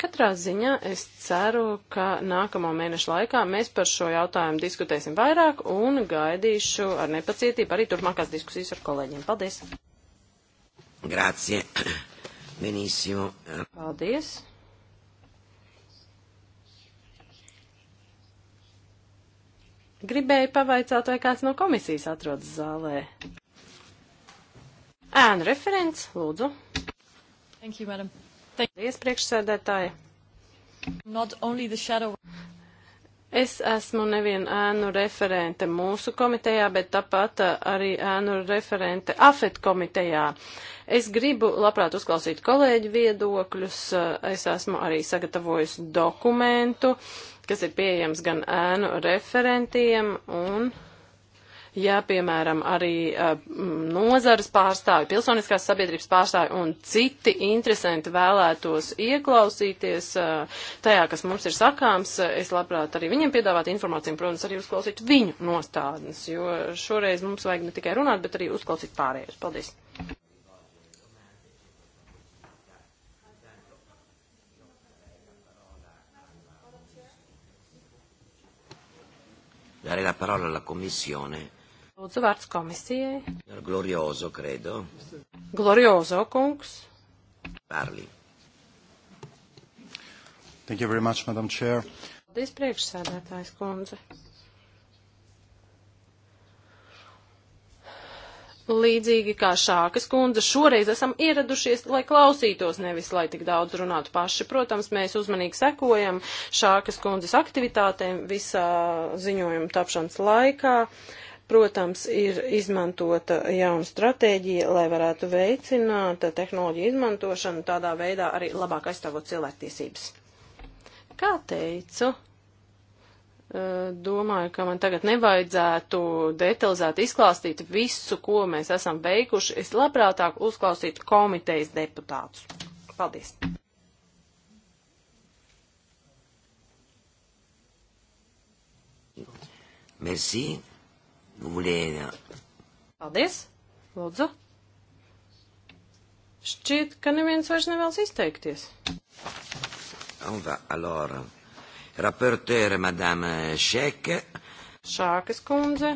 Katrā ziņā es ceru, ka nākamo mēnešu laikā mēs par šo jautājumu diskutēsim vairāk un gaidīšu ar nepacietību arī turpmākās diskusijas ar kolēģiem. Paldies!
Grazie! Benissimo!
Paldies! Gribēju pavaicāt, vai kāds no komisijas atrodas zālē. Ēnu referents, lūdzu. Thank you, madam. Thank you. Priekšsēdētāja. Not only the shadow. Es esmu nevien ēnu referente mūsu komitejā, bet tāpat uh, arī ēnu referente AFET komitejā. Es gribu labprāt uzklausīt kolēģu viedokļus. Uh, es esmu arī sagatavojusi dokumentu. Uh, kas ir pieejams gan ēnu referentiem un ja, piemēram, arī uh, nozares pārstāvi, pilsoniskās sabiedrības pārstāvi un citi interesanti vēlētos ieklausīties uh, tajā, kas mums ir sakāms, es labprāt arī viņiem piedāvātu informāciju, protams, arī uzklausīt viņu nostādnes, jo šoreiz mums vajag ne tikai runāt, bet arī uzklausīt pārējos. Paldies!
dare la parola alla Commissione.
Lūdzu, vārds komisijai.
Glorioso, credo.
Glorioso, kungs.
Parli. Thank you very much, Madam Chair.
Paldies, priekšsēdētājs kundze. Līdzīgi kā Šākas kundze, šoreiz esam ieradušies, lai klausītos, nevis lai tik daudz runātu paši. Protams, mēs uzmanīgi sekojam Šākas kundzes aktivitātēm visā ziņojuma tapšanas laikā. Protams, ir izmantota jauna stratēģija, lai varētu veicināt tehnoloģiju izmantošanu, tādā veidā arī labāk aizstāvot cilvēktiesības. Kā teicu, Eh, domāju, ka man tagad nevajadzētu detalizēti izklāstīt visu, ko mēs esam veikuši. Es labprātāk uzklausītu komitejas deputātus. Paldies!
Merci. Vulēna. Euh,
Paldies. Lūdzu. Šķiet, ka neviens vairs nevēlas izteikties.
Un va, allora. Rapporteur Madame Šek.
Šākas kundze.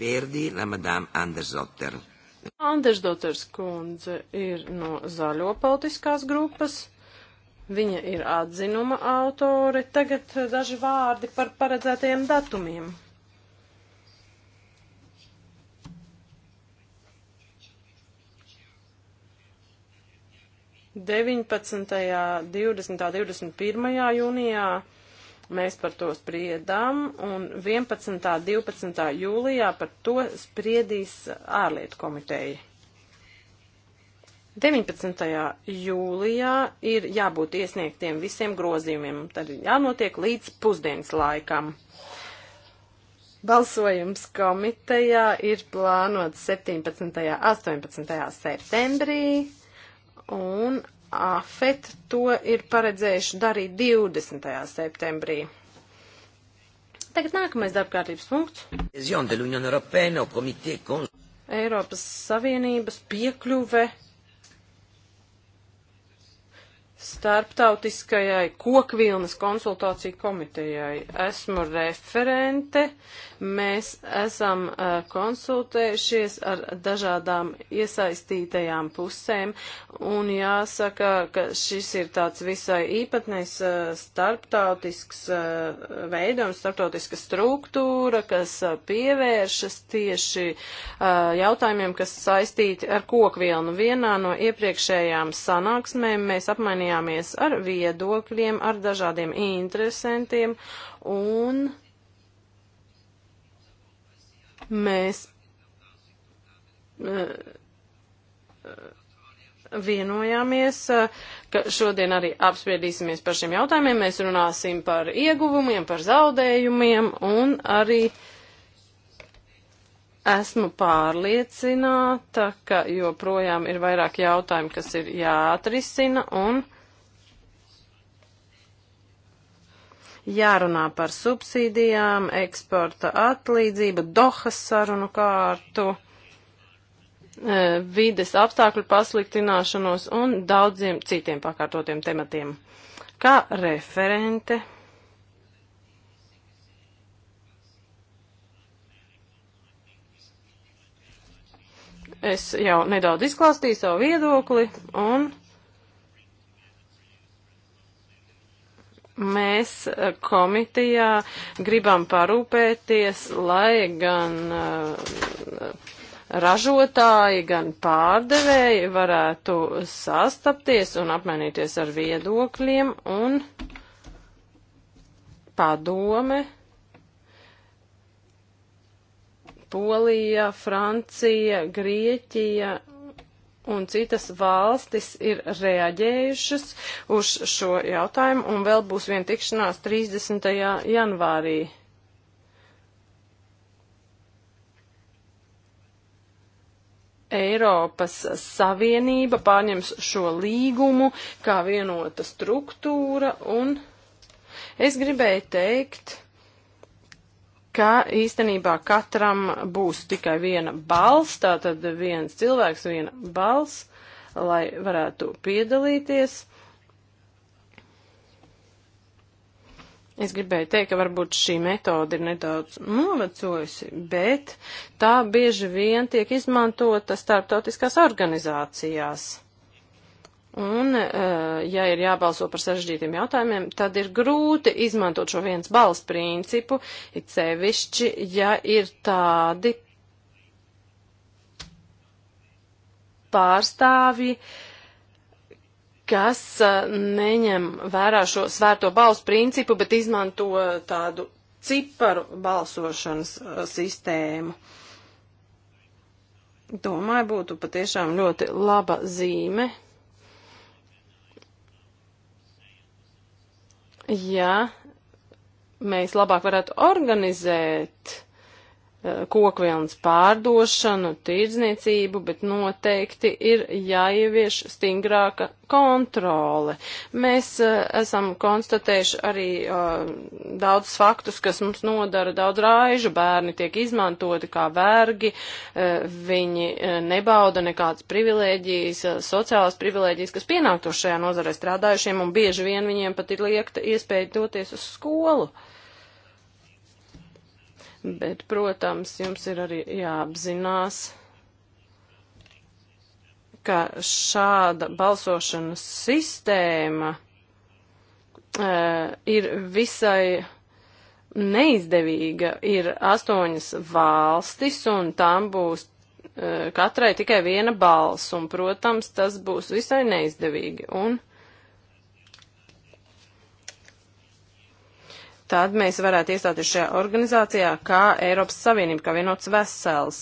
Verdi la Madame Andersdotter.
Andersdotters kundze ir no zaļo politiskās grupas. Viņa ir atzinuma autore. Tagad daži vārdi par paredzētajiem datumiem. 19., 20., 21. jūnijā mēs par to spriedām, un 11. 12. jūlijā par to spriedīs ārlietu komiteja. 19. jūlijā ir jābūt iesniegtiem visiem grozījumiem, tad jānotiek līdz pusdienas laikam. Balsojums komitejā ir plānots 17. 18. septembrī un AFET to ir paredzējuši darīt 20. septembrī. Tagad nākamais darbkārtības
punkts.
Eiropas Savienības piekļuve starptautiskajai kokvilnas konsultāciju komitejai. Esmu referente, mēs esam uh, konsultējušies ar dažādām iesaistītajām pusēm, un jāsaka, ka šis ir tāds visai īpatnēs uh, starptautisks uh, veidojums, starptautiska struktūra, kas pievēršas tieši jautājumiem, kas saistīti ar kokvilnu. Vienā no iepriekšējām sanāksmēm mēs apmainījām apmainījāmies ar viedokļiem, ar dažādiem interesantiem, un mēs eh, vienojāmies, eh, ka šodien arī apspriedīsimies par šiem jautājumiem. Mēs runāsim par ieguvumiem, par zaudējumiem un arī esmu pārliecināta, ka joprojām ir vairāk jautājumu, kas ir jāatrisina un. jārunā par subsīdijām, eksporta atlīdzību, Dohas sarunu kārtu, e, vides apstākļu pasliktināšanos un daudziem citiem pakārtotiem tematiem. Kā referente. Es jau nedaudz izklāstīju savu viedokli un mēs eh, komitejā gribam parūpēties, lai gan eh, ražotāji, gan pārdevēji varētu sastapties un apmainīties ar viedokļiem un padome. Polija, Francija, Grieķija un citas valstis ir reaģējušas uz šo jautājumu, un vēl būs viena tikšanās 30. janvārī. Eiropas Savienība pārņems šo līgumu kā vienota struktūra, un es gribēju teikt, ka īstenībā katram būs tikai viena balss, tātad viens cilvēks, viena balss, lai varētu piedalīties. Es gribēju teikt, ka varbūt šī metode ir nedaudz novecojusi, bet tā bieži vien tiek izmantota starptautiskās organizācijās. Un, eh, ja ir jābalso par sarežģītiem jautājumiem, tad ir grūti izmantot šo viens balss principu, it sevišķi, ja ir tādi pārstāvji, kas eh, neņem vērā šo svērto balsu principu, bet izmanto tādu ciparu balsošanas eh, sistēmu domāju, būtu patiešām ļoti laba zīme, Ja mēs labāk varētu organizēt kokvilnas pārdošanu, tirdzniecību, bet noteikti ir jāievieš stingrāka kontrole. Mēs uh, esam konstatējuši arī uh, daudz faktus, kas mums nodara daudz raižu. Bērni tiek izmantoti kā vergi, uh, viņi uh, nebauda nekādas privilēģijas, uh, sociālas privilēģijas, kas pienāktos šajā nozarē strādājušiem, un bieži vien viņiem pat ir liekta iespēja doties uz skolu. Uh, Bet, protams, jums ir arī jāapzinās, ka šāda balsošanas sistēma e, ir visai neizdevīga. Ir astoņas valstis, un tam būs e, katrai tikai viena balss, un, protams, tas būs visai neizdevīgi. Un, tad mēs varētu iestāties šajā organizācijā kā Eiropas Savienība, kā vienots vesels.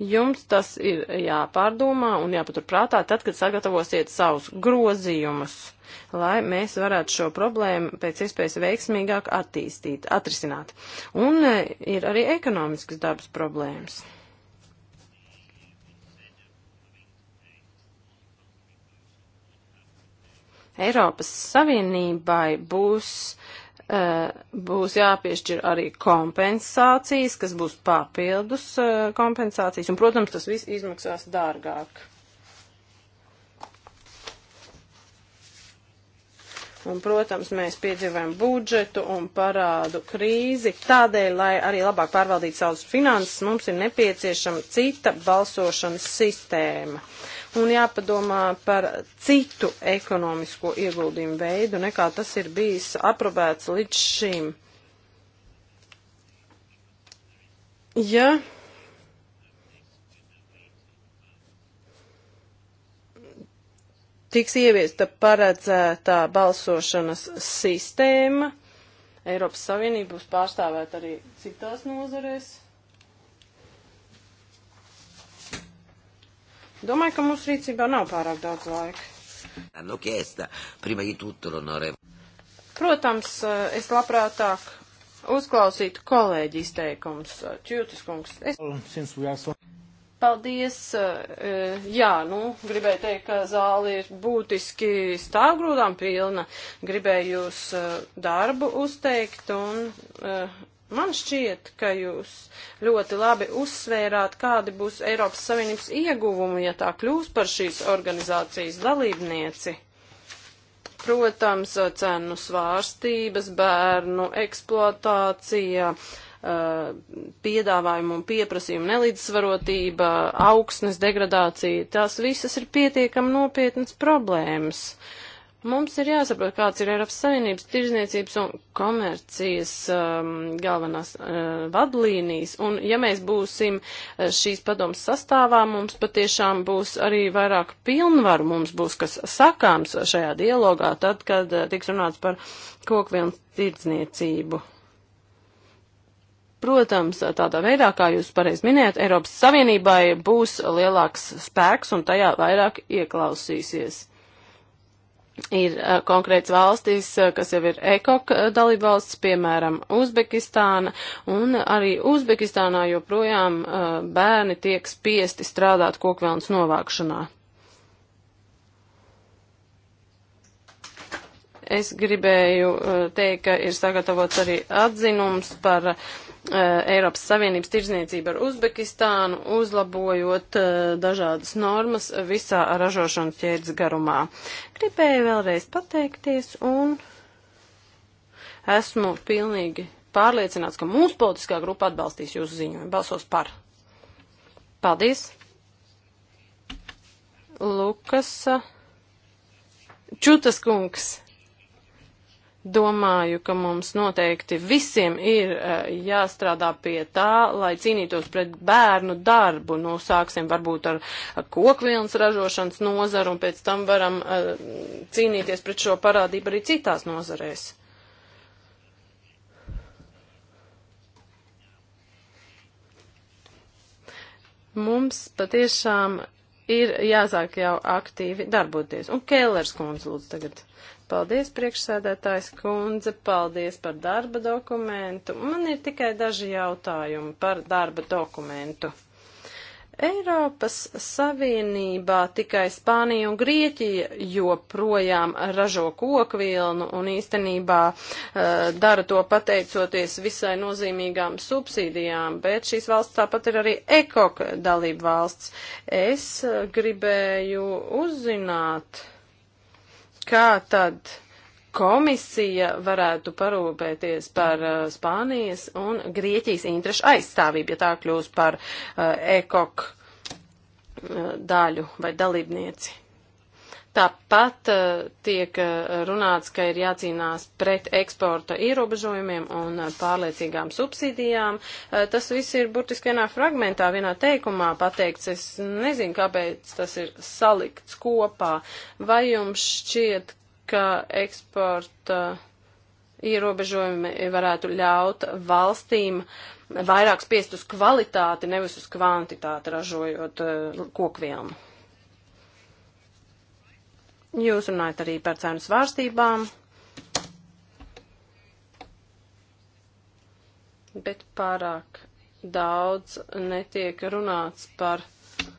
Jums tas ir jāpārdomā un jāpaturprātā tad, kad sagatavosiet savus grozījumus, lai mēs varētu šo problēmu pēc iespējas veiksmīgāk attīstīt, atrisināt. Un e, ir arī ekonomiskas dabas problēmas. Eiropas Savienībai būs uh, Eh, būs jāpiešķir arī kompensācijas, kas būs papildus eh, kompensācijas, un, protams, tas viss izmaksās dārgāk. Un, protams, mēs piedzīvojam budžetu un parādu krīzi. Tādēļ, lai arī labāk pārvaldītu savus finanses, mums ir nepieciešama cita balsošanas sistēma. Uh, un jāpadomā par citu ekonomisko ieguldījumu veidu, nekā tas ir bijis aprobēts līdz šim. Ja tiks ieviesta paredzētā balsošanas sistēma, Eiropas Savienība būs pārstāvēta arī citās nozarēs. Domāju, ka mūsu rīcībā nav pārāk daudz laika.
Nu, kēsta, prima di tutto l'onore.
Protams, eh, es labprātāk uzklausītu kolēģi izteikums. Eh, Čūtis kungs.
Es...
Paldies. Eh, jā, nu, gribēju teikt, ka zāli ir būtiski stāvgrūdām pilna. Gribēju jūs darbu uzteikt un Man šķiet, ka jūs ļoti labi uzsvērāt, kādi būs Eiropas Savienības ieguvumi, ja tā kļūs par šīs organizācijas dalībnieci. Protams, cenu svārstības, bērnu eksploatācija, eh, piedāvājumu un pieprasījumu nelīdzsvarotība, augsnes degradācija, tās visas ir pietiekami nopietnas problēmas. Uh, Mums ir jāsaprot, kāds ir Eiropas Savienības tirzniecības un komercijas um, galvenās uh, vadlīnijas, un ja mēs būsim uh, šīs padomas sastāvā, mums patiešām būs arī vairāk pilnvaru, mums būs kas sakāms šajā dialogā, tad, kad uh, tiks runāts par kokvienu tirdzniecību. Protams, tādā veidā, kā jūs pareiz minējat, Eiropas Savienībai būs lielāks spēks un tajā vairāk ieklausīsies ir eh, konkrēts valstis, eh, kas jau ir ECOK eh, dalībvalsts, piemēram, Uzbekistāna, un arī Uzbekistānā joprojām bērni tiek spiesti strādāt kokvēlnes novākšanā. Es gribēju teikt, ka ir sagatavots arī atzinums par uh, Eh, Eiropas Savienības tirdzniecību ar Uzbekistānu, uzlabojot eh, dažādas normas visā ražošanas ķēdes garumā. Gribēju vēlreiz pateikties un esmu pilnīgi pārliecināts, ka mūsu politiskā grupa atbalstīs jūsu ziņojumu. Balsos par. Paldies. Lukas eh, Čutas kungs. Domāju, ka mums noteikti visiem ir e, jāstrādā pie tā, lai cīnītos pret bērnu darbu. Nu, sāksim varbūt ar kokvilnas ražošanas nozaru un pēc tam varam e, cīnīties pret šo parādību arī citās nozarēs. Mums patiešām ir jāsāk jau aktīvi darboties. Un Kēlers kundze lūdzu tagad. Paldies, priekšsēdētājs kundze, paldies par darba dokumentu. Man ir tikai daži jautājumi par darba dokumentu. Eiropas Savienībā tikai Spānija un Grieķija joprojām ražo kokvilnu un īstenībā uh, dara to pateicoties visai nozīmīgām subsīdijām, bet šīs valsts tāpat ir arī ekok dalība valsts. Es eh, gribēju uzzināt. Uh, Kā tad komisija varētu parūpēties par uh, Spānijas un Grieķijas interešu aizstāvību, ja tā kļūs par uh, ECOK uh, daļu vai dalībnieci? Tāpat eh, tiek eh, runāts, ka ir jācīnās pret eksporta ierobežojumiem un eh, pārliecīgām subsīdijām. Tas viss ir burtiski vienā fragmentā, vienā teikumā pateikts. Es nezinu, kāpēc tas ir salikts kopā. Vai jums šķiet, ka eksporta ierobežojumi varētu ļaut valstīm vairāk spiest uz kvalitāti, nevis uz kvantitāti ražojot kokvielu? Jūs runājat arī par cenu svārstībām, bet pārāk daudz netiek runāts
par.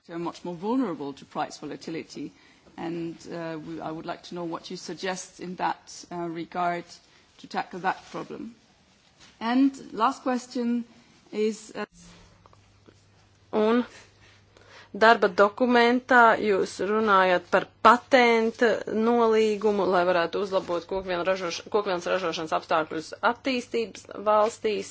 They are much more vulnerable to price volatility, and uh, we, I would like to know what you suggest in that uh, regard to tackle that problem. And last question is. Uh... Un
Darba dokumentā jūs runājat par patenta nolīgumu, lai varētu uzlabot kokvienu ražoš kokvienas ražošanas apstākļus attīstības valstīs.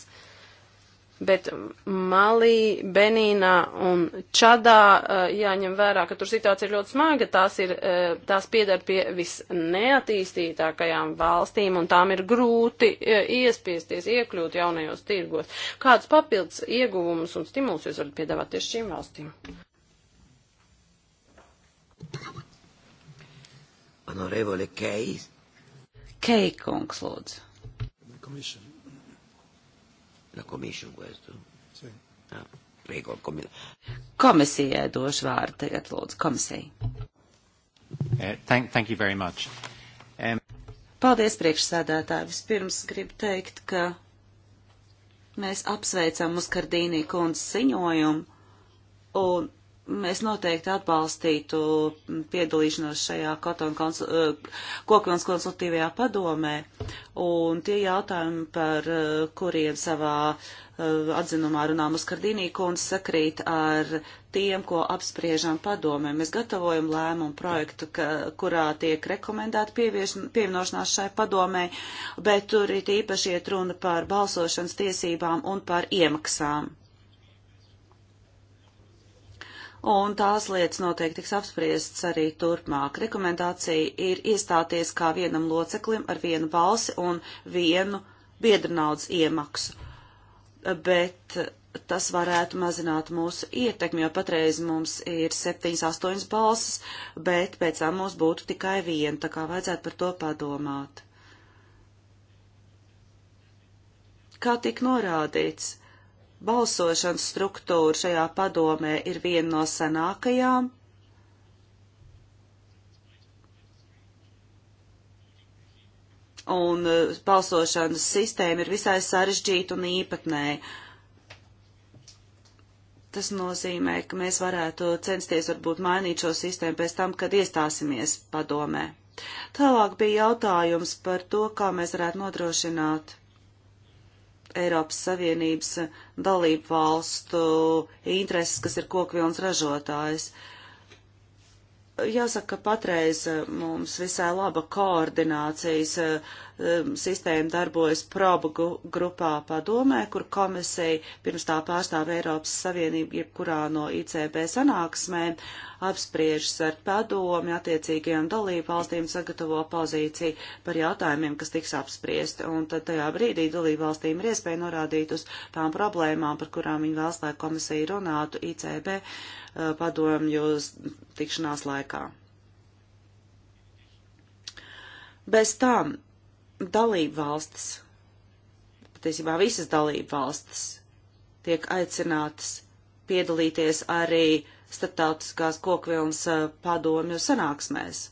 Bet Malī, Benīnā un Čadā eh, jāņem vērā, ka tur situācija ir ļoti smaga, tās, ir, eh, tās piedar pie visneatīstītākajām valstīm un tām ir grūti eh, iespiesties, iekļūt jaunajos tirgos. Kāds papildus ieguvumus un stimulus jūs varat piedāvāt tieši šīm
valstīm?
Onorevole Keijs.
Kei kungs, lūdzu.
La commission questo? Sì. Ah, prego, com
komisijai došu vārdu tagad, lūdzu, komisijai.
Uh, thank, thank you very much. Um...
Paldies, priekšsēdētāji. Vispirms gribu teikt, ka mēs apsveicam Muskardīnī kundzes ziņojumu un mēs noteikti atbalstītu piedalīšanos šajā konsul, eh, kokvilnas konsultīvajā padomē, un tie jautājumi, par eh, kuriem savā eh, atzinumā runā Muskardīnī kundze, sakrīt ar tiem, ko apspriežam padomē. Mēs gatavojam lēmumu projektu, ka, kurā tiek rekomendēta pievienošanās šai padomē, bet tur ir īpaši iet runa par balsošanas tiesībām un par iemaksām un tās lietas noteikti tiks apspriestas arī turpmāk. Rekomendācija ir iestāties kā vienam loceklim ar vienu balsi un vienu biedrnaudas iemaksu, bet tas varētu mazināt mūsu ietekmi, jo patreiz mums ir 7-8 balsis, bet pēc tam mums būtu tikai viena, tā kā vajadzētu par to padomāt. Kā tik norādīts, balsošanas struktūra šajā padomē ir viena no senākajām. Un eh, balsošanas sistēma ir visai sarežģīta un īpatnēja. Tas nozīmē, ka mēs varētu censties varbūt mainīt šo sistēmu pēc tam, kad iestāsimies padomē. Tālāk bija jautājums par to, kā mēs varētu nodrošināt Eiropas Savienības dalību valstu intereses, kas ir kokvilns ražotājs. Uh, Jāsaka, ka patreiz eh, mums visai laba koordinācijas eh, eh, sistēma darbojas probu grupā padomē, kur komisija pirms tā pārstāv Eiropas Savienību jebkurā no ICB sanāksmēm apspriežas ar padomi attiecīgajām dalību valstīm sagatavo pozīciju par jautājumiem, kas tiks apspriesti. Un tad tajā brīdī dalību valstīm ir iespēja norādīt uz tām problēmām, par kurām viņi vēlas, lai komisija runātu ICB. Uh, Uh, padomju tikšanās laikā. Bez tām dalību valstis, patiesībā visas dalību valstis, tiek aicinātas piedalīties arī starptautiskās kokvilnas uh, padomju sanāksmēs.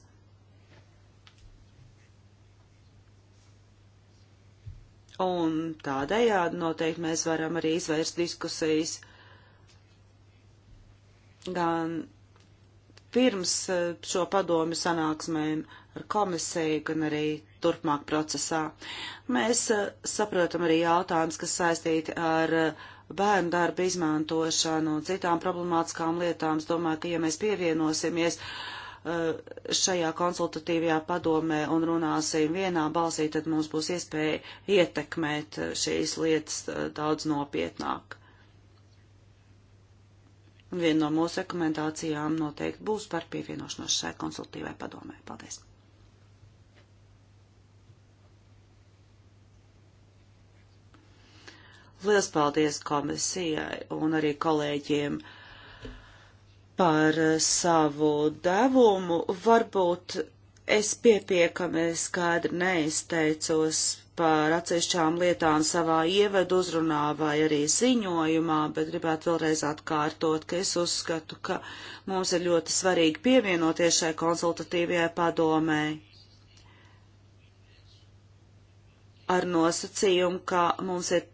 Un tādējādi noteikti mēs varam arī izvērst diskusijas gan pirms eh, šo padomi sanāksmēm ar komisiju, gan arī turpmāk procesā. Mēs eh, saprotam arī jautājumus, kas saistīti ar eh, bērnu darbu izmantošanu un citām problemātiskām lietām. Es domāju, ka ja mēs pievienosimies šajā konsultatīvajā padomē un runāsim vienā balsī, tad mums būs iespēja ietekmēt šīs lietas daudz nopietnāk. Un viena no mūsu rekomendācijām noteikti būs par pievienošanos šai konsultīvai padomē. Paldies! Lielas paldies komisijai un arī kolēģiem par savu devumu. Varbūt es piepiekami skaidri neizteicos par atsevišķām lietām savā ievedu uzrunā vai arī ziņojumā, bet gribētu vēlreiz atkārtot, ka es uzskatu, ka mums ir ļoti svarīgi pievienoties šai konsultatīvajai padomē ar nosacījumu, ka mums ir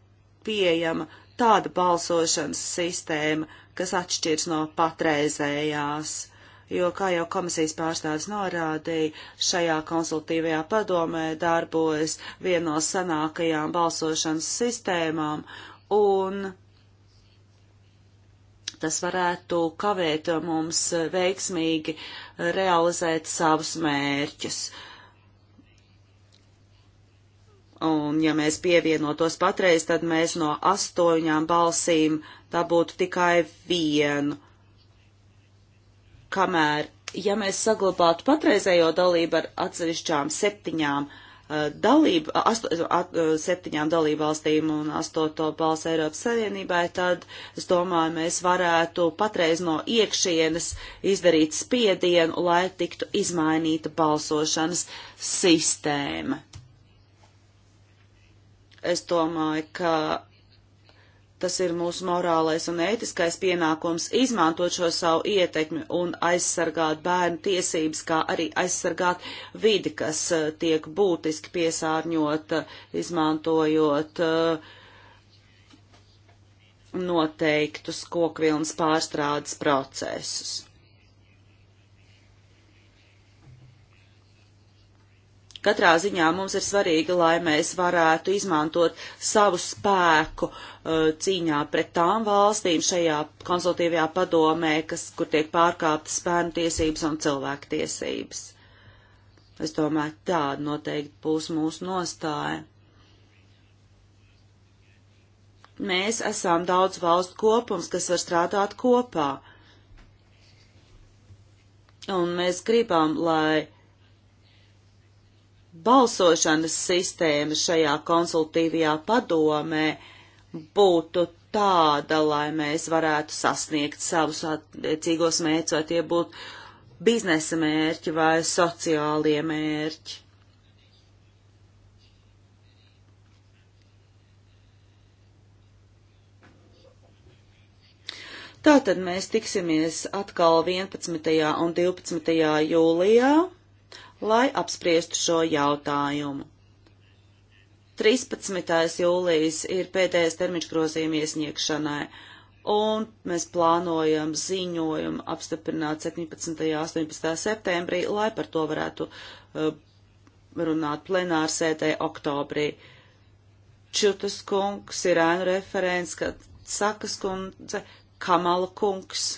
pieejama tāda balsošanas sistēma, kas atšķirs no patreizējās jo, kā jau komisijas pārstāvis norādīja, šajā konsultīvajā padomē darbojas viena no sanākajām balsošanas sistēmām, un tas varētu kavēt mums veiksmīgi realizēt savus mērķus. Un ja mēs pievienotos patreiz, tad mēs no astoņām balsīm dabūtu tikai vienu kamēr, ja mēs saglabātu patreizējo dalību ar atsevišķām septiņām eh, dalību, asto, at, septiņām dalību valstīm un astoto balsu Eiropas Savienībai, tad, es domāju, mēs varētu patreiz no iekšienes izdarīt spiedienu, lai tiktu izmainīta balsošanas sistēma. Es domāju, ka Tas ir mūsu morālais un ētiskais pienākums izmantot šo savu ietekmi un aizsargāt bērnu tiesības, kā arī aizsargāt vidi, kas eh, tiek būtiski piesārņot, eh, izmantojot eh, noteiktus kokvilnas pārstrādes procesus. Katrā ziņā mums ir svarīgi, lai mēs varētu izmantot savu spēku uh, cīņā pret tām valstīm šajā konsultīvajā padomē, kas, kur tiek pārkāptas bērnu tiesības un cilvēku tiesības. Es domāju, tāda noteikti būs mūsu nostāja. Mēs esam daudz valstu kopums, kas var strādāt kopā. Un mēs gribam, lai balsošanas sistēma šajā konsultīvajā padomē būtu tāda, lai mēs varētu sasniegt savus attiecīgos mērķus, vai tie būtu biznesa mērķi vai sociālie mērķi. Tātad mēs tiksimies atkal 11. un 12. jūlijā lai apspriestu šo jautājumu. 13. jūlijas ir pēdējais termiņš grozījuma iesniegšanai, un mēs plānojam ziņojumu apstiprināt 17. un 18. septembrī, lai par to varētu uh, runāt plenārsētē oktobrī. Čutas kungs ir ēnu referents, kad Sakas kundze, Kamala kungs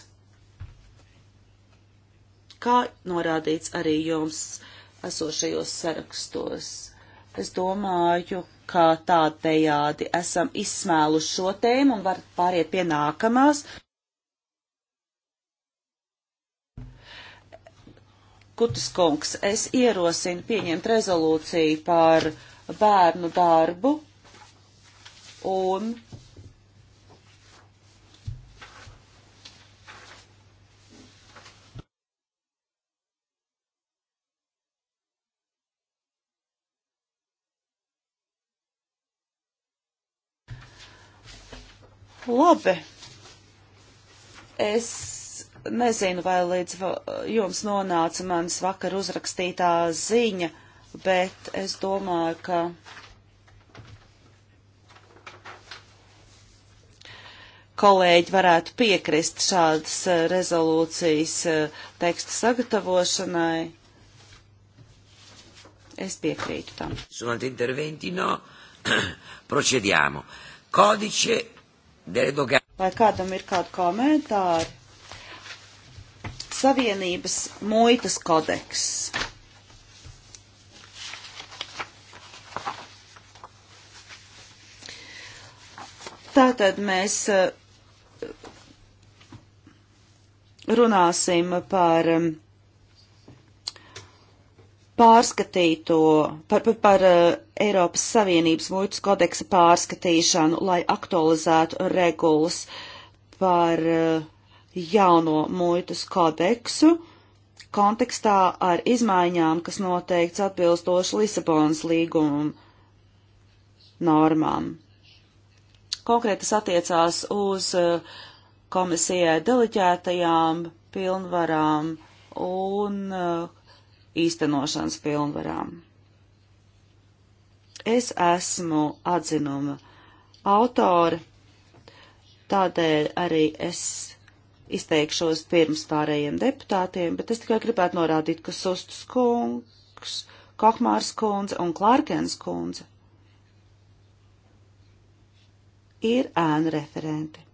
kā norādīts arī jums esošajos sarakstos. Es domāju, ka tādējādi esam izsmēluši šo tēmu un var pāriet pie nākamās. Kutas kungs, es ierosinu pieņemt rezolūciju par bērnu darbu un Labi. Es nezinu, vai līdz jums nonāca manas vakar uzrakstītā ziņa, bet es domāju, ka. kolēģi varētu piekrist šādas eh, rezolūcijas eh, teksta sagatavošanai. Es piekrītu tam.
Sono interventi, no, procediamo. Codice Vai
kādam ir kādi komentāri? Savienības muitas kodeks. Tātad mēs eh, runāsim par mm, pārskatīto, par, par, par eh, Eiropas Savienības muitas kodeksa pārskatīšanu, lai aktualizētu regulas par eh, jauno muitas kodeksu kontekstā ar izmaiņām, kas noteikts atbilstoši Lisabonas līgumam normām. Konkrēti tas attiecās uz eh, komisijai deleģētajām pilnvarām un uh, īstenošanas pilnvarām. Es esmu atzinuma autore, tādēļ arī es izteikšos pirms pārējiem deputātiem, bet es tikai gribētu norādīt, ka Sustus kungs, Kokmārs kundze un Klārkens kundze ir ēnu referenti.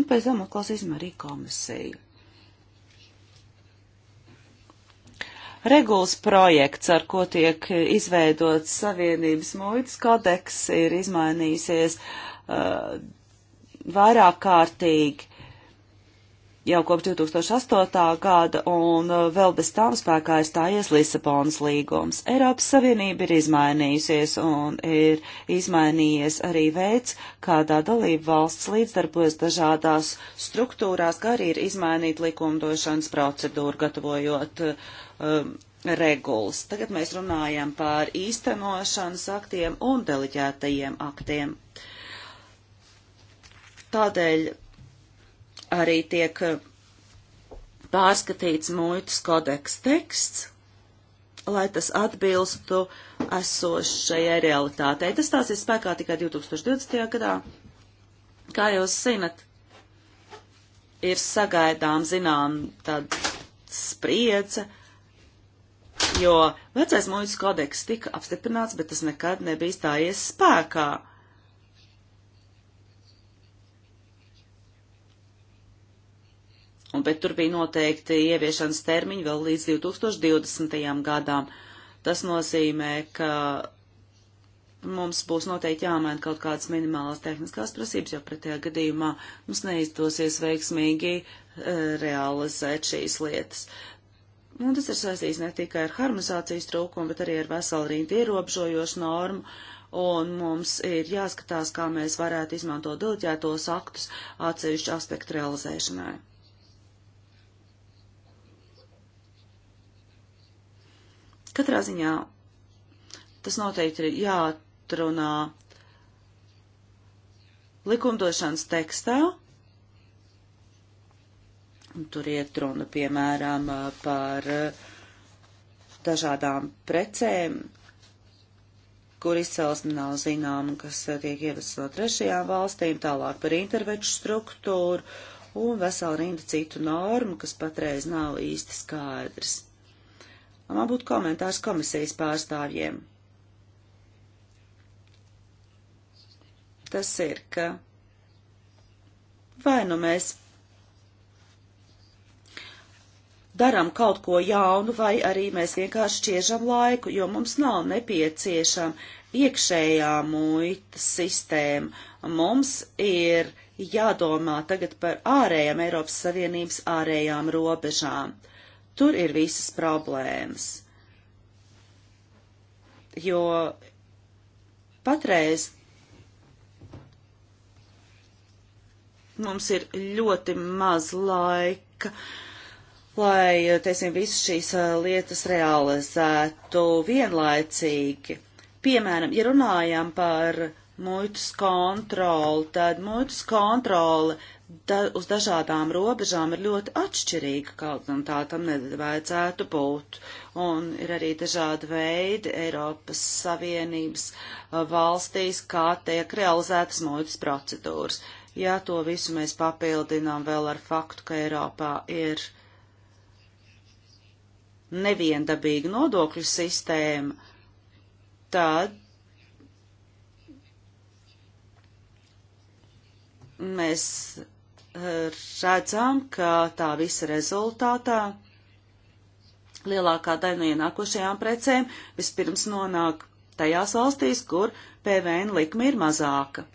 Un pēc tam atklāsīsim arī komisiju. Regulas projekts, ar ko tiek izveidots Savienības muitas kodeks, ir izmainīsies uh, vairāk kārtīgi jau kopš 2008. gada un uh, vēl bez tam spēkā ir stājies Lisabonas līgums. Eiropas Savienība ir izmainījusies un ir izmainījies arī veids, kādā dalība valsts līdzdarbojas dažādās struktūrās, kā arī ir izmainīta likumdošanas procedūra, gatavojot um, regulas. Tagad mēs runājam par īstenošanas aktiem un deliģētajiem aktiem. Tādēļ arī tiek eh, pārskatīts muitas kodeks teksts, lai tas atbilstu esošajai realitātei. Tas tās ir spēkā tikai 2020. gadā. Kā jūs zinat, ir sagaidām, zinām, tāda spriedze, jo vecais muitas kodeks tika apstiprināts, bet tas nekad nebija stājies spēkā. un, bet tur bija noteikti ieviešanas termiņi vēl līdz 2020. gadām. Tas nozīmē, ka mums būs noteikti jāmaina kaut kādas minimālās tehniskās prasības, jo pretējā gadījumā mums neizdosies veiksmīgi e, realizēt šīs lietas. Un tas ir saistīts ne tikai ar harmonizācijas trūkumu, bet arī ar veselu rindu ierobežojošu normu. Un mums ir jāskatās, kā mēs varētu izmantot dilģētos aktus atsevišķu aspektu realizēšanai. Katrā ziņā tas noteikti ir jāatrunā likumdošanas tekstā. Tur iet runa, piemēram, par dažādām precēm, kur izcelsme nav zināma, kas tiek ievestas no trešajām valstīm, tālāk par interveču struktūru un veselu rindu citu normu, kas patreiz nav īsti skaidrs. Un man būtu komentārs komisijas pārstāvjiem. Tas ir, ka vai nu mēs daram kaut ko jaunu, vai arī mēs vienkārši čiežam laiku, jo mums nav nepieciešama iekšējā muitas sistēma. Mums ir jādomā tagad par ārējām Eiropas Savienības ārējām robežām. Tur ir visas problēmas. Jo patreiz mums ir ļoti maz laika, lai, teiksim, visas šīs lietas realizētu vienlaicīgi. Piemēram, ja runājam par muitas kontroli, tad muitas kontrole da, uz dažādām robežām ir ļoti atšķirīga, kaut gan tā tam nevajadzētu būt. Un ir arī dažādi veidi Eiropas Savienības uh, valstīs, kā tiek realizētas muitas procedūras. Ja to visu mēs papildinām vēl ar faktu, ka Eiropā ir neviendabīga nodokļu sistēma, tad mēs eh, redzam, ka tā visa rezultātā lielākā daļa no ienākošajām precēm vispirms nonāk tajās valstīs, kur PVN likme ir mazāka.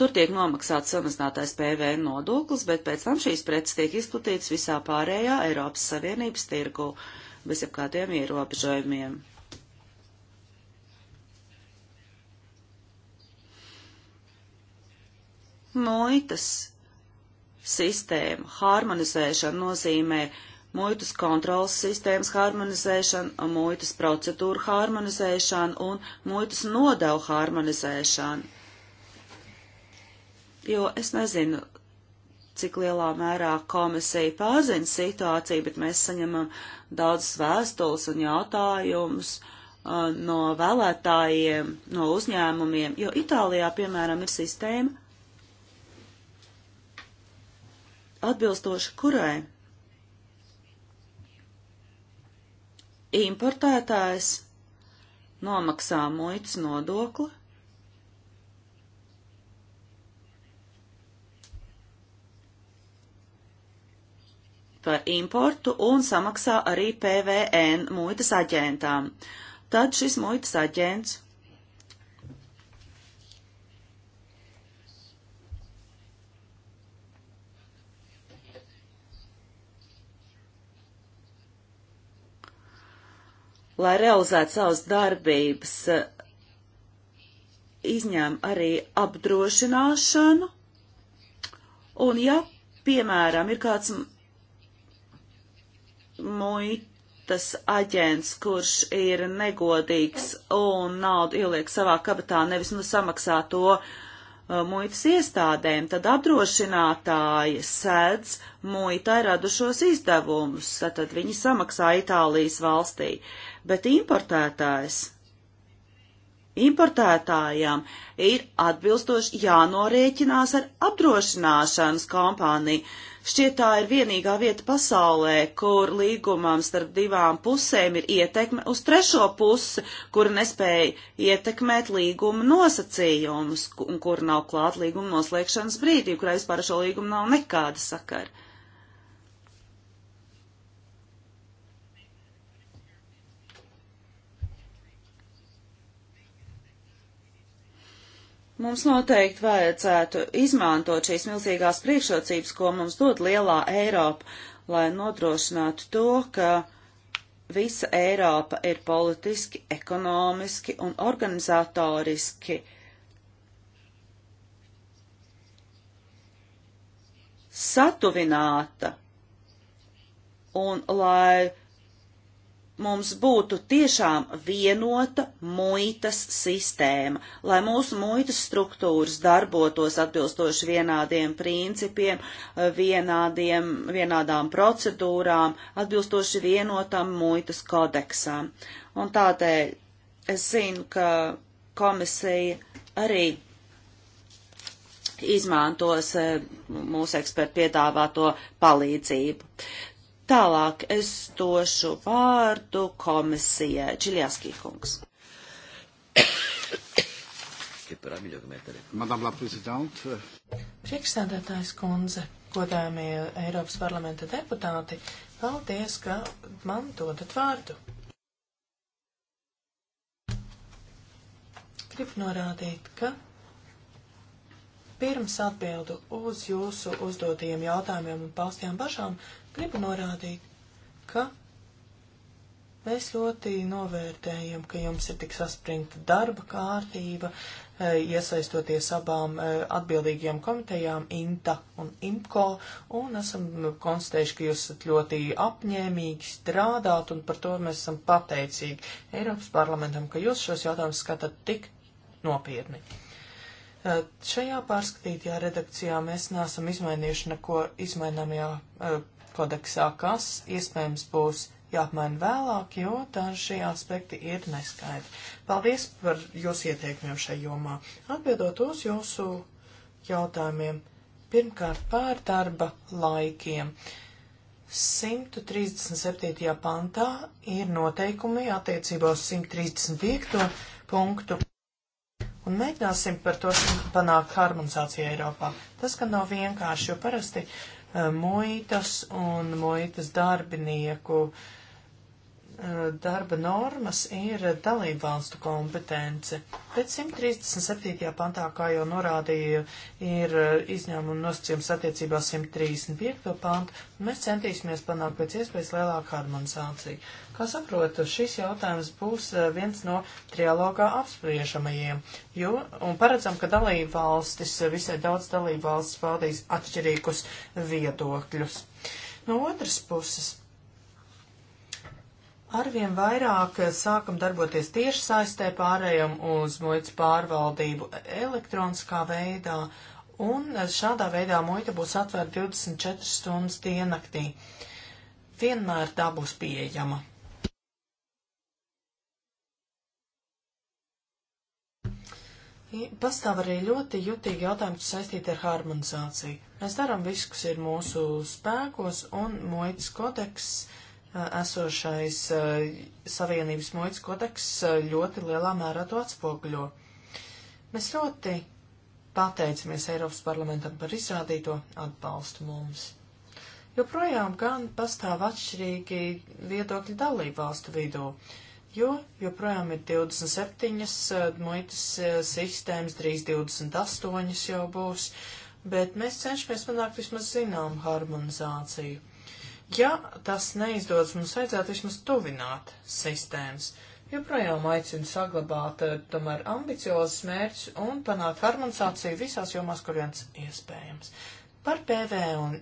Tur tiek nomaksāts samazinātais PVN nodoklis, bet pēc tam šīs preces tiek izplatītas visā pārējā Eiropas Savienības tirgu bez jebkādiem ierobežojumiem. muitas sistēmu harmonizēšana nozīmē muitas kontrolas sistēmas harmonizēšanu, muitas procedūru harmonizēšanu un muitas nodevu harmonizēšanu. Jo es nezinu, cik lielā mērā komisija pazina situāciju, bet mēs saņemam daudzas vēstules un jautājumus uh, no vēlētājiem, no uzņēmumiem, jo Itālijā, piemēram, ir sistēma, atbilstoši kurai importētājs nomaksā muitas nodokli, par importu un samaksā arī PVN muitas aģentām. Tad šis muitas aģents lai realizētu savas darbības, eh, izņēma arī apdrošināšanu. Un, ja, piemēram, ir kāds muitas aģents, kurš ir negodīgs un naudu ieliek savā kabatā, nevis nu samaksā to uh, muitas iestādēm, tad apdrošinātāji sēdz muitai radušos izdevumus, tad viņi samaksā Itālijas valstī. Uh, bet importētājs. Importētājām ir atbilstoši jānorēķinās ar apdrošināšanas kompāniju. Šķiet tā ir vienīgā vieta pasaulē, kur līgumam starp divām pusēm ir ietekme uz trešo pusi, kur nespēja ietekmēt līguma nosacījumus, un kur nav klāt līguma noslēgšanas brīdī, kurā vispār šo līgumu nav nekāda sakara. Mums noteikti vajadzētu izmantot šīs milzīgās priekšrocības, ko mums dod lielā Eiropa, lai nodrošinātu to, ka visa Eiropa ir politiski, ekonomiski un organizatoriski satuvināta. Un lai mums būtu tiešām vienota muitas sistēma, lai mūsu muitas struktūras darbotos atbilstoši vienādiem principiem, vienādiem, vienādām procedūrām, atbilstoši vienotam muitas kodeksam. Un tādēļ es zinu, ka komisija arī izmantos eh, mūsu ekspertu piedāvāto palīdzību. Tālāk es došu vārdu komisijai. Čiljāskī
kungs.
Priekšsēdētājs kundze, godājumie Eiropas parlamenta deputāti, paldies, ka man dodat vārdu. Gribu norādīt, ka pirms atbildu uz jūsu uzdotajiem jautājumiem un paustījām bažām, Gribu norādīt, ka mēs ļoti novērtējam, ka jums ir tik saspringta darba kārtība, e, iesaistoties abām e, atbildīgajām komitejām, INTA un IMCO, un esam konstatējuši, ka jūs esat ļoti apņēmīgi strādāt, un par to mēs esam pateicīgi Eiropas parlamentam, ka jūs šos jautājumus skatāt tik nopietni. E, šajā pārskatītajā redakcijā mēs neesam izmainījuši neko izmaināmajā kodeksā, kas iespējams būs jāapmaina vēlāk, jo daži aspekti ir neskaidri. Paldies par jūsu ieteikumiem šai jomā. Atbildot uz jūsu jautājumiem, pirmkārt pār darba laikiem. 137. pantā ir noteikumi attiecībā uz 135. punktu. Un mēģināsim par to panākt harmonizāciju Eiropā. Tas gan nav vienkārši, jo parasti uh, muitas un muitas darbinieku uh, darba normas ir dalībvalstu kompetence. Pēc 137. pantā, kā jau norādīju, ir izņēmuma nosacījums attiecībā 135. pantu, un mēs centīsimies panākt pēc iespējas lielāku harmonizāciju. Kā saprotu, šis jautājums būs viens no trialogā apspriežamajiem, jo, un paredzam, ka dalībvalstis, visai daudz dalībvalstis valdīs atšķirīgus viedokļus. No otras puses, Arvien vairāk eh, sākam darboties tieši saistē pārējiem uz muitas pārvaldību elektroniskā veidā, un eh, šādā veidā muita būs atvērta 24 stundas diennaktī. Vienmēr tā būs pieejama. Pastāv arī ļoti jutīgi jautājumi, kas saistīti ar harmonizāciju. Mēs darām visu, kas ir mūsu spēkos, un muitas kodeks uh, esošais Savienības muitas kodeks ļoti lielā mērā to atspogļo. Mēs ļoti pateicamies Eiropas parlamentam par izrādīto atbalstu mums. Joprojām gan pastāv atšķirīgi viedokļi dalību valstu vidū, jo joprojām ir 27 muitas sistēmas, drīz 28 jau būs, bet mēs cenšamies panākt vismaz zinām harmonizāciju Ja tas neizdodas, mums vajadzētu vismaz tuvināt sistēmas. Joprojām aicinu saglabāt eh, tomēr ambiciozus mērķus un panākt harmonizāciju visās jomās, kur viens iespējams. Par PVN,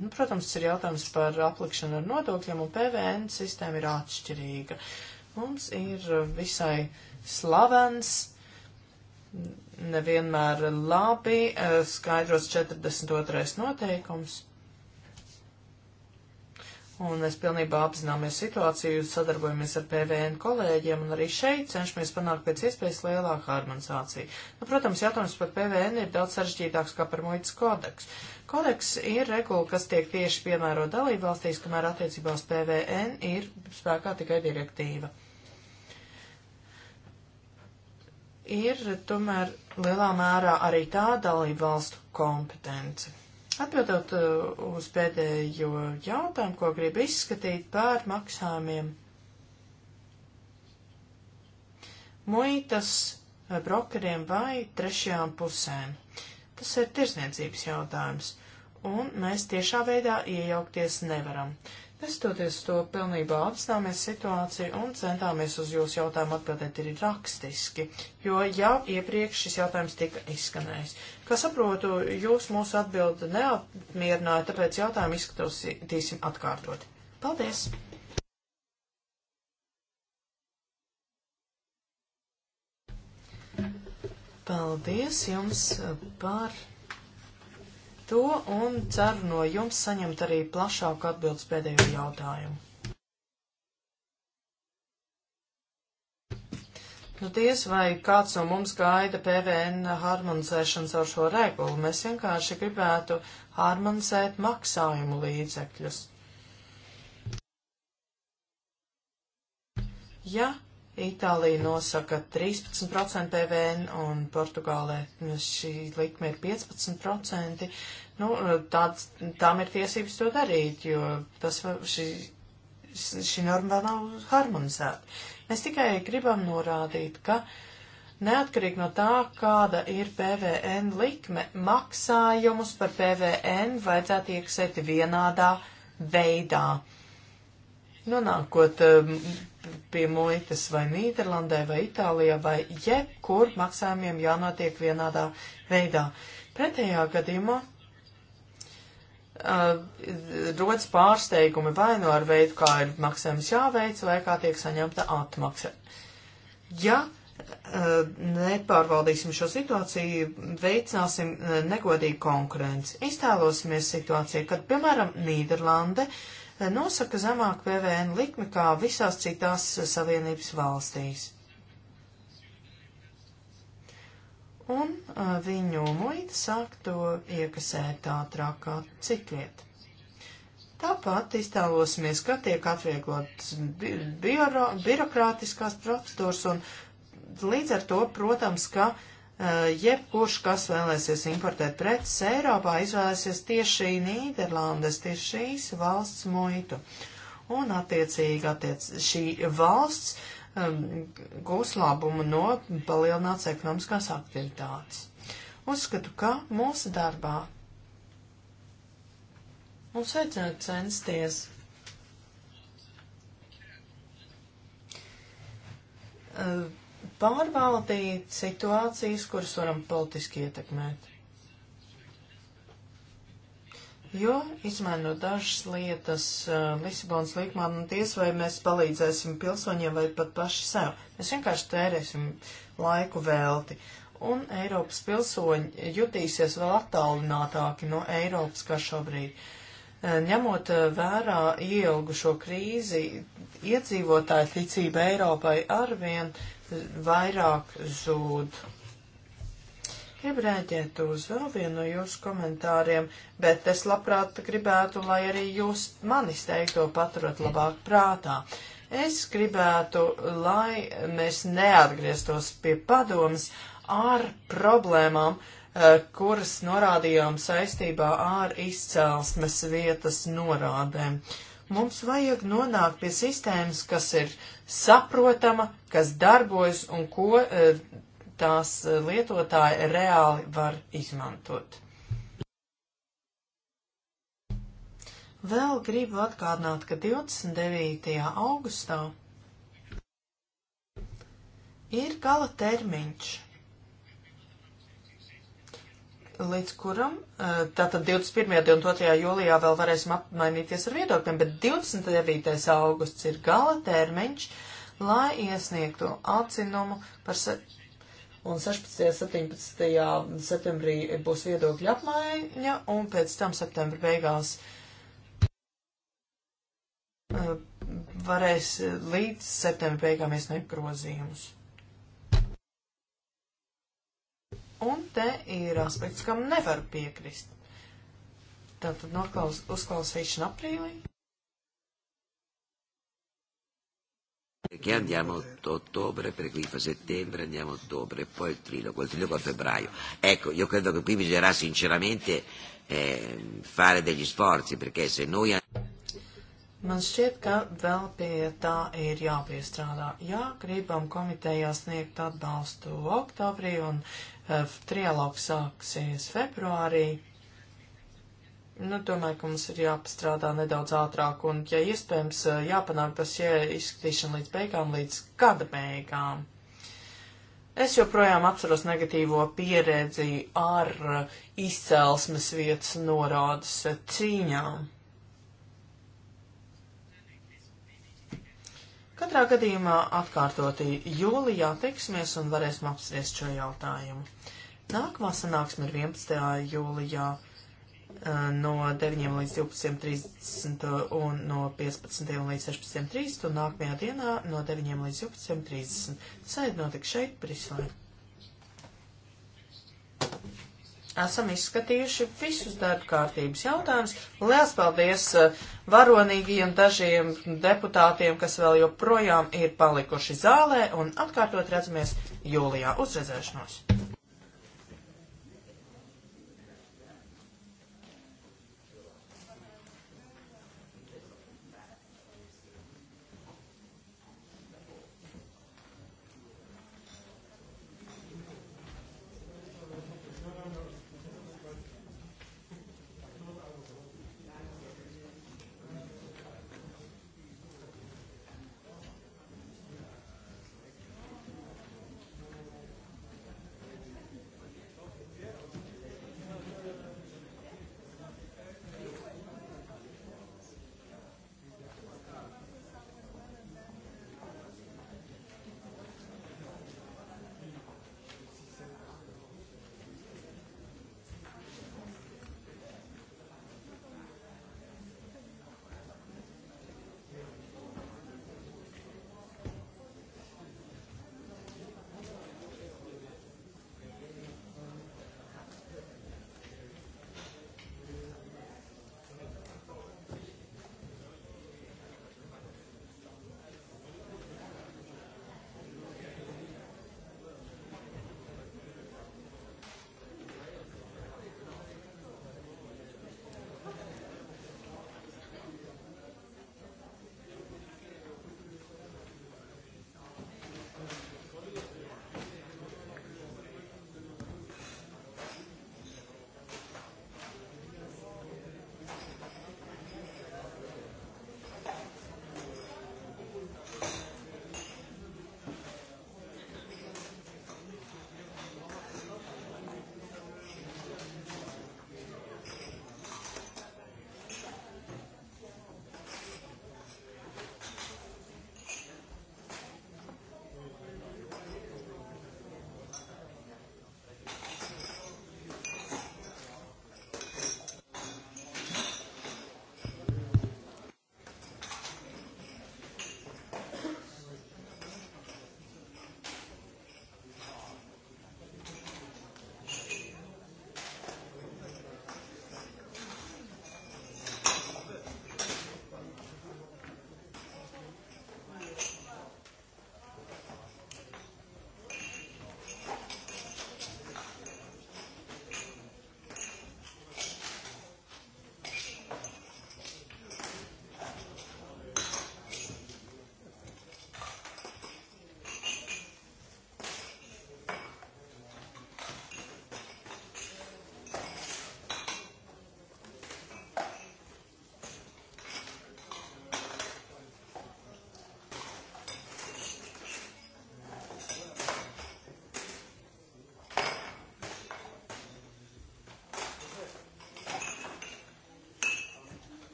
nu, protams, ir jautājums par aplikšanu ar nodokļiem, un PVN sistēma ir atšķirīga. Mums ir visai slavens, nevienmēr labi eh, skaidros 42. noteikums Un mēs pilnībā apzināmies situāciju, sadarbojamies ar PVN kolēģiem un arī šeit cenšamies panākt pēc iespējas lielāku harmonizāciju. Nu, protams, jautājums par PVN ir daudz sarežģītāks kā par muitas kodeksu. Kodeks ir regula, kas tiek tieši piemēro dalību valstīs, kamēr attiecībā uz PVN ir spēkā tikai direktīva. Ir tomēr lielā mērā arī tā dalību valstu kompetence. Atbildot uh, uz pēdējo jautājumu, ko gribu izskatīt par maksājumiem. Muitas uh, brokeriem vai trešajām pusēm. Tas ir tirsniecības jautājums, un mēs tiešā veidā iejaukties nevaram. Uh, Nestoties to pilnībā apstāmies situāciju un centāmies uz jūsu jautājumu atbildēt arī rakstiski, jo jau iepriekš šis jautājums tika izskanējis. Kā saprotu, jūs mūsu atbildi neapmierināja, tāpēc jautājumu izskatīsim atkārtot. Paldies! Paldies jums par to un ceru no jums saņemt arī plašāku atbildes pēdējo jautājumu. Nu, ties vai kāds no mums gaida PVN harmonizēšanas ar šo regulu, mēs vienkārši gribētu harmonizēt maksājumu līdzekļus. Ja Itālija nosaka 13% PVN e un Portugālē šī likme ir 15%. Nu, tāds, tām ir tiesības to darīt, jo tas, šī, šī norma vēl nav harmonizēta. Mēs tikai gribam norādīt, ka neatkarīgi no tā, kāda ir PVN likme, maksājumus par PVN vajadzētu iekasēt vienādā veidā. Nonākot um, pie muitas vai Nīderlandē vai Itālijā vai jebkur maksājumiem jānotiek vienādā veidā. Pretējā gadījumā uh, rodas pārsteigumi vai no nu ar veidu, kā ir maksājums jāveic, vai kā tiek saņemta atmaksa. Ja uh, nepārvaldīsim šo situāciju, veicināsim uh, negodīgu konkurenci. Iztēlosimies situāciju, kad, piemēram, Nīderlande uh, nosaka zemāku PVN likmi kā visās citās Savienības valstīs. Un viņu muita sāk to iekasēt ātrāk kā citviet. Tāpat iztēlosimies, ka tiek atvieglotas bi birokrātiskās procedūras un līdz ar to, protams, ka uh, Eh, jebkurš, kas vēlēsies importēt preces Eiropā, izvēlēsies tieši Nīderlandes, tieši šīs valsts muitu. Un attiecīgi attiec, šī valsts um, gūs labumu no palielināts ekonomiskās aktivitātes. Uzskatu, ka mūsu darbā mums vajadzētu censties uh, pārvaldīt situācijas, kuras varam politiski ietekmēt. Jo, izmainot dažas lietas uh, Lisabonas līgumā, un nu, ties vai mēs palīdzēsim pilsoņiem vai pat paši sev, mēs vienkārši tērēsim laiku velti. Un Eiropas pilsoņi jutīsies vēl attālinātāki no Eiropas kā šobrīd. Uh, ņemot uh, vērā ieilgušo krīzi, iedzīvotāju ticība Eiropai arvien uh, vairāk zūd. Gribu rēģēt uz vēl vienu no jūsu komentāriem, bet es labprāt gribētu, lai arī jūs manis teikto paturat labāk prātā. Es gribētu, lai mēs neatgrieztos pie padomas ar problēmām, eh, kuras norādījām saistībā ar izcelsmes vietas norādēm. Uh, Mums vajag nonākt pie sistēmas, kas ir saprotama, kas darbojas un ko e, tās e, lietotāji reāli var izmantot. Vēl gribu atgādināt, ka 29. augustā ir gala termiņš līdz kuram, eh, tātad 21. un 2. jūlijā vēl varēsim apmainīties ar viedokļiem, bet 29. augusts ir gala termiņš, lai iesniegtu atzinumu par se... un 16. 17. septembrī būs viedokļa apmaiņa, un pēc tam septembra beigās eh, varēs eh, līdz septembra beigām iesniegt grozījumus. Un te ir aspekts, kam nevaru piekrist. Tātad noklaus, uzklausīšana aprīlī.
Perché andiamo a ottobre, per cui fa settembre, andiamo a ottobre, poi il trilogo, il trilogo a febbraio. Ecco, io credo che qui bisognerà sinceramente eh, fare degli sforzi, perché se noi...
Man šķiet, ka vēl pie tā ir jāpiestrādā. Jā, gribam komitejā sniegt atbalstu oktobrī un trialogs sāksies februārī. Nu, domāju, ka mums ir jāpastrādā nedaudz ātrāk un, ja iespējams, jāpanāk tas ja izskatīšana līdz beigām, līdz gada beigām. Es joprojām atceros negatīvo pieredzi ar izcelsmes vietas norādes cīņām. Katrā gadījumā atkārtotī jūlijā tiksimies un varēsim apspriest šo jautājumu. Nākamā sanāksme ir 11. jūlijā eh, no 9 līdz 12.30 un no 15 līdz 16.30 un nākamajā dienā no 9 līdz 12.30. Sēdi notiks šeit, Briselē esam izskatījuši visus darba kārtības jautājumus. Lielas paldies eh, varonīgajiem dažiem deputātiem, kas vēl joprojām ir palikuši zālē un atkārtot redzamies jūlijā uzredzēšanos.